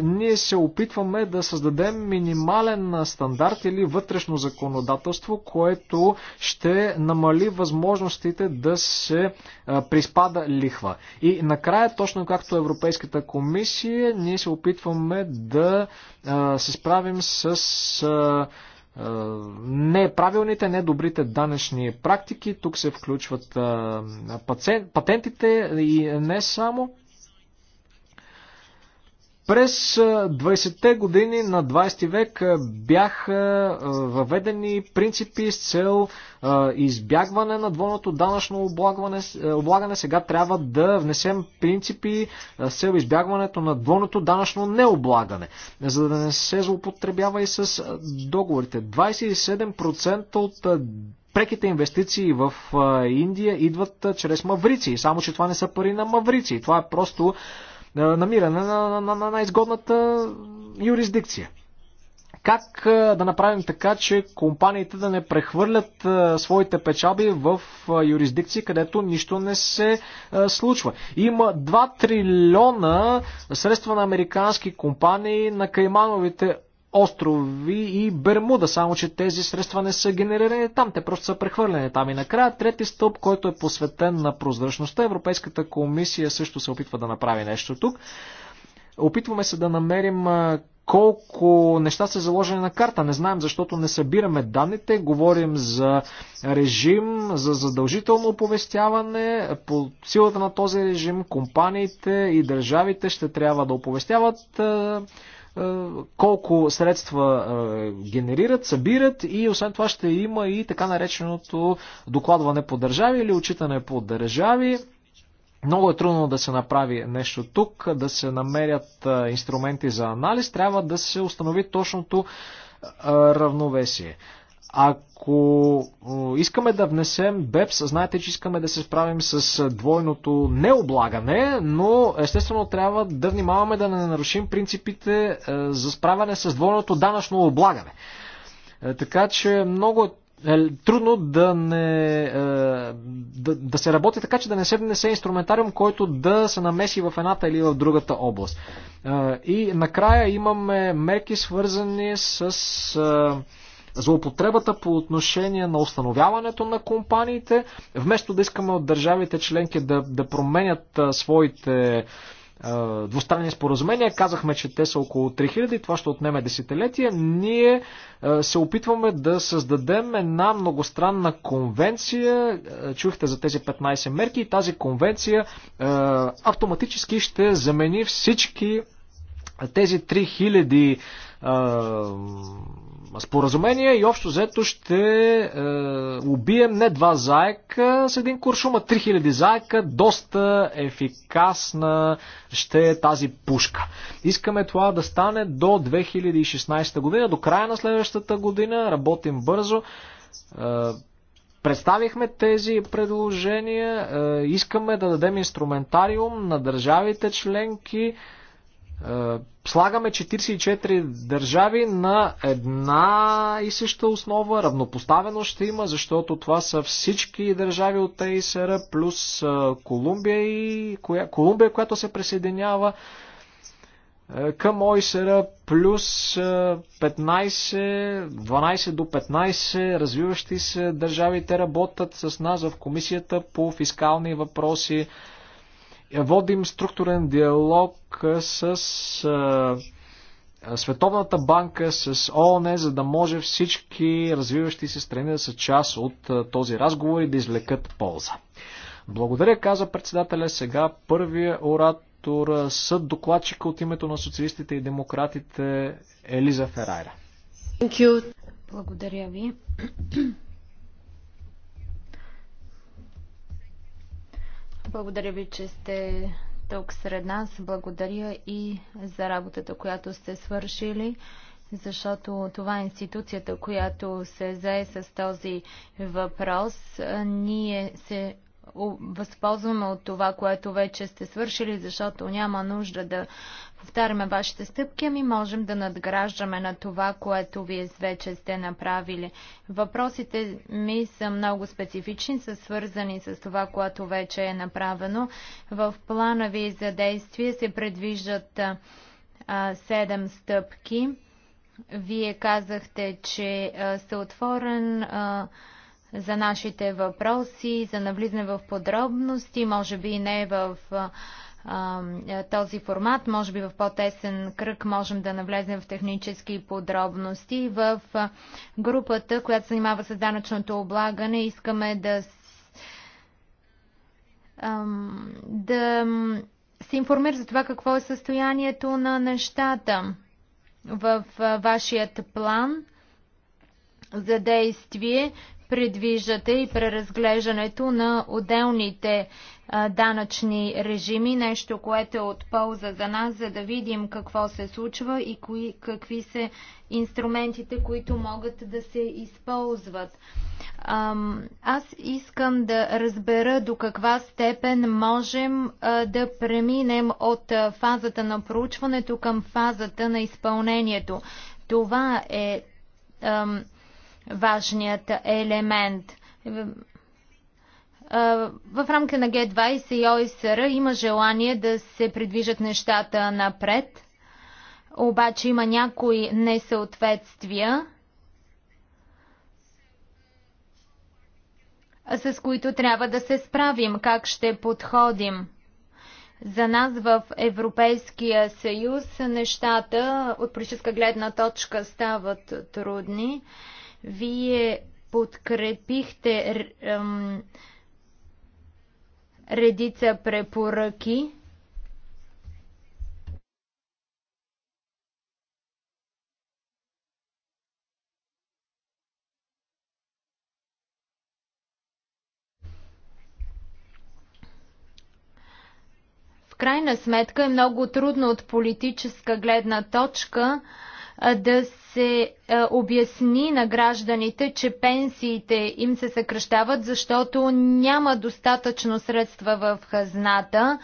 ние се опитваме да създадем минимален стандарт или вътрешно законодателство, което ще намали възможностите да се приспада лихва. И накрая, точно както Европейската комисия, ние се опитваме да се справим с неправилните, недобрите данъчни практики. Тук се включват патентите и не само. През 20-те години на 20 век бяха въведени принципи с цел избягване на двойното данъчно облагане. облагане. Сега трябва да внесем принципи с цел избягването на двойното данъчно необлагане, за да не се злоупотребява и с договорите. 27% от преките инвестиции в Индия идват чрез Маврици, само че това не са пари на Маврици. Това е просто е, намиране на, на, на, на най-изгодната юрисдикция. Как е, да направим така, че компаниите да не прехвърлят е, своите печаби в юрисдикции, където нищо не се случва? Има 2 трилиона средства на американски компании на Каймановите острови и Бермуда, само че тези средства не са генерирани там, те просто са прехвърлени там. И накрая трети стълб, който е посветен на прозрачността, Европейската комисия също се опитва да направи нещо тук. Опитваме се да намерим колко неща са заложени на карта. Не знаем, защото не събираме данните. Говорим за режим, за задължително оповестяване. По силата на този режим компаниите и държавите ще трябва да оповестяват е, колко средства е, генерират, събират и освен това ще има и така нареченото докладване по държави или отчитане по държави. Много е трудно да се направи нещо тук, да се намерят е, инструменти за анализ, трябва да се установи точното равновесие. Ако искаме да внесем БЕПС, знаете, че искаме да се справим с двойното необлагане, но естествено трябва да внимаваме да не нарушим принципите за справяне с двойното данъчно облагане. Е, така че много е, е трудно да, не, е, да, да се работи така, че да не се внесе инструментариум, който да се намеси в едната или в другата област. И накрая имаме мерки свързани с злоупотребата по отношение на установяването на компаниите, вместо да искаме от държавите членки да, да променят а, своите а, двустранни споразумения. Казахме, че те са около 3000, това ще отнеме десетилетия. Ние а, се опитваме да създадем една многостранна конвенция. Чухте за тези 15 мерки и тази конвенция а, автоматически ще замени всички тези 3000 а, споразумение и общо взето ще е, убием не два заека с един куршума, 3000 заека, доста ефикасна ще е тази пушка. Искаме това да стане до 2016 година, до края на следващата година, работим бързо. Е, Представихме тези предложения, е, искаме да дадем инструментариум на държавите членки, е, слагаме 44 държави на една и съща основа, равнопоставено ще има, защото това са всички държави от ТСР плюс е, Колумбия, и коя, Колумбия, която се присъединява е, към ОИСР, плюс 15, 12 до 15 развиващи се държавите работят с нас в Комисията по фискални въпроси, Водим структурен диалог с Световната банка, с ООН, за да може всички развиващи се страни да са част от този разговор и да извлекат полза. Благодаря, каза председателя. Сега първия оратор съд докладчика от името на социалистите и демократите Елиза Ферайра. Благодаря ви. Благодаря ви, че сте тук сред нас. Благодаря и за работата, която сте свършили, защото това е институцията, която се зае с този въпрос. Ние се възползваме от това, което вече сте свършили, защото няма нужда да повтаряме вашите стъпки, ами можем да надграждаме на това, което вие вече сте направили. Въпросите ми са много специфични, са свързани с това, което вече е направено. В плана ви за действие се предвиждат седем 7 стъпки. Вие казахте, че а, сте отворен а, за нашите въпроси, за навлизане в подробности, може би не в този формат, може би в по-тесен кръг можем да навлезем в технически подробности. В групата, която се занимава с данъчното облагане, искаме да да се информира за това какво е състоянието на нещата в вашият план за действие предвиждате и преразглеждането на отделните данъчни режими, нещо, което е от полза за нас, за да видим какво се случва и кои, какви са инструментите, които могат да се използват. Аз искам да разбера до каква степен можем да преминем от фазата на проучването към фазата на изпълнението. Това е важният елемент. В рамка на Г20 и ОИСР има желание да се придвижат нещата напред, обаче има някои несъответствия, с които трябва да се справим, как ще подходим. За нас в Европейския съюз нещата от политическа гледна точка стават трудни. Вие подкрепихте редица препоръки. В крайна сметка е много трудно от политическа гледна точка да се обясни на гражданите, че пенсиите им се съкръщават, защото няма достатъчно средства в хазната,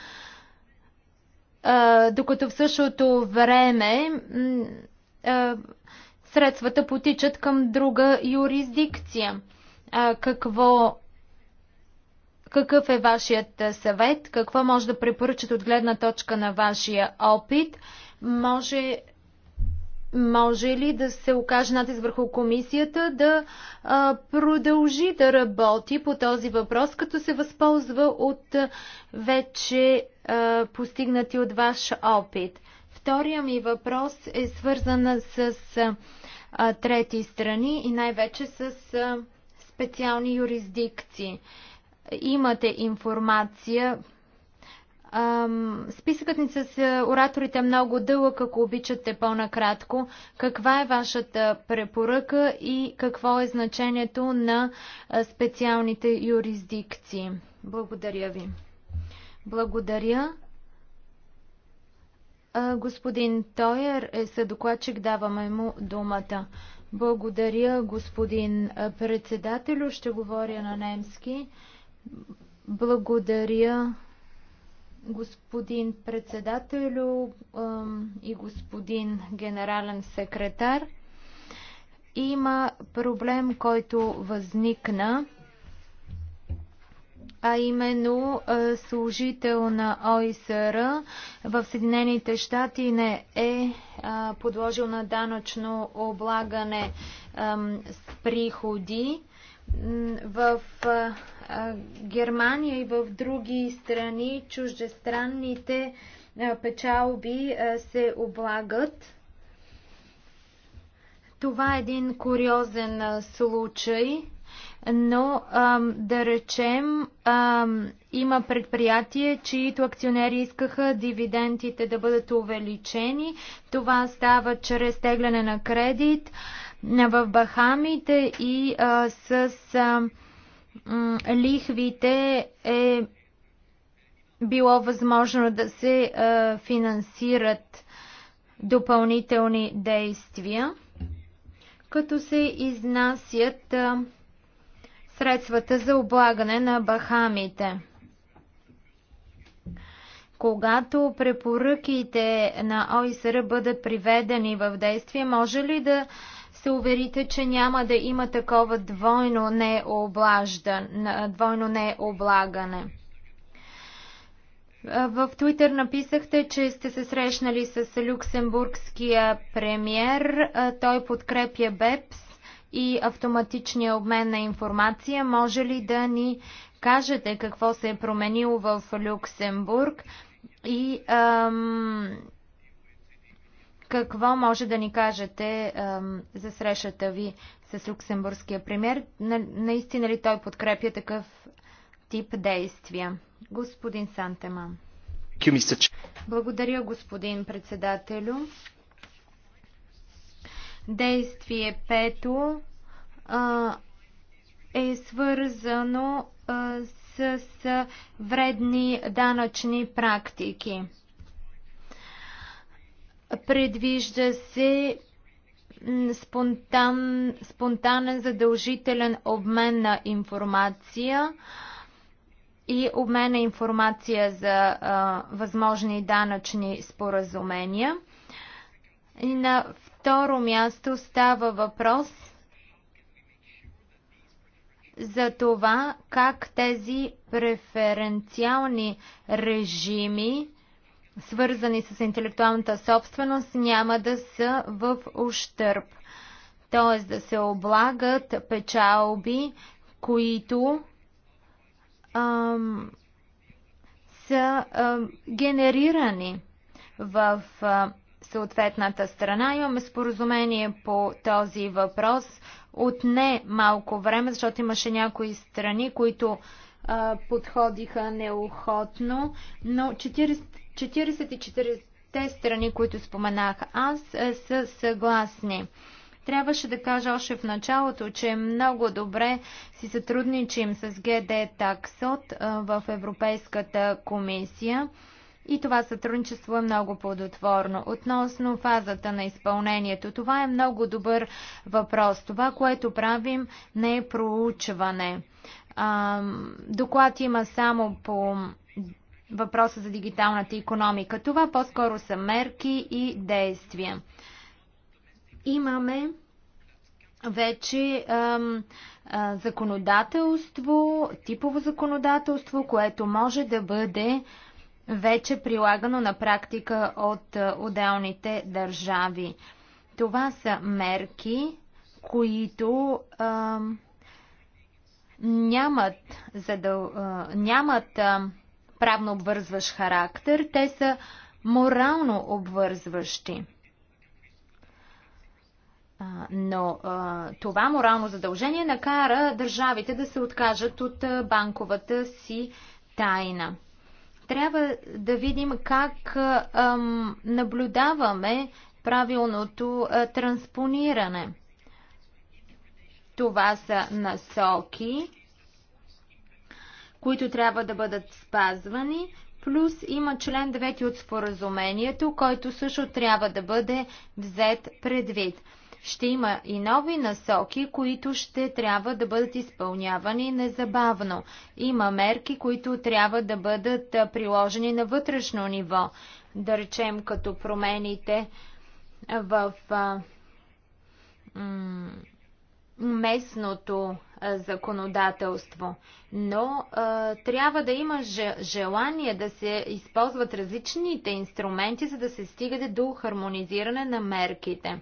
докато в същото време средствата потичат към друга юрисдикция. Какво какъв е вашият съвет? Какво може да препоръчат от гледна точка на вашия опит? Може може ли да се окаже натиск върху комисията да а, продължи да работи по този въпрос, като се възползва от вече а, постигнати от ваш опит? Втория ми въпрос е свързан с а, трети страни и най-вече с а, специални юрисдикции. Имате информация Списъкът ни с е, ораторите е много дълъг, ако обичате по-накратко. Каква е вашата препоръка и какво е значението на е, специалните юрисдикции? Благодаря ви. Благодаря. Господин Тойер е съдокладчик, даваме му думата. Благодаря, господин председателю. Ще говоря на немски. Благодаря господин председателю и господин генерален секретар. Има проблем, който възникна, а именно служител на ОИСР в Съединените щати не е подложил на данъчно облагане с приходи в Германия и в други страни чуждестранните печалби се облагат. Това е един куриозен случай, но да речем има предприятие, чието акционери искаха дивидендите да бъдат увеличени. Това става чрез тегляне на кредит в Бахамите и с лихвите е било възможно да се финансират допълнителни действия, като се изнасят средствата за облагане на Бахамите. Когато препоръките на ОИСР бъдат приведени в действие, може ли да се уверите, че няма да има такова двойно двойно необлагане. В Твитър написахте, че сте се срещнали с люксембургския премьер. Той подкрепя БЕПС и автоматичния обмен на информация. Може ли да ни кажете какво се е променило в Люксембург и ам, какво може да ни кажете за срещата ви с люксембургския премьер? Наистина ли той подкрепя такъв тип действия? Господин Сантеман. Благодаря, господин председателю. Действие пето е свързано с вредни данъчни практики. Предвижда се спонтан, спонтанен задължителен обмен на информация и обмен на информация за а, възможни данъчни споразумения. И на второ място става въпрос за това как тези преференциални режими свързани с интелектуалната собственост, няма да са в ущърп. Т.е. да се облагат печалби, които ам, са ам, генерирани в ам, съответната страна. Имаме споразумение по този въпрос. от не малко време, защото имаше някои страни, които а, подходиха неохотно, но 44-те страни, които споменах аз, е, са съгласни. Трябваше да кажа още в началото, че много добре си сътрудничим с ГД Таксот е, в Европейската комисия и това сътрудничество е много плодотворно. Относно фазата на изпълнението, това е много добър въпрос. Това, което правим, не е проучване. Доклад има само по въпроса за дигиталната економика. Това по-скоро са мерки и действия. Имаме вече ам, а, законодателство, типово законодателство, което може да бъде вече прилагано на практика от а, отделните държави. Това са мерки, които ам, нямат, задъл, а, нямат ам, правно обвързващ характер, те са морално обвързващи. Но това морално задължение накара държавите да се откажат от банковата си тайна. Трябва да видим как наблюдаваме правилното транспониране. Това са насоки, които трябва да бъдат спазвани, плюс има член 9 от споразумението, който също трябва да бъде взет предвид. Ще има и нови насоки, които ще трябва да бъдат изпълнявани незабавно. Има мерки, които трябва да бъдат приложени на вътрешно ниво, да речем като промените в местното законодателство. Но а, трябва да има желание да се използват различните инструменти, за да се стига до хармонизиране на мерките.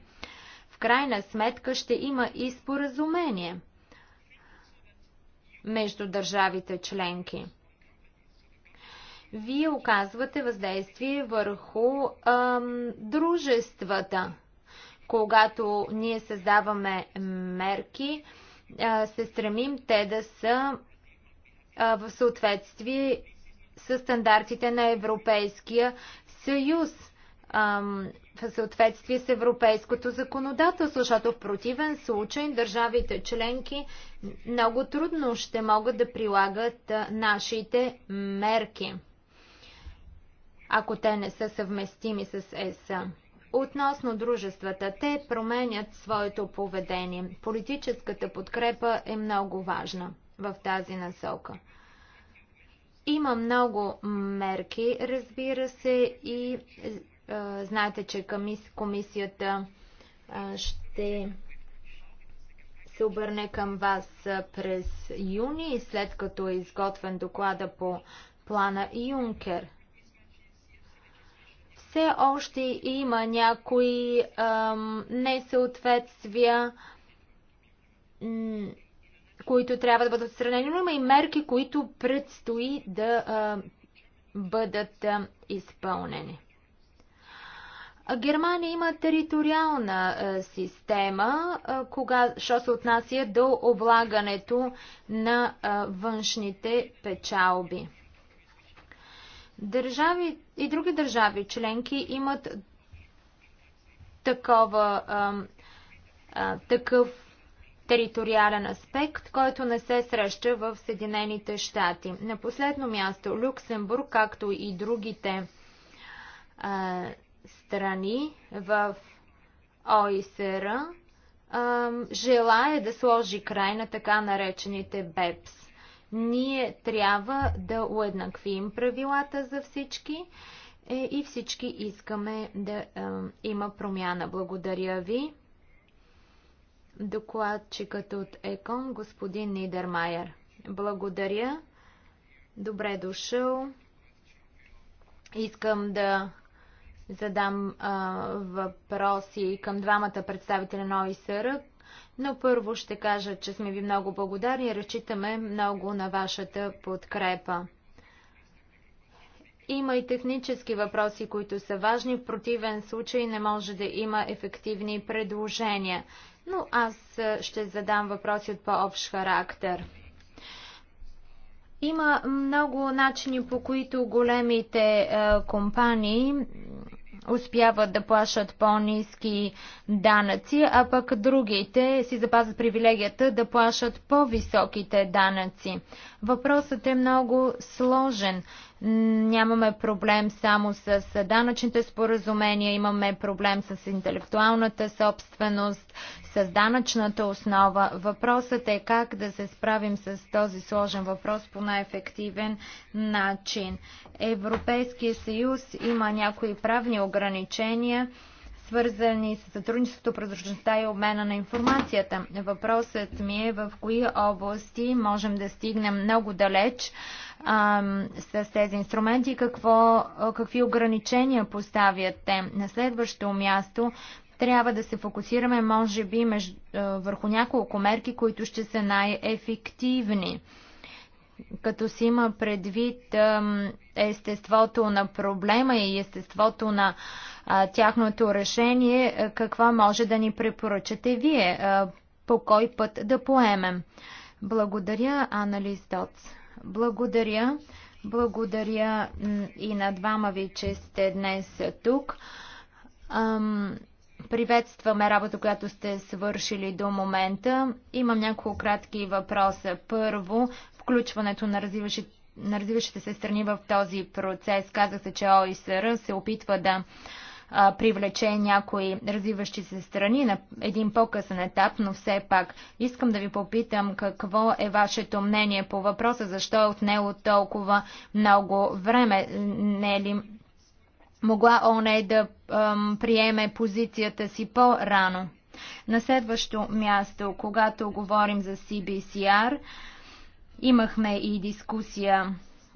В крайна сметка ще има и споразумение между държавите членки. Вие оказвате въздействие върху ам, дружествата когато ние създаваме мерки, се стремим те да са в съответствие с стандартите на Европейския съюз, в съответствие с европейското законодателство, защото в противен случай държавите членки много трудно ще могат да прилагат нашите мерки, ако те не са съвместими с ЕСА. Относно дружествата, те променят своето поведение. Политическата подкрепа е много важна в тази насока. Има много мерки, разбира се, и е, знаете, че комисията е, ще се обърне към вас през юни, след като е изготвен доклада по плана Юнкер – все още има някои несъответствия, които трябва да бъдат отстранени, но има и мерки, които предстои да бъдат изпълнени. Германия има териториална система, кога, що се отнася до облагането на външните печалби. Държавите и други държави членки имат такова, а, а, такъв териториален аспект, който не се среща в Съединените щати. На последно място Люксембург, както и другите а, страни в ОИСР, желая да сложи край на така наречените БЕПС. Ние трябва да уеднаквим правилата за всички е, и всички искаме да е, има промяна. Благодаря ви. Докладчикът от ЕКОН, господин Нидермайер. Благодаря. Добре дошъл. Искам да задам а, въпроси към двамата представители на ОИСР. Но първо ще кажа, че сме ви много благодарни и разчитаме много на вашата подкрепа. Има и технически въпроси, които са важни. В противен случай не може да има ефективни предложения. Но аз ще задам въпроси от по-общ характер. Има много начини, по които големите е, компании успяват да плащат по-низки данъци, а пък другите си запазват привилегията да плащат по-високите данъци. Въпросът е много сложен. Нямаме проблем само с данъчните споразумения, имаме проблем с интелектуалната собственост, с данъчната основа. Въпросът е как да се справим с този сложен въпрос по най-ефективен начин. Европейския съюз има някои правни ограничения, свързани с сътрудничеството, прозрачността и обмена на информацията. Въпросът ми е в кои области можем да стигнем много далеч а, с тези инструменти и какво, какви ограничения поставят те. На следващо място трябва да се фокусираме, може би, между, върху няколко мерки, които ще са най-ефективни като си има предвид естеството на проблема и естеството на тяхното решение, какво може да ни препоръчате вие, по кой път да поемем. Благодаря, Анна Листоц. Благодаря. Благодаря и на двама ви, че сте днес тук. Приветстваме работа, която сте свършили до момента. Имам няколко кратки въпроса. Първо, включването на развиващите на развиващите се страни в този процес. Казахте, че ОИСР се опитва да а, привлече някои развиващи се страни на един по-късен етап, но все пак искам да ви попитам какво е вашето мнение по въпроса, защо е отнело толкова много време, не е ли могла ОНЕ да ам, приеме позицията си по-рано. На следващо място, когато говорим за CBCR, имахме и дискусия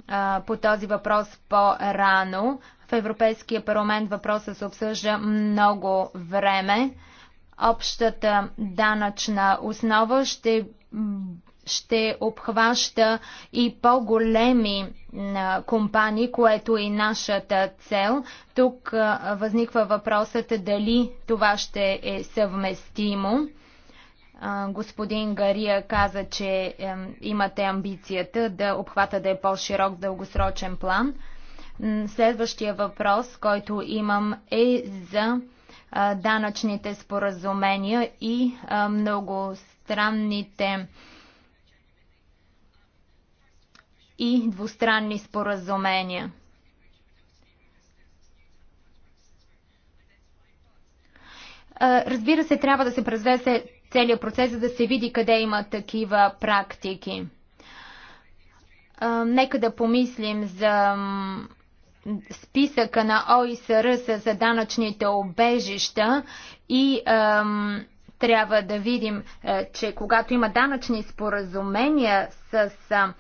а, по този въпрос по-рано. В Европейския парламент въпросът се обсъжда много време. Общата данъчна основа ще, ще обхваща и по-големи компании, което е и нашата цел. Тук възниква въпросът дали това ще е съвместимо господин Гария каза, че имате амбицията да обхвата да е по-широк дългосрочен план. Следващия въпрос, който имам е за данъчните споразумения и многостранните и двустранни споразумения. Разбира се, трябва да се произвесе целият процес, за да се види къде има такива практики. Нека да помислим за списъка на ОИСР за данъчните обежища и ам, трябва да видим, е, че когато има данъчни споразумения с а,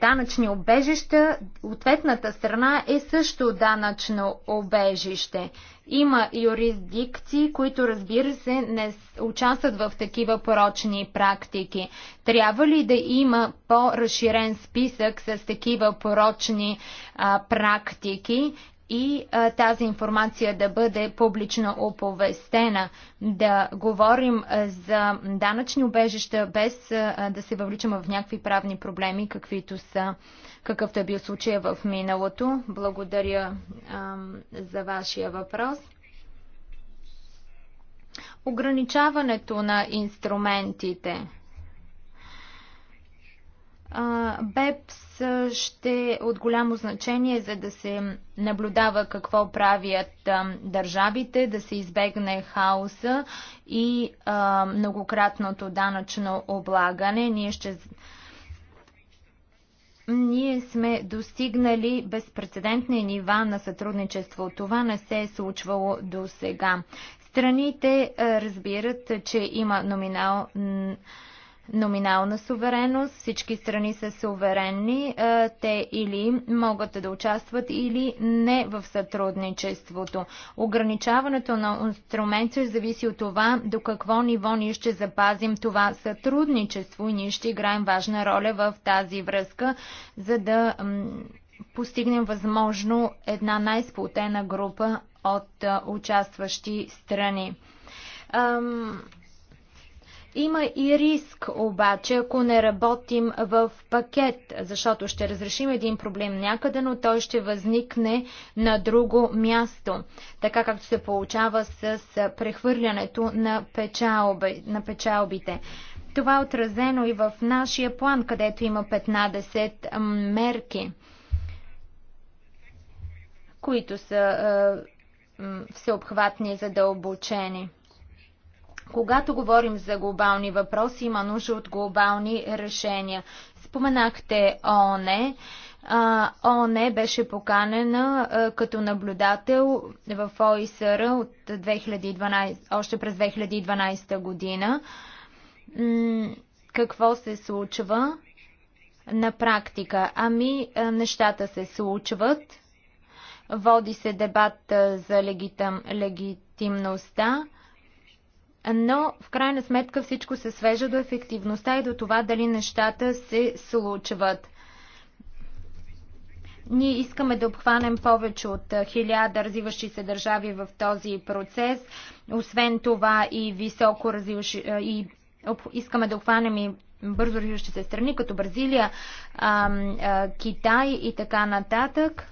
данъчни обежища, ответната страна е също данъчно обежище. Има юрисдикции, които разбира се не участват в такива порочни практики. Трябва ли да има по-разширен списък с такива порочни а, практики, и а, тази информация да бъде публично оповестена. Да говорим а, за данъчни убежища без а, да се въвличаме в някакви правни проблеми, каквито са, какъвто е бил случая в миналото. Благодаря а, за вашия въпрос. Ограничаването на инструментите. БЕПС ще е от голямо значение, за да се наблюдава какво правят държавите, да се избегне хаоса и многократното данъчно облагане. Ние ще ние сме достигнали безпредседентни нива на сътрудничество. Това не се е случвало до сега. Страните разбират, че има номинал номинална суверенност. Всички страни са суверенни. Е, те или могат да участват, или не в сътрудничеството. Ограничаването на инструмента зависи от това до какво ниво ние ще запазим това сътрудничество и ние ще играем важна роля в тази връзка, за да постигнем възможно една най-сплутена група от е, участващи страни. Има и риск обаче, ако не работим в пакет, защото ще разрешим един проблем някъде, но той ще възникне на друго място, така както се получава с прехвърлянето на, печалби, на печалбите. Това е отразено и в нашия план, където има 15 мерки, които са е, всеобхватни и задълбочени. Когато говорим за глобални въпроси, има нужда от глобални решения. Споменахте ООН. ООН беше поканена като наблюдател в ОИСР от 2012, още през 2012 година. Какво се случва на практика? Ами, нещата се случват. Води се дебат за легитим, легитимността но в крайна сметка всичко се свежа до ефективността и до това дали нещата се случват. Ние искаме да обхванем повече от хиляда развиващи се държави в този процес. Освен това и високо развиващи, и искаме да обхванем и бързо развиващи се страни, като Бразилия, Китай и така нататък.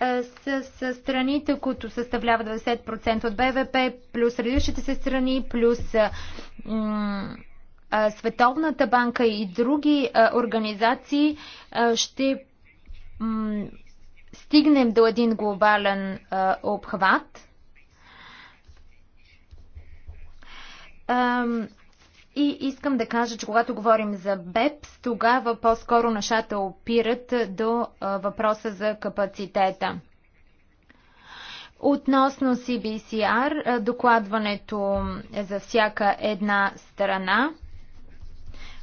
Е, с, с страните, които съставляват 20% от БВП, плюс различните се страни, плюс е, е, Световната банка и други организации, ще стигнем до един глобален обхват. И искам да кажа, че когато говорим за БЕПС, тогава по-скоро нещата опират до въпроса за капацитета. Относно CBCR, докладването за всяка една страна.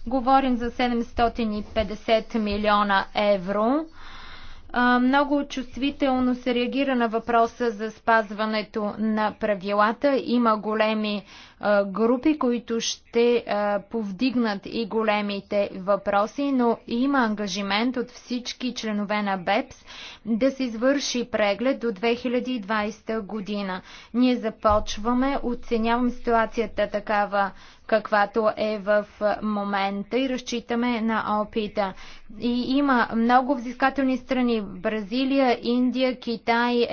Говорим за 750 милиона евро. Много чувствително се реагира на въпроса за спазването на правилата. Има големи групи, които ще повдигнат и големите въпроси, но има ангажимент от всички членове на БЕПС да се извърши преглед до 2020 година. Ние започваме, оценявам ситуацията такава каквато е в момента и разчитаме на опита. И има много взискателни страни Бразилия, Индия, Китай,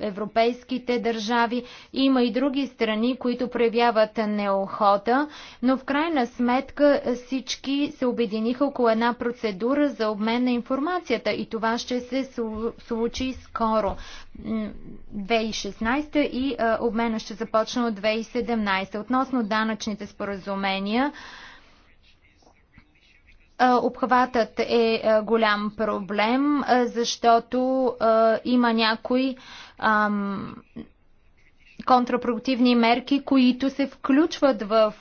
европейските държави. Има и други страни, които проявяват своята неохота, но в крайна сметка всички се обединиха около една процедура за обмен на информацията и това ще се случи скоро. 2016 и обмена ще започне от 2017. Относно данъчните споразумения, Обхватът е голям проблем, защото има някои контрапродуктивни мерки, които се включват в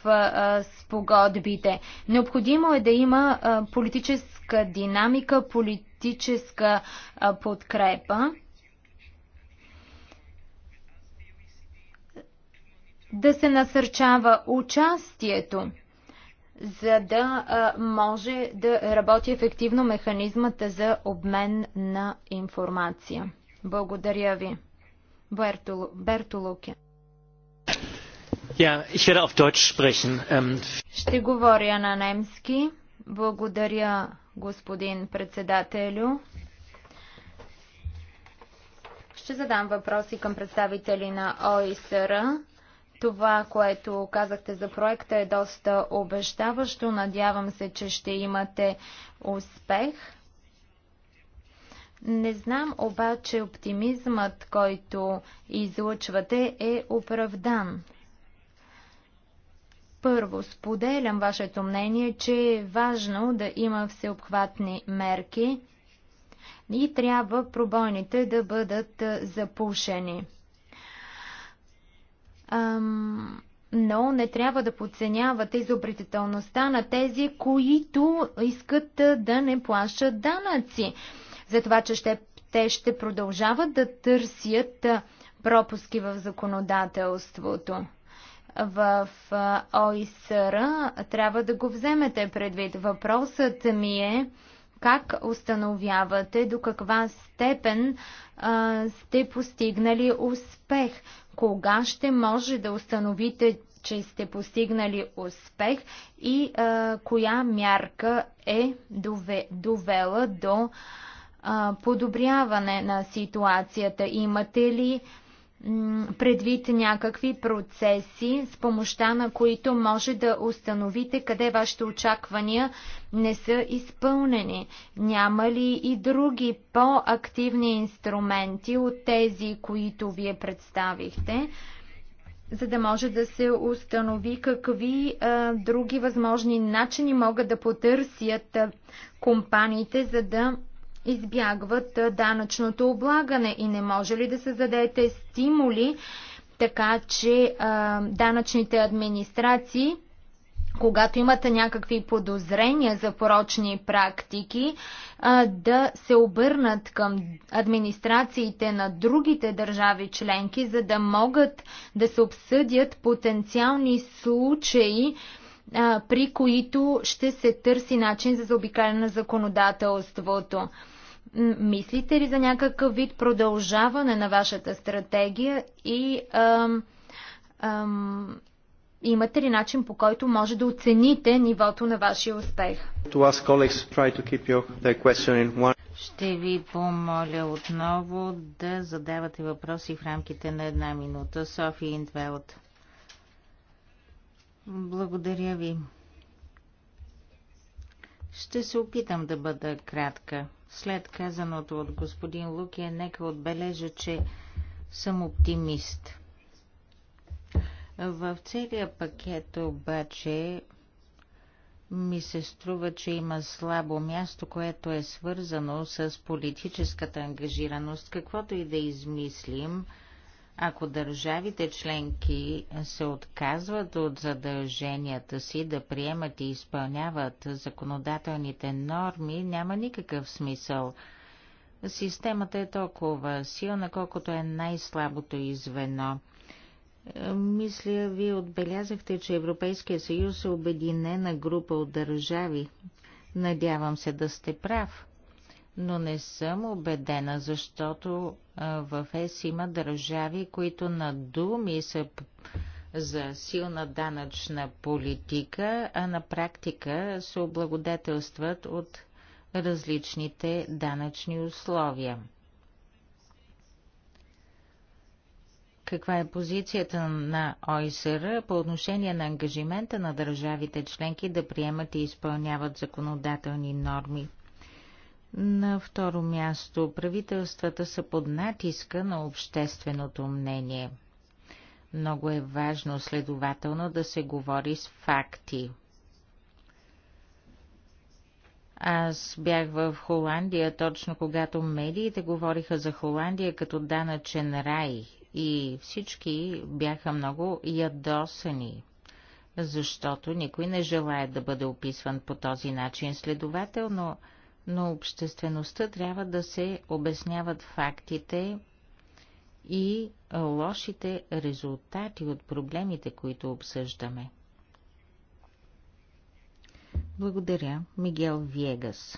спогодбите. Необходимо е да има политическа динамика, политическа подкрепа. Да се насърчава участието за да може да работи ефективно механизмата за обмен на информация. Благодаря ви. Бертол... Бертолуке. ich werde auf Deutsch sprechen. Ähm, ще говоря на немски. Благодаря, господин председателю. Ще задам въпроси към представители на ОИСР. Това, което казахте за проекта е доста обещаващо. Надявам се, че ще имате успех. Не знам обаче оптимизмът, който излъчвате, е оправдан. Първо, споделям вашето мнение, че е важно да има всеобхватни мерки и трябва пробойните да бъдат запушени. Ам, но не трябва да подценявате изобретителността на тези, които искат да не плащат данъци за това, че ще, те ще продължават да търсят пропуски в законодателството. В ОИСР трябва да го вземете предвид. Въпросът ми е как установявате до каква степен а, сте постигнали успех? Кога ще може да установите, че сте постигнали успех и а, коя мярка е дове, довела до подобряване на ситуацията? Имате ли предвид някакви процеси, с помощта на които може да установите къде вашите очаквания не са изпълнени. Няма ли и други по-активни инструменти от тези, които вие представихте, за да може да се установи какви а, други възможни начини могат да потърсят компаниите, за да избягват данъчното облагане и не може ли да създадете стимули, така че а, данъчните администрации, когато имат някакви подозрения за порочни практики, а, да се обърнат към администрациите на другите държави членки, за да могат да се обсъдят потенциални случаи, при които ще се търси начин за заобикаляне на законодателството. Мислите ли за някакъв вид продължаване на вашата стратегия и ам, ам, имате ли начин по който може да оцените нивото на вашия успех? Ще ви помоля отново да задавате въпроси в рамките на една минута. София Интвелт. Благодаря ви. Ще се опитам да бъда кратка. След казаното от господин Лукия, нека отбележа, че съм оптимист. В целия пакет обаче ми се струва, че има слабо място, което е свързано с политическата ангажираност. Каквото и да измислим, ако държавите членки се отказват от задълженията си да приемат и изпълняват законодателните норми, няма никакъв смисъл. Системата е толкова силна, колкото е най-слабото извено. Е, мисля, вие отбелязахте, че Европейския съюз е обединена група от държави. Надявам се да сте прав но не съм убедена, защото в ЕС има държави, които на думи са за силна данъчна политика, а на практика се облагодетелстват от различните данъчни условия. Каква е позицията на ОИСР по отношение на ангажимента на държавите членки да приемат и изпълняват законодателни норми на второ място, правителствата са под натиска на общественото мнение. Много е важно следователно да се говори с факти. Аз бях в Холандия точно когато медиите говориха за Холандия като данъчен рай и всички бяха много ядосани, защото никой не желая да бъде описван по този начин. Следователно, но обществеността трябва да се обясняват фактите и лошите резултати от проблемите, които обсъждаме. Благодаря, Мигел Виегас.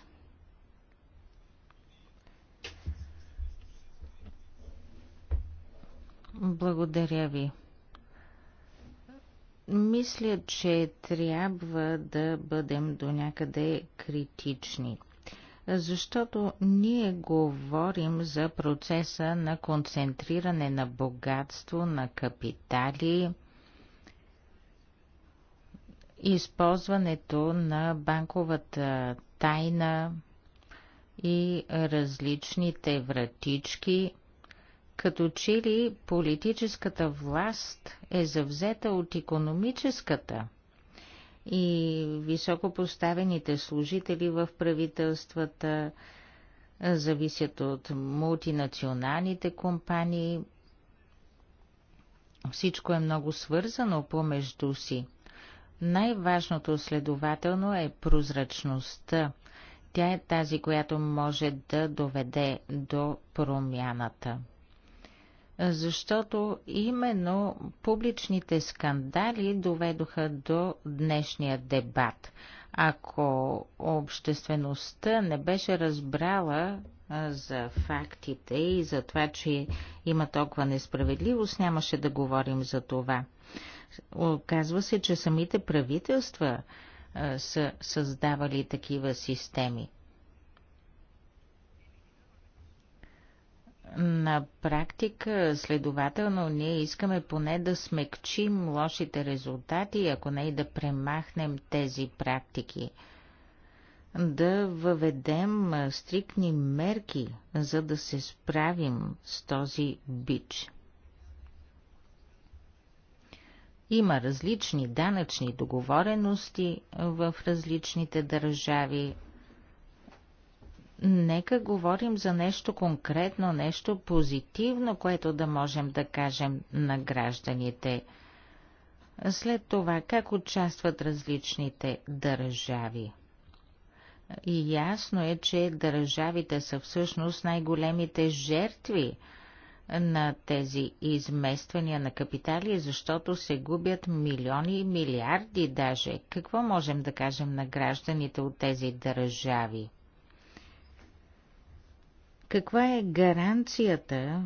Благодаря ви. Мисля, че трябва да бъдем до някъде критични защото ние говорим за процеса на концентриране на богатство, на капитали, използването на банковата тайна и различните вратички, като че ли политическата власт е завзета от економическата – и високо поставените служители в правителствата зависят от мултинационалните компании. Всичко е много свързано помежду си. Най-важното следователно е прозрачността. Тя е тази, която може да доведе до промяната защото именно публичните скандали доведоха до днешния дебат. Ако обществеността не беше разбрала за фактите и за това, че има толкова несправедливост, нямаше да говорим за това. Оказва се, че самите правителства са създавали такива системи. На практика, следователно, ние искаме поне да смекчим лошите резултати, ако не и да премахнем тези практики. Да въведем стриктни мерки, за да се справим с този бич. Има различни данъчни договорености в различните държави, Нека говорим за нещо конкретно, нещо позитивно, което да можем да кажем на гражданите. След това, как участват различните държави? И ясно е, че държавите са всъщност най-големите жертви на тези измествания на капитали, защото се губят милиони и милиарди даже. Какво можем да кажем на гражданите от тези държави? Каква е гаранцията,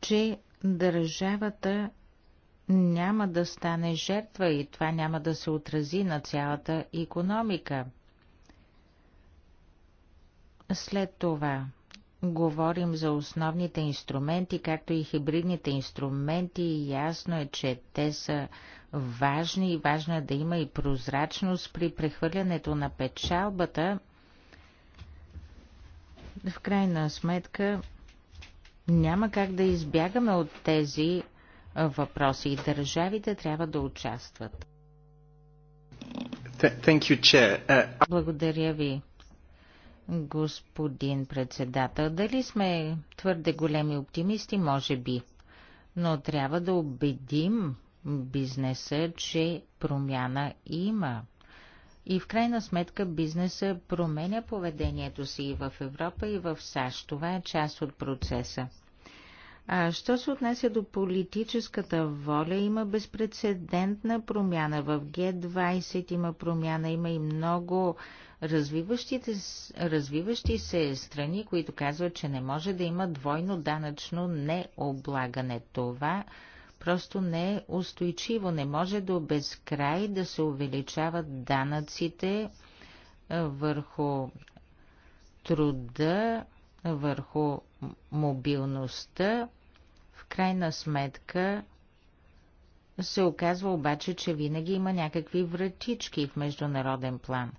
че държавата няма да стане жертва и това няма да се отрази на цялата економика? След това говорим за основните инструменти, както и хибридните инструменти. Ясно е, че те са важни и важно е да има и прозрачност при прехвърлянето на печалбата – в крайна сметка няма как да избягаме от тези въпроси и държавите трябва да участват. You, uh, Благодаря ви, господин председател. Дали сме твърде големи оптимисти? Може би. Но трябва да убедим бизнеса, че промяна има. И в крайна сметка бизнеса променя поведението си и в Европа, и в САЩ. Това е част от процеса. А що се отнася до политическата воля, има безпредседентна промяна. В Г-20 има промяна, има и много развиващи се страни, които казват, че не може да има двойно данъчно необлагане. Това е просто не е устойчиво. Не може до безкрай да се увеличават данъците върху труда, върху мобилността. В крайна сметка се оказва обаче, че винаги има някакви вратички в международен план.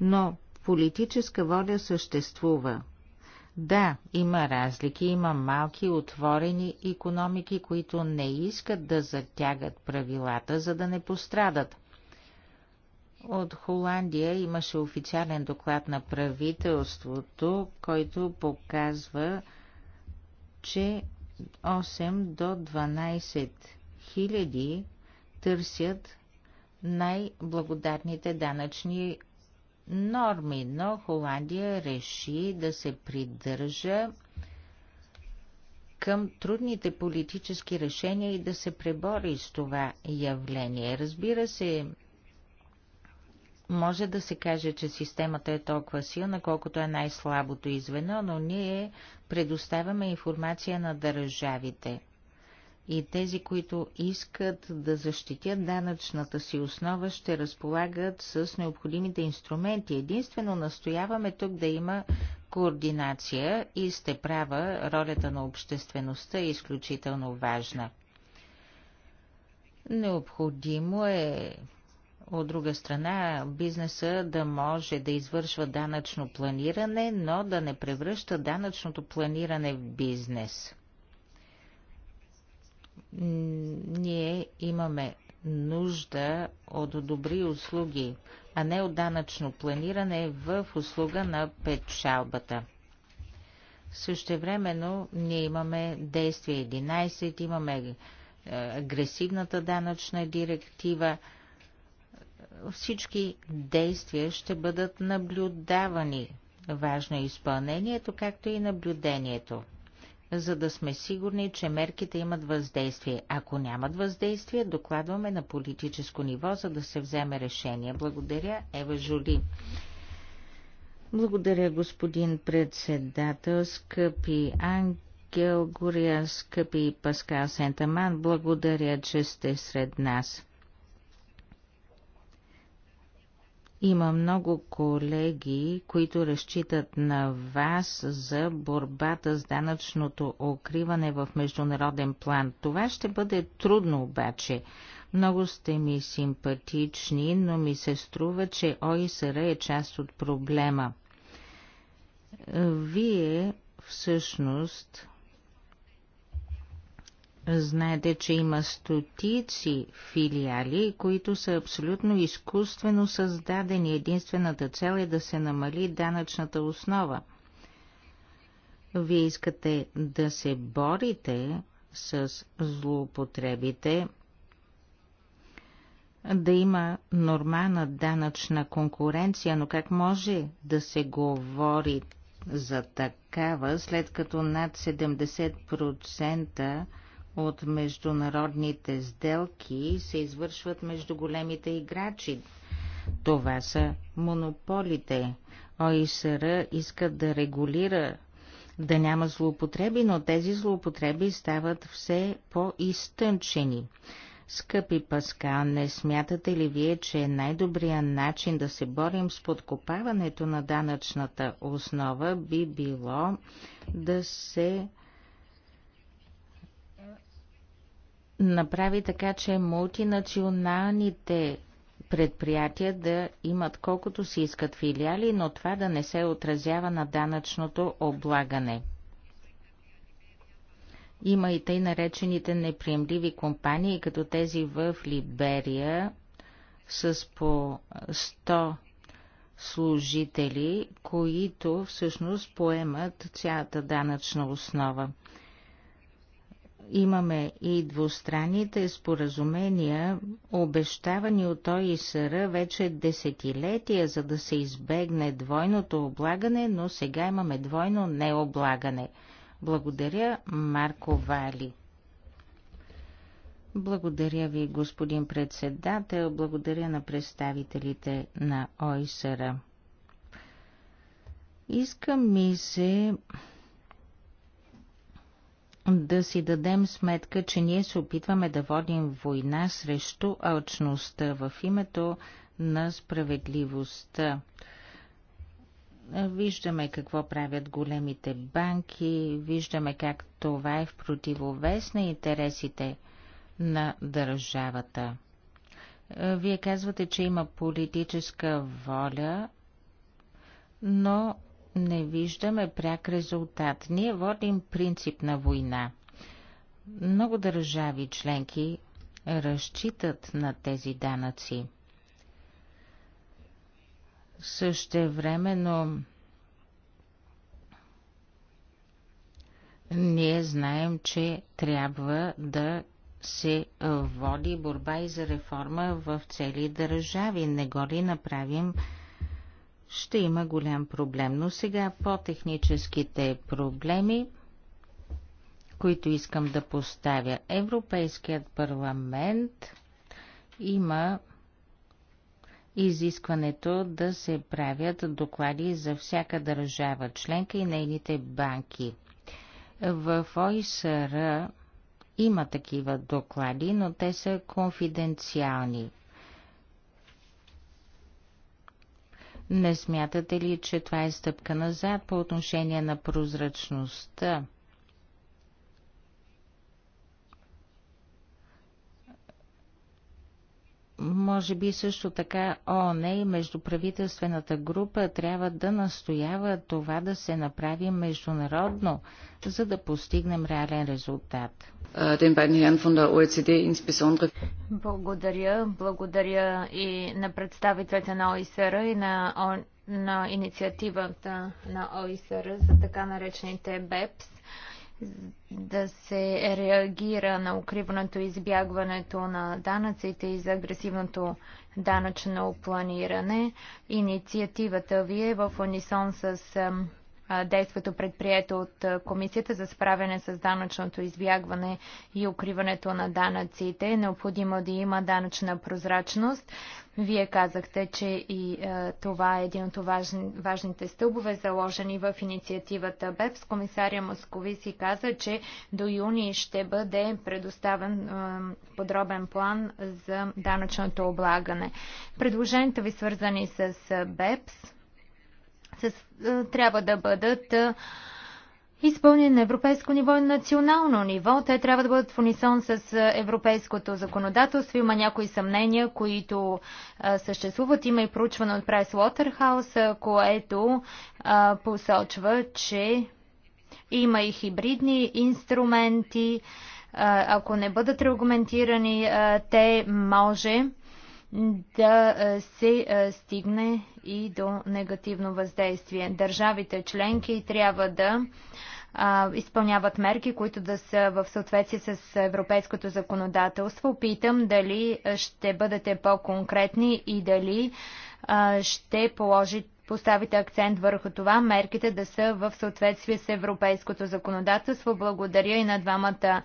Но политическа воля съществува. Да, има разлики, има малки отворени економики, които не искат да затягат правилата, за да не пострадат. От Холандия имаше официален доклад на правителството, който показва, че 8 до 12 хиляди търсят най-благодатните данъчни норми, но Холандия реши да се придържа към трудните политически решения и да се пребори с това явление. Разбира се, може да се каже, че системата е толкова силна, колкото е най-слабото извено, но ние предоставяме информация на държавите – и тези, които искат да защитят данъчната си основа, ще разполагат с необходимите инструменти. Единствено настояваме тук да има координация и сте права, ролята на обществеността е изключително важна. Необходимо е от друга страна, бизнеса да може да извършва данъчно планиране, но да не превръща данъчното планиране в бизнес ние имаме нужда от добри услуги, а не от данъчно планиране в услуга на печалбата. Същевременно ние имаме действие 11, имаме е, агресивната данъчна директива. Всички действия ще бъдат наблюдавани. Важно е изпълнението, както и наблюдението за да сме сигурни, че мерките имат въздействие. Ако нямат въздействие, докладваме на политическо ниво, за да се вземе решение. Благодаря, Ева Жули. Благодаря, господин председател, скъпи Ангел Гория, скъпи Паскал Сентаман. Благодаря, че сте сред нас. Има много колеги, които разчитат на вас за борбата с данъчното укриване в международен план. Това ще бъде трудно обаче. Много сте ми симпатични, но ми се струва, че ОИСР е част от проблема. Вие всъщност Знаете, че има стотици филиали, които са абсолютно изкуствено създадени. Единствената цел е да се намали данъчната основа. Вие искате да се борите с злоупотребите, да има нормална данъчна конкуренция, но как може да се говори за такава, след като над 70% от международните сделки се извършват между големите играчи. Това са монополите. ОИСР иска да регулира да няма злоупотреби, но тези злоупотреби стават все по-изтънчени. Скъпи паска, не смятате ли вие, че е най-добрият начин да се борим с подкопаването на данъчната основа би било да се направи така, че мултинационалните предприятия да имат колкото си искат филиали, но това да не се отразява на данъчното облагане. Има и тъй наречените неприемливи компании, като тези в Либерия с по 100 служители, които всъщност поемат цялата данъчна основа. Имаме и двустранните споразумения, обещавани от ОИСР вече десетилетия, за да се избегне двойното облагане, но сега имаме двойно необлагане. Благодаря, Марко Вали. Благодаря ви, господин председател, благодаря на представителите на ОИСР. Искам ми се да си дадем сметка, че ние се опитваме да водим война срещу алчността в името на справедливостта. Виждаме какво правят големите банки, виждаме как това е в противовес на интересите на държавата. Вие казвате, че има политическа воля, но не виждаме пряк резултат. Ние водим принцип на война. Много държави членки разчитат на тези данъци. Също времено ние знаем, че трябва да се води борба и за реформа в цели държави. Не го ли направим ще има голям проблем. Но сега по техническите проблеми, които искам да поставя. Европейският парламент има изискването да се правят доклади за всяка държава членка и нейните банки. В ОИСР има такива доклади, но те са конфиденциални. Не смятате ли, че това е стъпка назад по отношение на прозрачността? Може би също така ООН и междуправителствената група трябва да настоява това да се направи международно, за да постигнем реален резултат. Е, e Благодаря. Благодаря и на представителите на ОИСР и на, О... на инициативата на ОИСР за така наречените БЕПС да се реагира на укриването и избягването на данъците и за агресивното данъчно планиране. Инициативата ви е в унисон с действието предприето от Комисията за справяне с данъчното избягване и укриването на данъците. Е необходимо да има данъчна прозрачност. Вие казахте, че и това е един от важните стълбове, заложени в инициативата БЕПС. Комисария Москови си каза, че до юни ще бъде предоставен подробен план за данъчното облагане. Предложенията ви свързани с БЕПС с, е, трябва да бъдат е, изпълнени на европейско ниво и национално ниво. Те трябва да бъдат в унисон с е, европейското законодателство. Има някои съмнения, които съществуват. Има и проучване от Прайс Уотерхаус, което посочва, че има и хибридни инструменти. ако не бъдат регламентирани, те може да е, се е, стигне и до негативно въздействие. Държавите членки трябва да изпълняват мерки, които да са в съответствие с европейското законодателство. Питам дали ще бъдете по-конкретни и дали ще положите поставите акцент върху това, мерките да са в съответствие с европейското законодателство. Благодаря и на двамата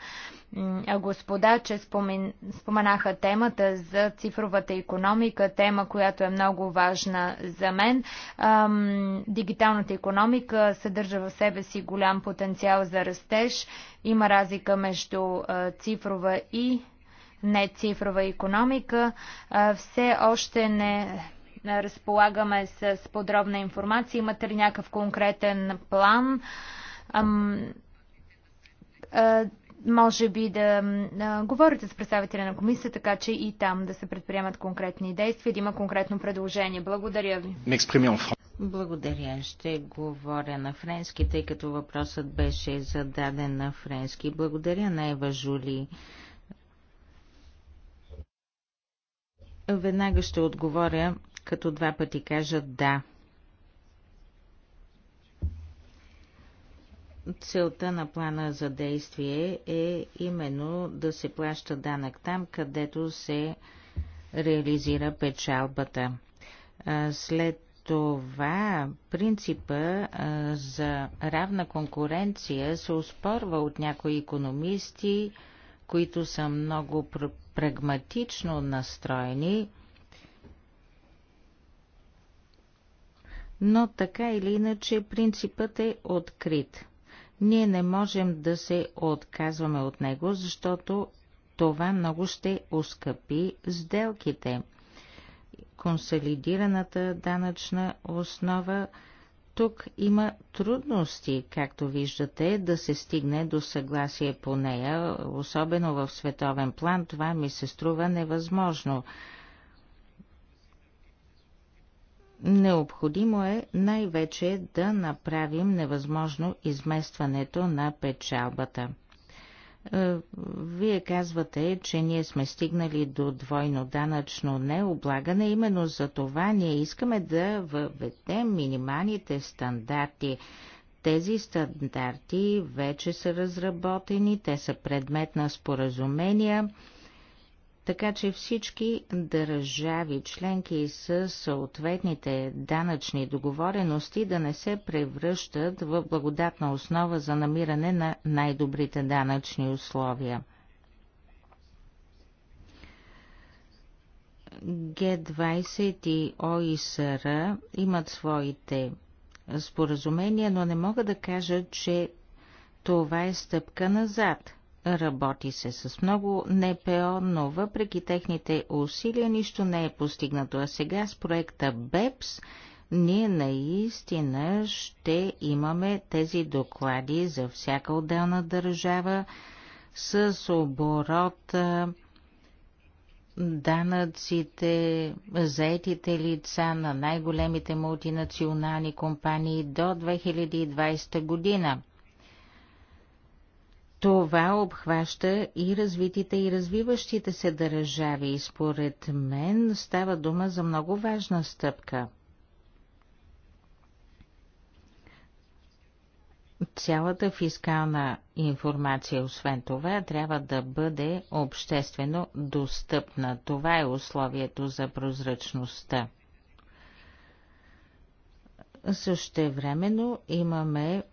господа, че споменаха темата за цифровата економика, тема, която е много важна за мен. дигиталната економика съдържа в себе си голям потенциал за растеж. Има разлика между цифрова и не цифрова економика. все още не разполагаме с подробна информация? Имате ли някакъв конкретен план? Ам, а, може би да а, говорите с представителя на комисията, така че и там да се предприемат конкретни действия, да има конкретно предложение. Благодаря ви. Благодаря. Ще говоря на френски, тъй като въпросът беше зададен на френски. Благодаря на Ева Жули. Веднага ще отговоря като два пъти кажат да. Целта на плана за действие е именно да се плаща данък там, където се реализира печалбата. След това принципа за равна конкуренция се успорва от някои економисти, които са много прагматично настроени но така или иначе принципът е открит. Ние не можем да се отказваме от него, защото това много ще ускъпи сделките. Консолидираната данъчна основа тук има трудности, както виждате, да се стигне до съгласие по нея, особено в световен план това ми се струва невъзможно. Необходимо е най-вече да направим невъзможно изместването на печалбата. Е, вие казвате, че ние сме стигнали до двойно данъчно необлагане. Именно за това ние искаме да въведем минималните стандарти. Тези стандарти вече са разработени, те са предмет на споразумения така че всички държави членки с съответните данъчни договорености да не се превръщат в благодатна основа за намиране на най-добрите данъчни условия. Г20 и ОИСР имат своите споразумения, но не мога да кажа, че това е стъпка назад – Работи се с много НПО, но въпреки техните усилия нищо не е постигнато. А сега с проекта БЕПС ние наистина ще имаме тези доклади за всяка отделна държава с оборота, данъците, заетите лица на най-големите мултинационални компании до 2020 година. Това обхваща и развитите и развиващите се държави и според мен става дума за много важна стъпка. Цялата фискална информация, освен това, трябва да бъде обществено достъпна. Това е условието за прозрачността. времено имаме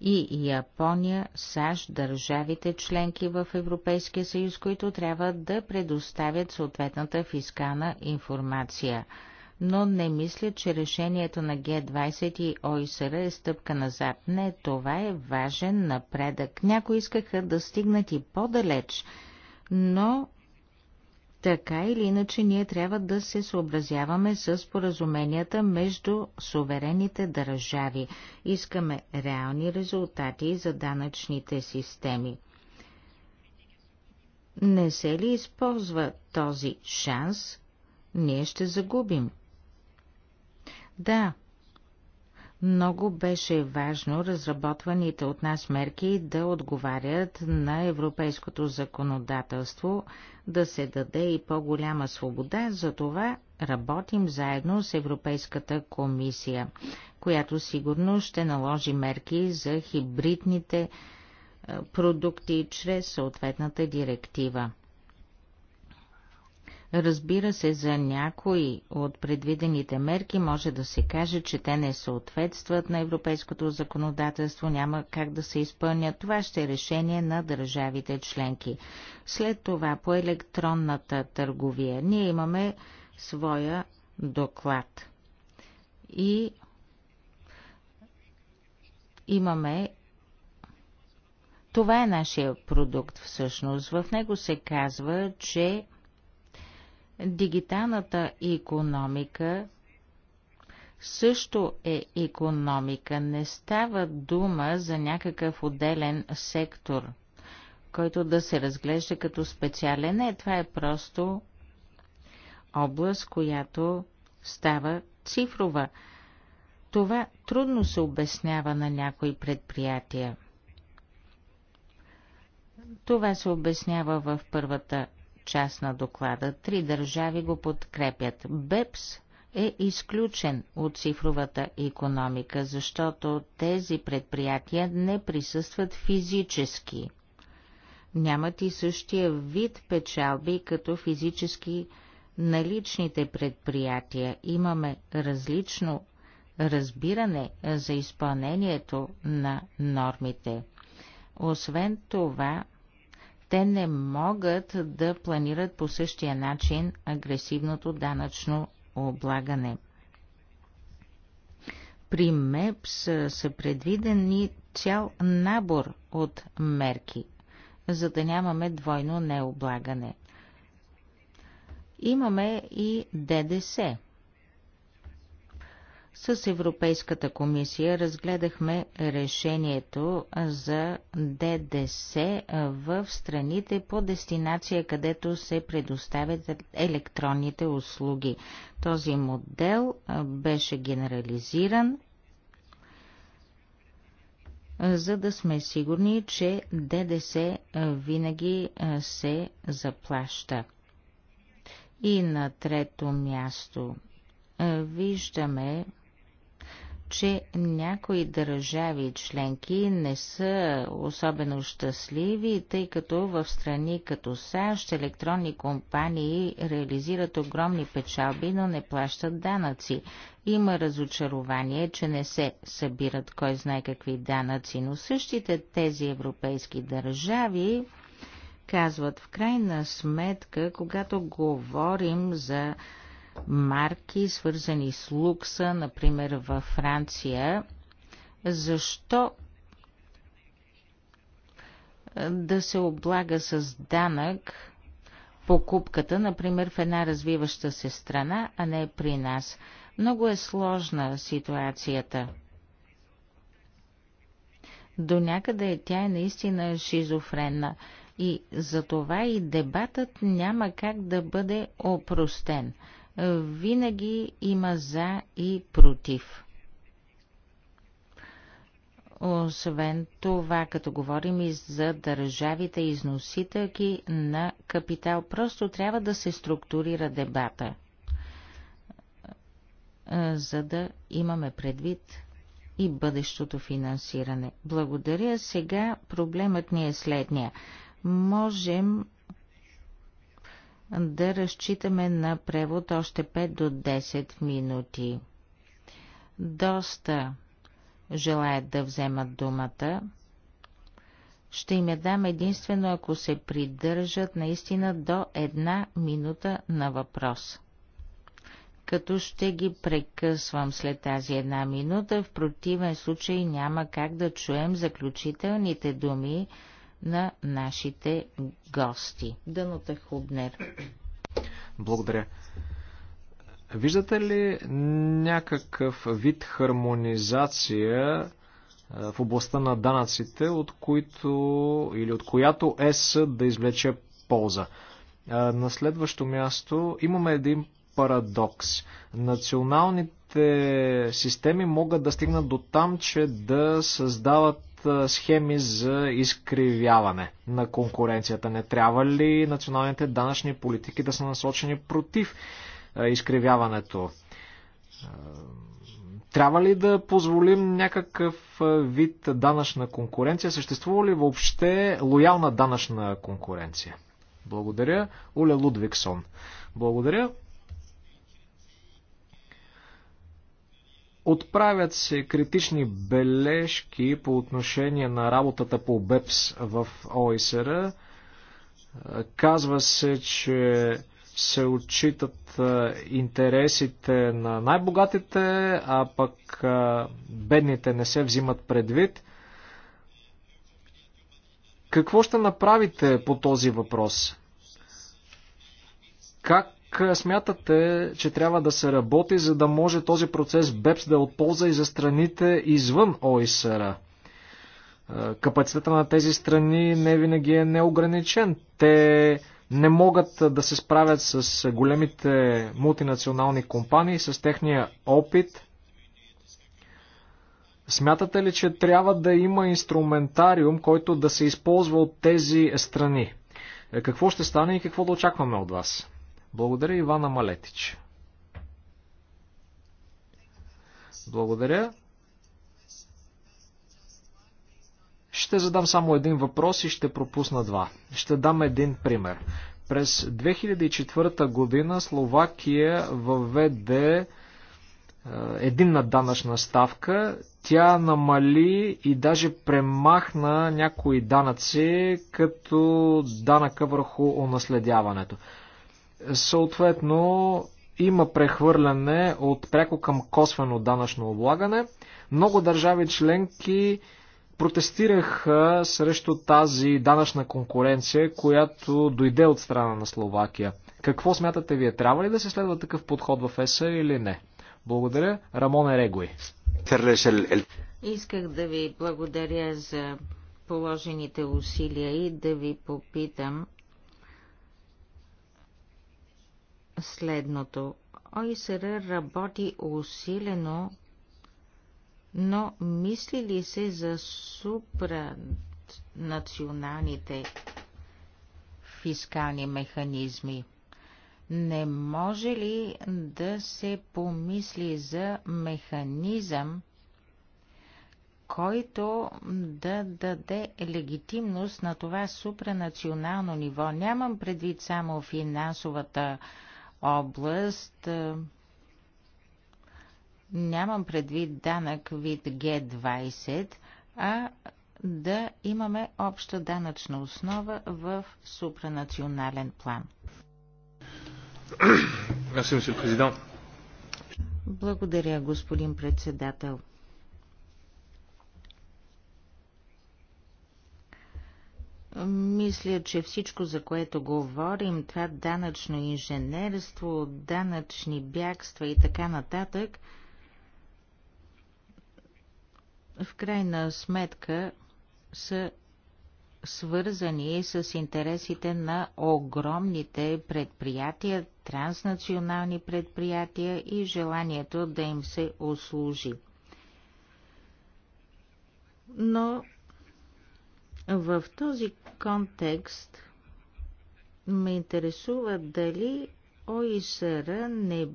и Япония, САЩ, държавите членки в Европейския съюз, които трябва да предоставят съответната фискална информация. Но не мисля, че решението на Г20 и ОИСР е стъпка назад. Не, това е важен напредък. Някои искаха да стигнат и по-далеч, но така или иначе ние трябва да се съобразяваме с поразуменията между суверените държави. Искаме реални резултати за данъчните системи. Не се ли използва този шанс, ние ще загубим. Да, много беше важно разработваните от нас мерки да отговарят на европейското законодателство, да се даде и по-голяма свобода, за това работим заедно с Европейската комисия, която сигурно ще наложи мерки за хибридните продукти чрез съответната директива. Разбира се, за някои от предвидените мерки може да се каже, че те не съответстват на европейското законодателство, няма как да се изпълнят. Това ще е решение на държавите членки. След това по електронната търговия ние имаме своя доклад. И имаме това е нашия продукт всъщност. В него се казва, че Дигиталната економика също е економика. Не става дума за някакъв отделен сектор, който да се разглежда като специален. Не, това е просто област, която става цифрова. Това трудно се обяснява на някои предприятия. Това се обяснява в първата част на доклада. Три държави го подкрепят. БЕПС е изключен от цифровата економика, защото тези предприятия не присъстват физически. Нямат и същия вид печалби като физически наличните предприятия. Имаме различно разбиране за изпълнението на нормите. Освен това, те не могат да планират по същия начин агресивното данъчно облагане. При МЕПС са предвидени цял набор от мерки, за да нямаме двойно необлагане. Имаме и ДДС – с Европейската комисия разгледахме решението за ДДС в страните по дестинация, където се предоставят електронните услуги. Този модел беше генерализиран, за да сме сигурни, че ДДС винаги се заплаща. И на трето място виждаме че някои държави и членки не са особено щастливи, тъй като в страни като САЩ електронни компании реализират огромни печалби, но не плащат данъци. Има разочарование, че не се събират кой знае какви данъци, но същите тези европейски държави казват в крайна сметка, когато говорим за марки, свързани с лукса, например във Франция. Защо да се облага с данък покупката, например, в една развиваща се страна, а не при нас. Много е сложна ситуацията. До някъде тя е наистина шизофренна и затова и дебатът няма как да бъде опростен винаги има за и против. Освен това, като говорим и за държавите износителки на капитал, просто трябва да се структурира дебата, за да имаме предвид и бъдещото финансиране. Благодаря. Сега проблемът ни е следния. Можем да разчитаме на превод още 5 до 10 минути. Доста желаят да вземат думата. Ще им я дам единствено, ако се придържат наистина до една минута на въпрос. Като ще ги прекъсвам след тази една минута, в противен случай няма как да чуем заключителните думи на нашите гости. дъното Хубнер. Благодаря. Виждате ли някакъв вид хармонизация в областта на данъците, от които или от която ЕС да извлече полза? На следващо място имаме един парадокс. Националните системи могат да стигнат до там, че да създават схеми за изкривяване на конкуренцията. Не трябва ли националните данъчни политики да са насочени против изкривяването? Трябва ли да позволим някакъв вид данъчна конкуренция? Съществува ли въобще лоялна данъчна конкуренция? Благодаря. Оле Лудвиксон. Благодаря. Отправят се критични бележки по отношение на работата по БЕПС в ОИСР. Казва се, че се отчитат интересите на най-богатите, а пък бедните не се взимат предвид. Какво ще направите по този въпрос? Как смятате, че трябва да се работи, за да може този процес БЕПС да е от полза и за страните извън ОИСР? Капацитета на тези страни не винаги е неограничен. Те не могат да се справят с големите мултинационални компании, с техния опит. Смятате ли, че трябва да има инструментариум, който да се използва от тези страни? Е, какво ще стане и какво да очакваме от вас? Благодаря Ивана Малетич. Благодаря. Ще задам само един въпрос и ще пропусна два. Ще дам един пример. През 2004 година Словакия въведе е, единна данъчна ставка. Тя намали и даже премахна някои данъци, като данъка върху унаследяването. Съответно, има прехвърляне от пряко към косвено данъчно облагане. Много държави членки протестираха срещу тази данъчна конкуренция, която дойде от страна на Словакия. Какво смятате вие? Трябва ли да се следва такъв подход в ЕСА или не? Благодаря. Рамон Ерегой. Исках да ви благодаря за положените усилия и да ви попитам следното. ОИСР работи усилено, но мисли ли се за супранационалните фискални механизми? Не може ли да се помисли за механизъм, който да даде легитимност на това супранационално ниво? Нямам предвид само финансовата област. Е, нямам предвид данък вид Г20, а да имаме обща данъчна основа в супранационален план. Благодаря, господин председател. Мисля, че всичко, за което говорим, това данъчно инженерство, данъчни бягства и така нататък, в крайна сметка са свързани с интересите на огромните предприятия, транснационални предприятия и желанието да им се услужи. Но в този контекст ме интересува дали ОИСР не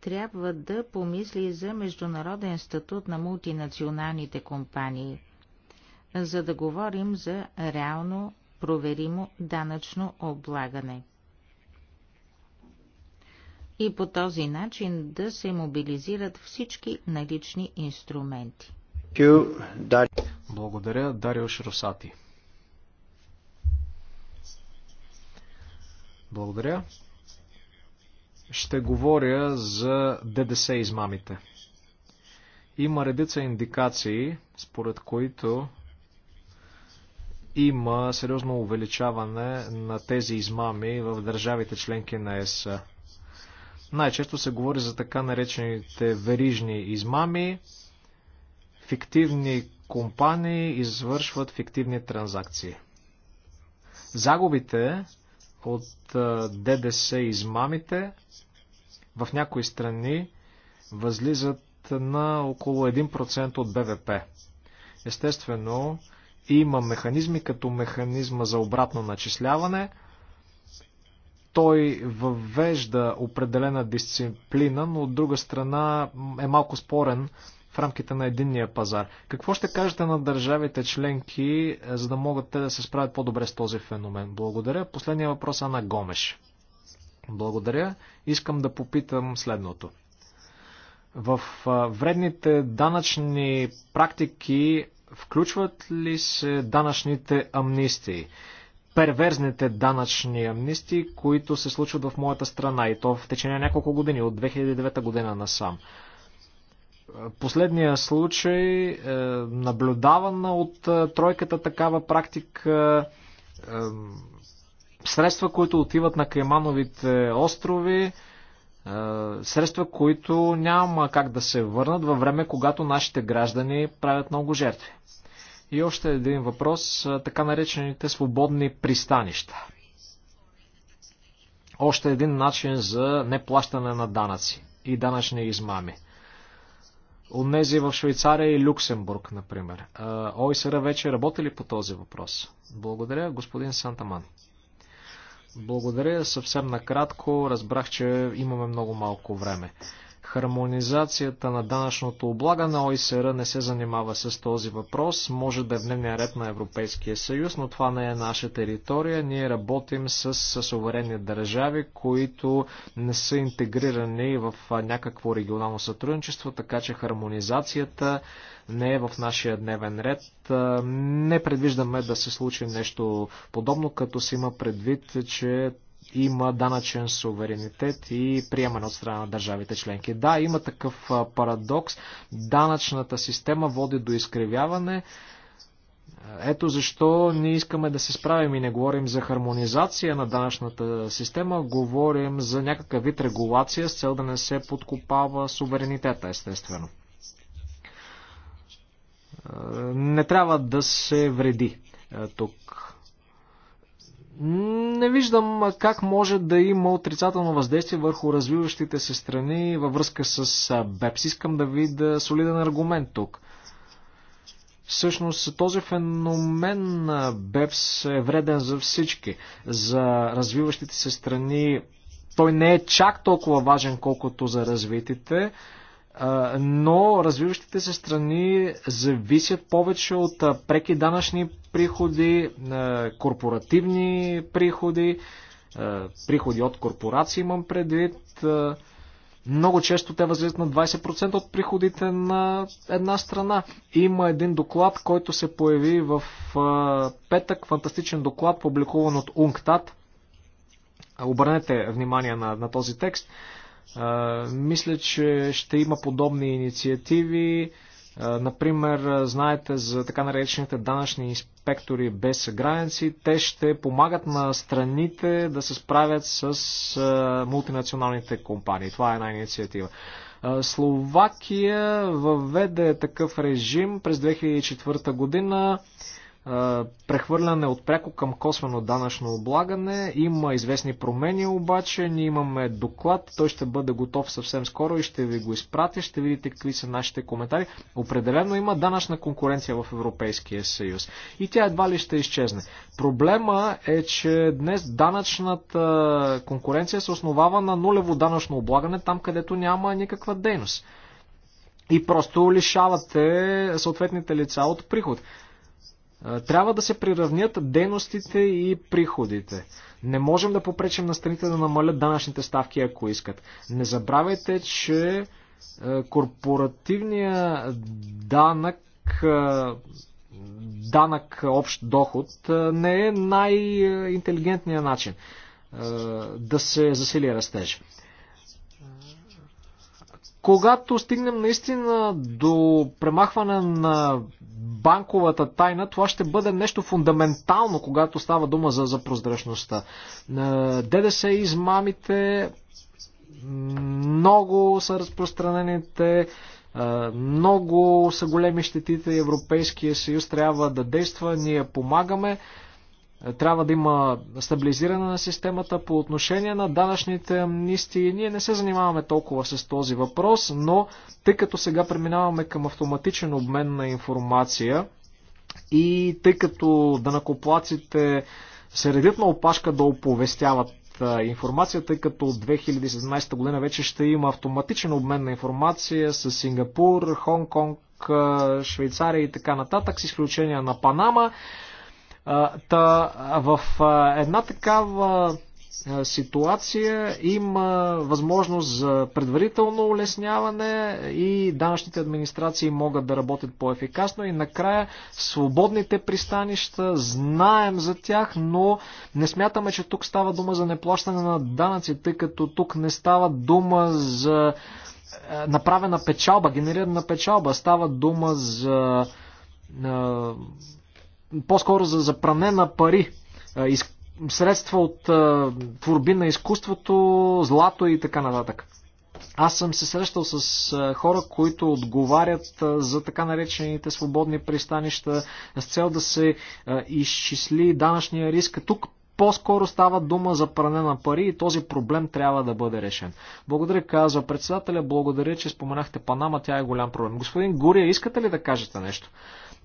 трябва да помисли за международен статут на мултинационалните компании, за да говорим за реално проверимо данъчно облагане. И по този начин да се мобилизират всички налични инструменти. Благодаря, Дарио Шросати. Благодаря. Ще говоря за ДДС измамите. Има редица индикации, според които има сериозно увеличаване на тези измами в държавите членки на ЕС. Най-често се говори за така наречените верижни измами. Фиктивни компании извършват фиктивни транзакции. Загубите от ДДС измамите в някои страни възлизат на около 1% от БВП. Естествено, има механизми като механизма за обратно начисляване. Той въвежда определена дисциплина, но от друга страна е малко спорен в рамките на единния пазар. Какво ще кажете на държавите членки, е, за да могат те да се справят по-добре с този феномен? Благодаря. Последния въпрос е на Гомеш. Благодаря. Искам да попитам следното. В вредните данъчни практики включват ли се данъчните амнистии? перверзните данъчни амнисти, които се случват в моята страна и то в течение на няколко години, от 2009 година насам. Последния случай е наблюдавана от е, тройката такава практика. Е, средства, които отиват на Каймановите острови, е, средства, които няма как да се върнат във време, когато нашите граждани правят много жертви. И още един въпрос, така наречените свободни пристанища. Още един начин за неплащане на данъци и данъчни измами – Онези в Швейцария и Люксембург, например. ОИСР вече работи ли по този въпрос? Благодаря, господин Сантаман. Благодаря. Съвсем накратко разбрах, че имаме много малко време. Хармонизацията на данъчното на ОИСР не се занимава с този въпрос. Може да е в дневния ред на Европейския съюз, но това не е наша територия. Ние работим с, с суверенни държави, които не са интегрирани в някакво регионално сътрудничество, така че хармонизацията не е в нашия дневен ред. Не предвиждаме да се случи нещо подобно, като се има предвид, че има данъчен суверенитет и приемане от страна на държавите членки. Да, има такъв парадокс. Данъчната система води до изкривяване. Ето защо ние искаме да се справим и не говорим за хармонизация на данъчната система, говорим за някакъв вид регулация с цел да не се подкопава суверенитета, естествено. Не трябва да се вреди тук не виждам как може да има отрицателно въздействие върху развиващите се страни във връзка с БЕПС. Искам да видя солиден аргумент тук. Всъщност този феномен на БЕПС е вреден за всички. За развиващите се страни той не е чак толкова важен, колкото за развитите но развиващите се страни зависят повече от преки данъчни приходи, корпоративни приходи, приходи от корпорации имам предвид. Много често те възлизат на 20% от приходите на една страна. Има един доклад, който се появи в петък, фантастичен доклад, публикуван от УНКТАТ. Обърнете внимание на, на този текст. Мисля, че ще има подобни инициативи. Например, знаете за така наречените данъчни инспектори без граници. Те ще помагат на страните да се справят с мултинационалните компании. Това е една инициатива. Словакия въведе такъв режим през 2004 година прехвърляне от пряко към косвено данъчно облагане. Има известни промени обаче. Ние имаме доклад. Той ще бъде готов съвсем скоро и ще ви го изпратя. Ще видите какви са нашите коментари. Определено има данъчна конкуренция в Европейския съюз. И тя едва ли ще изчезне. Проблема е, че днес данъчната конкуренция се основава на нулево данъчно облагане там, където няма никаква дейност. И просто лишавате съответните лица от приход. Трябва да се приравнят дейностите и приходите. Не можем да попречим на страните да намалят данъчните ставки, ако искат. Не забравяйте, че корпоративният данък данък общ доход не е най-интелигентният начин да се засили растеж. Когато стигнем наистина до премахване на банковата тайна, това ще бъде нещо фундаментално, когато става дума за, за прозрачността. ДДС измамите много са разпространените, много са големи щетите, Европейския съюз трябва да действа, ние помагаме. Трябва да има стабилизиране на системата по отношение на данъчните амнистии. Ние не се занимаваме толкова с този въпрос, но тъй като сега преминаваме към автоматичен обмен на информация и тъй като данъкоплаците се редят на опашка да оповестяват информация, тъй като от 2017 година вече ще има автоматичен обмен на информация с Сингапур, Хонг-Конг, Швейцария и така нататък, с изключение на Панама. Та, в една такава ситуация има възможност за предварително улесняване и данъчните администрации могат да работят по-ефикасно и накрая свободните пристанища, знаем за тях, но не смятаме, че тук става дума за неплащане на данъци, тъй като тук не става дума за направена печалба, генерирана печалба, става дума за по-скоро за, запране пране на пари, средства от творби на изкуството, злато и така нататък. Аз съм се срещал с хора, които отговарят за така наречените свободни пристанища с цел да се изчисли данъчния риск. Тук по-скоро става дума за пране на пари и този проблем трябва да бъде решен. Благодаря, казва председателя, благодаря, че споменахте Панама, тя е голям проблем. Господин Гурия, искате ли да кажете нещо?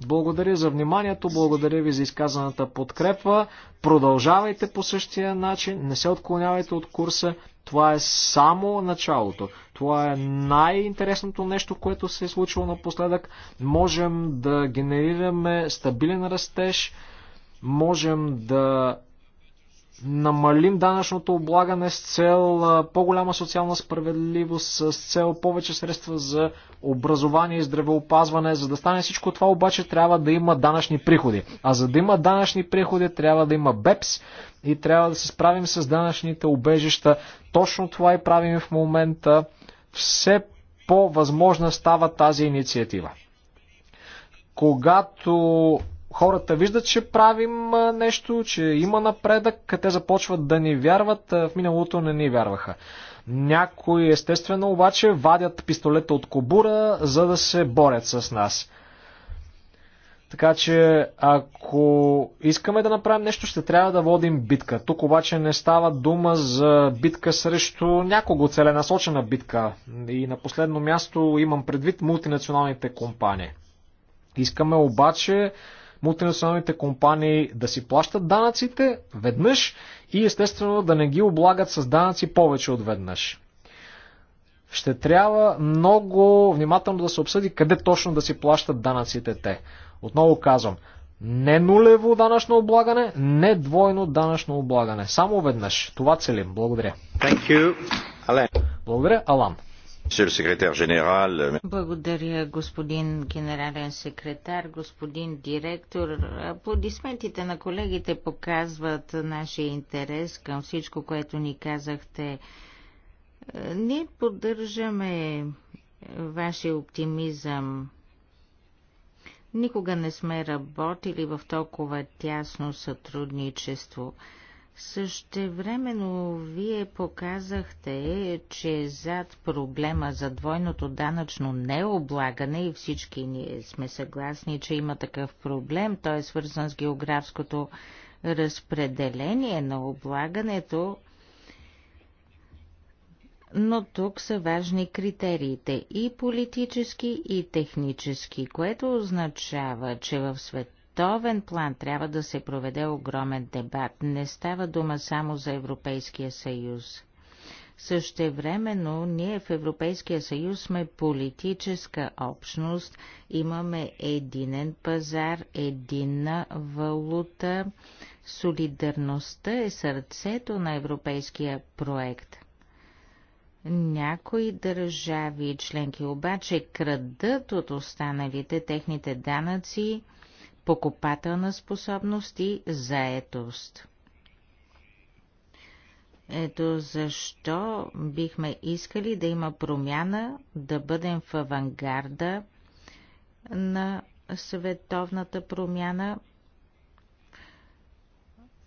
Благодаря за вниманието, благодаря ви за изказаната подкрепа. Продължавайте по същия начин, не се отклонявайте от курса. Това е само началото. Това е най-интересното нещо, което се е случило напоследък. Можем да генерираме стабилен растеж, можем да намалим данъчното облагане с цел по-голяма социална справедливост, с цел повече средства за образование и здравеопазване. За да стане всичко това обаче трябва да има данъчни приходи. А за да има данъчни приходи трябва да има БЕПС и трябва да се справим с данъчните обежища. Точно това и правим в момента. Все по-възможна става тази инициатива. Когато хората виждат, че правим нещо, че има напредък, те започват да ни вярват, в миналото не ни вярваха. Някои естествено обаче вадят пистолета от кобура, за да се борят с нас. Така че, ако искаме да направим нещо, ще трябва да водим битка. Тук обаче не става дума за битка срещу някого целенасочена битка. И на последно място имам предвид мултинационалните компании. Искаме обаче мултинационалните компании да си плащат данъците веднъж и естествено да не ги облагат с данъци повече от веднъж. Ще трябва много внимателно да се обсъди къде точно да си плащат данъците те. Отново казвам, не нулево данъчно облагане, не двойно данъчно облагане. Само веднъж. Това целим. Благодаря. Thank you. Alan. Благодаря, Алан. Euh, Благодаря, господин генерален секретар, господин директор. Аплодисментите на колегите показват нашия интерес към всичко, което ни казахте. Ние поддържаме вашия оптимизъм. Никога не сме работили в толкова тясно сътрудничество. Същевременно вие показахте, че зад проблема за двойното данъчно необлагане и всички ние сме съгласни, че има такъв проблем, той е свързан с географското разпределение на облагането, но тук са важни критериите и политически, и технически, което означава, че в света световен план трябва да се проведе огромен дебат. Не става дума само за Европейския съюз. Същевременно ние в Европейския съюз сме политическа общност, имаме единен пазар, единна валута. Солидарността е сърцето на европейския проект. Някои държави членки обаче крадат от останалите техните данъци покупателна способност и заетост. Ето защо бихме искали да има промяна, да бъдем в авангарда на световната промяна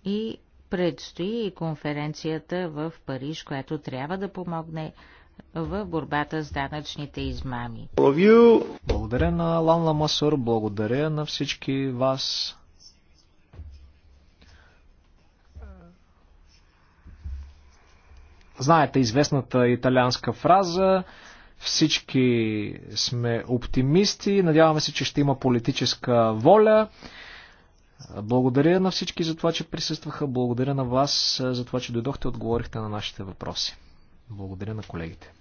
и предстои и конференцията в Париж, която трябва да помогне в борбата с данъчните измами. Благодаря на Лан Ламасър, благодаря на всички вас. Знаете известната италианска фраза всички сме оптимисти, надяваме се, че ще има политическа воля. Благодаря на всички за това, че присъстваха. Благодаря на вас за това, че дойдохте и отговорихте на нашите въпроси. Благодаря на колегите.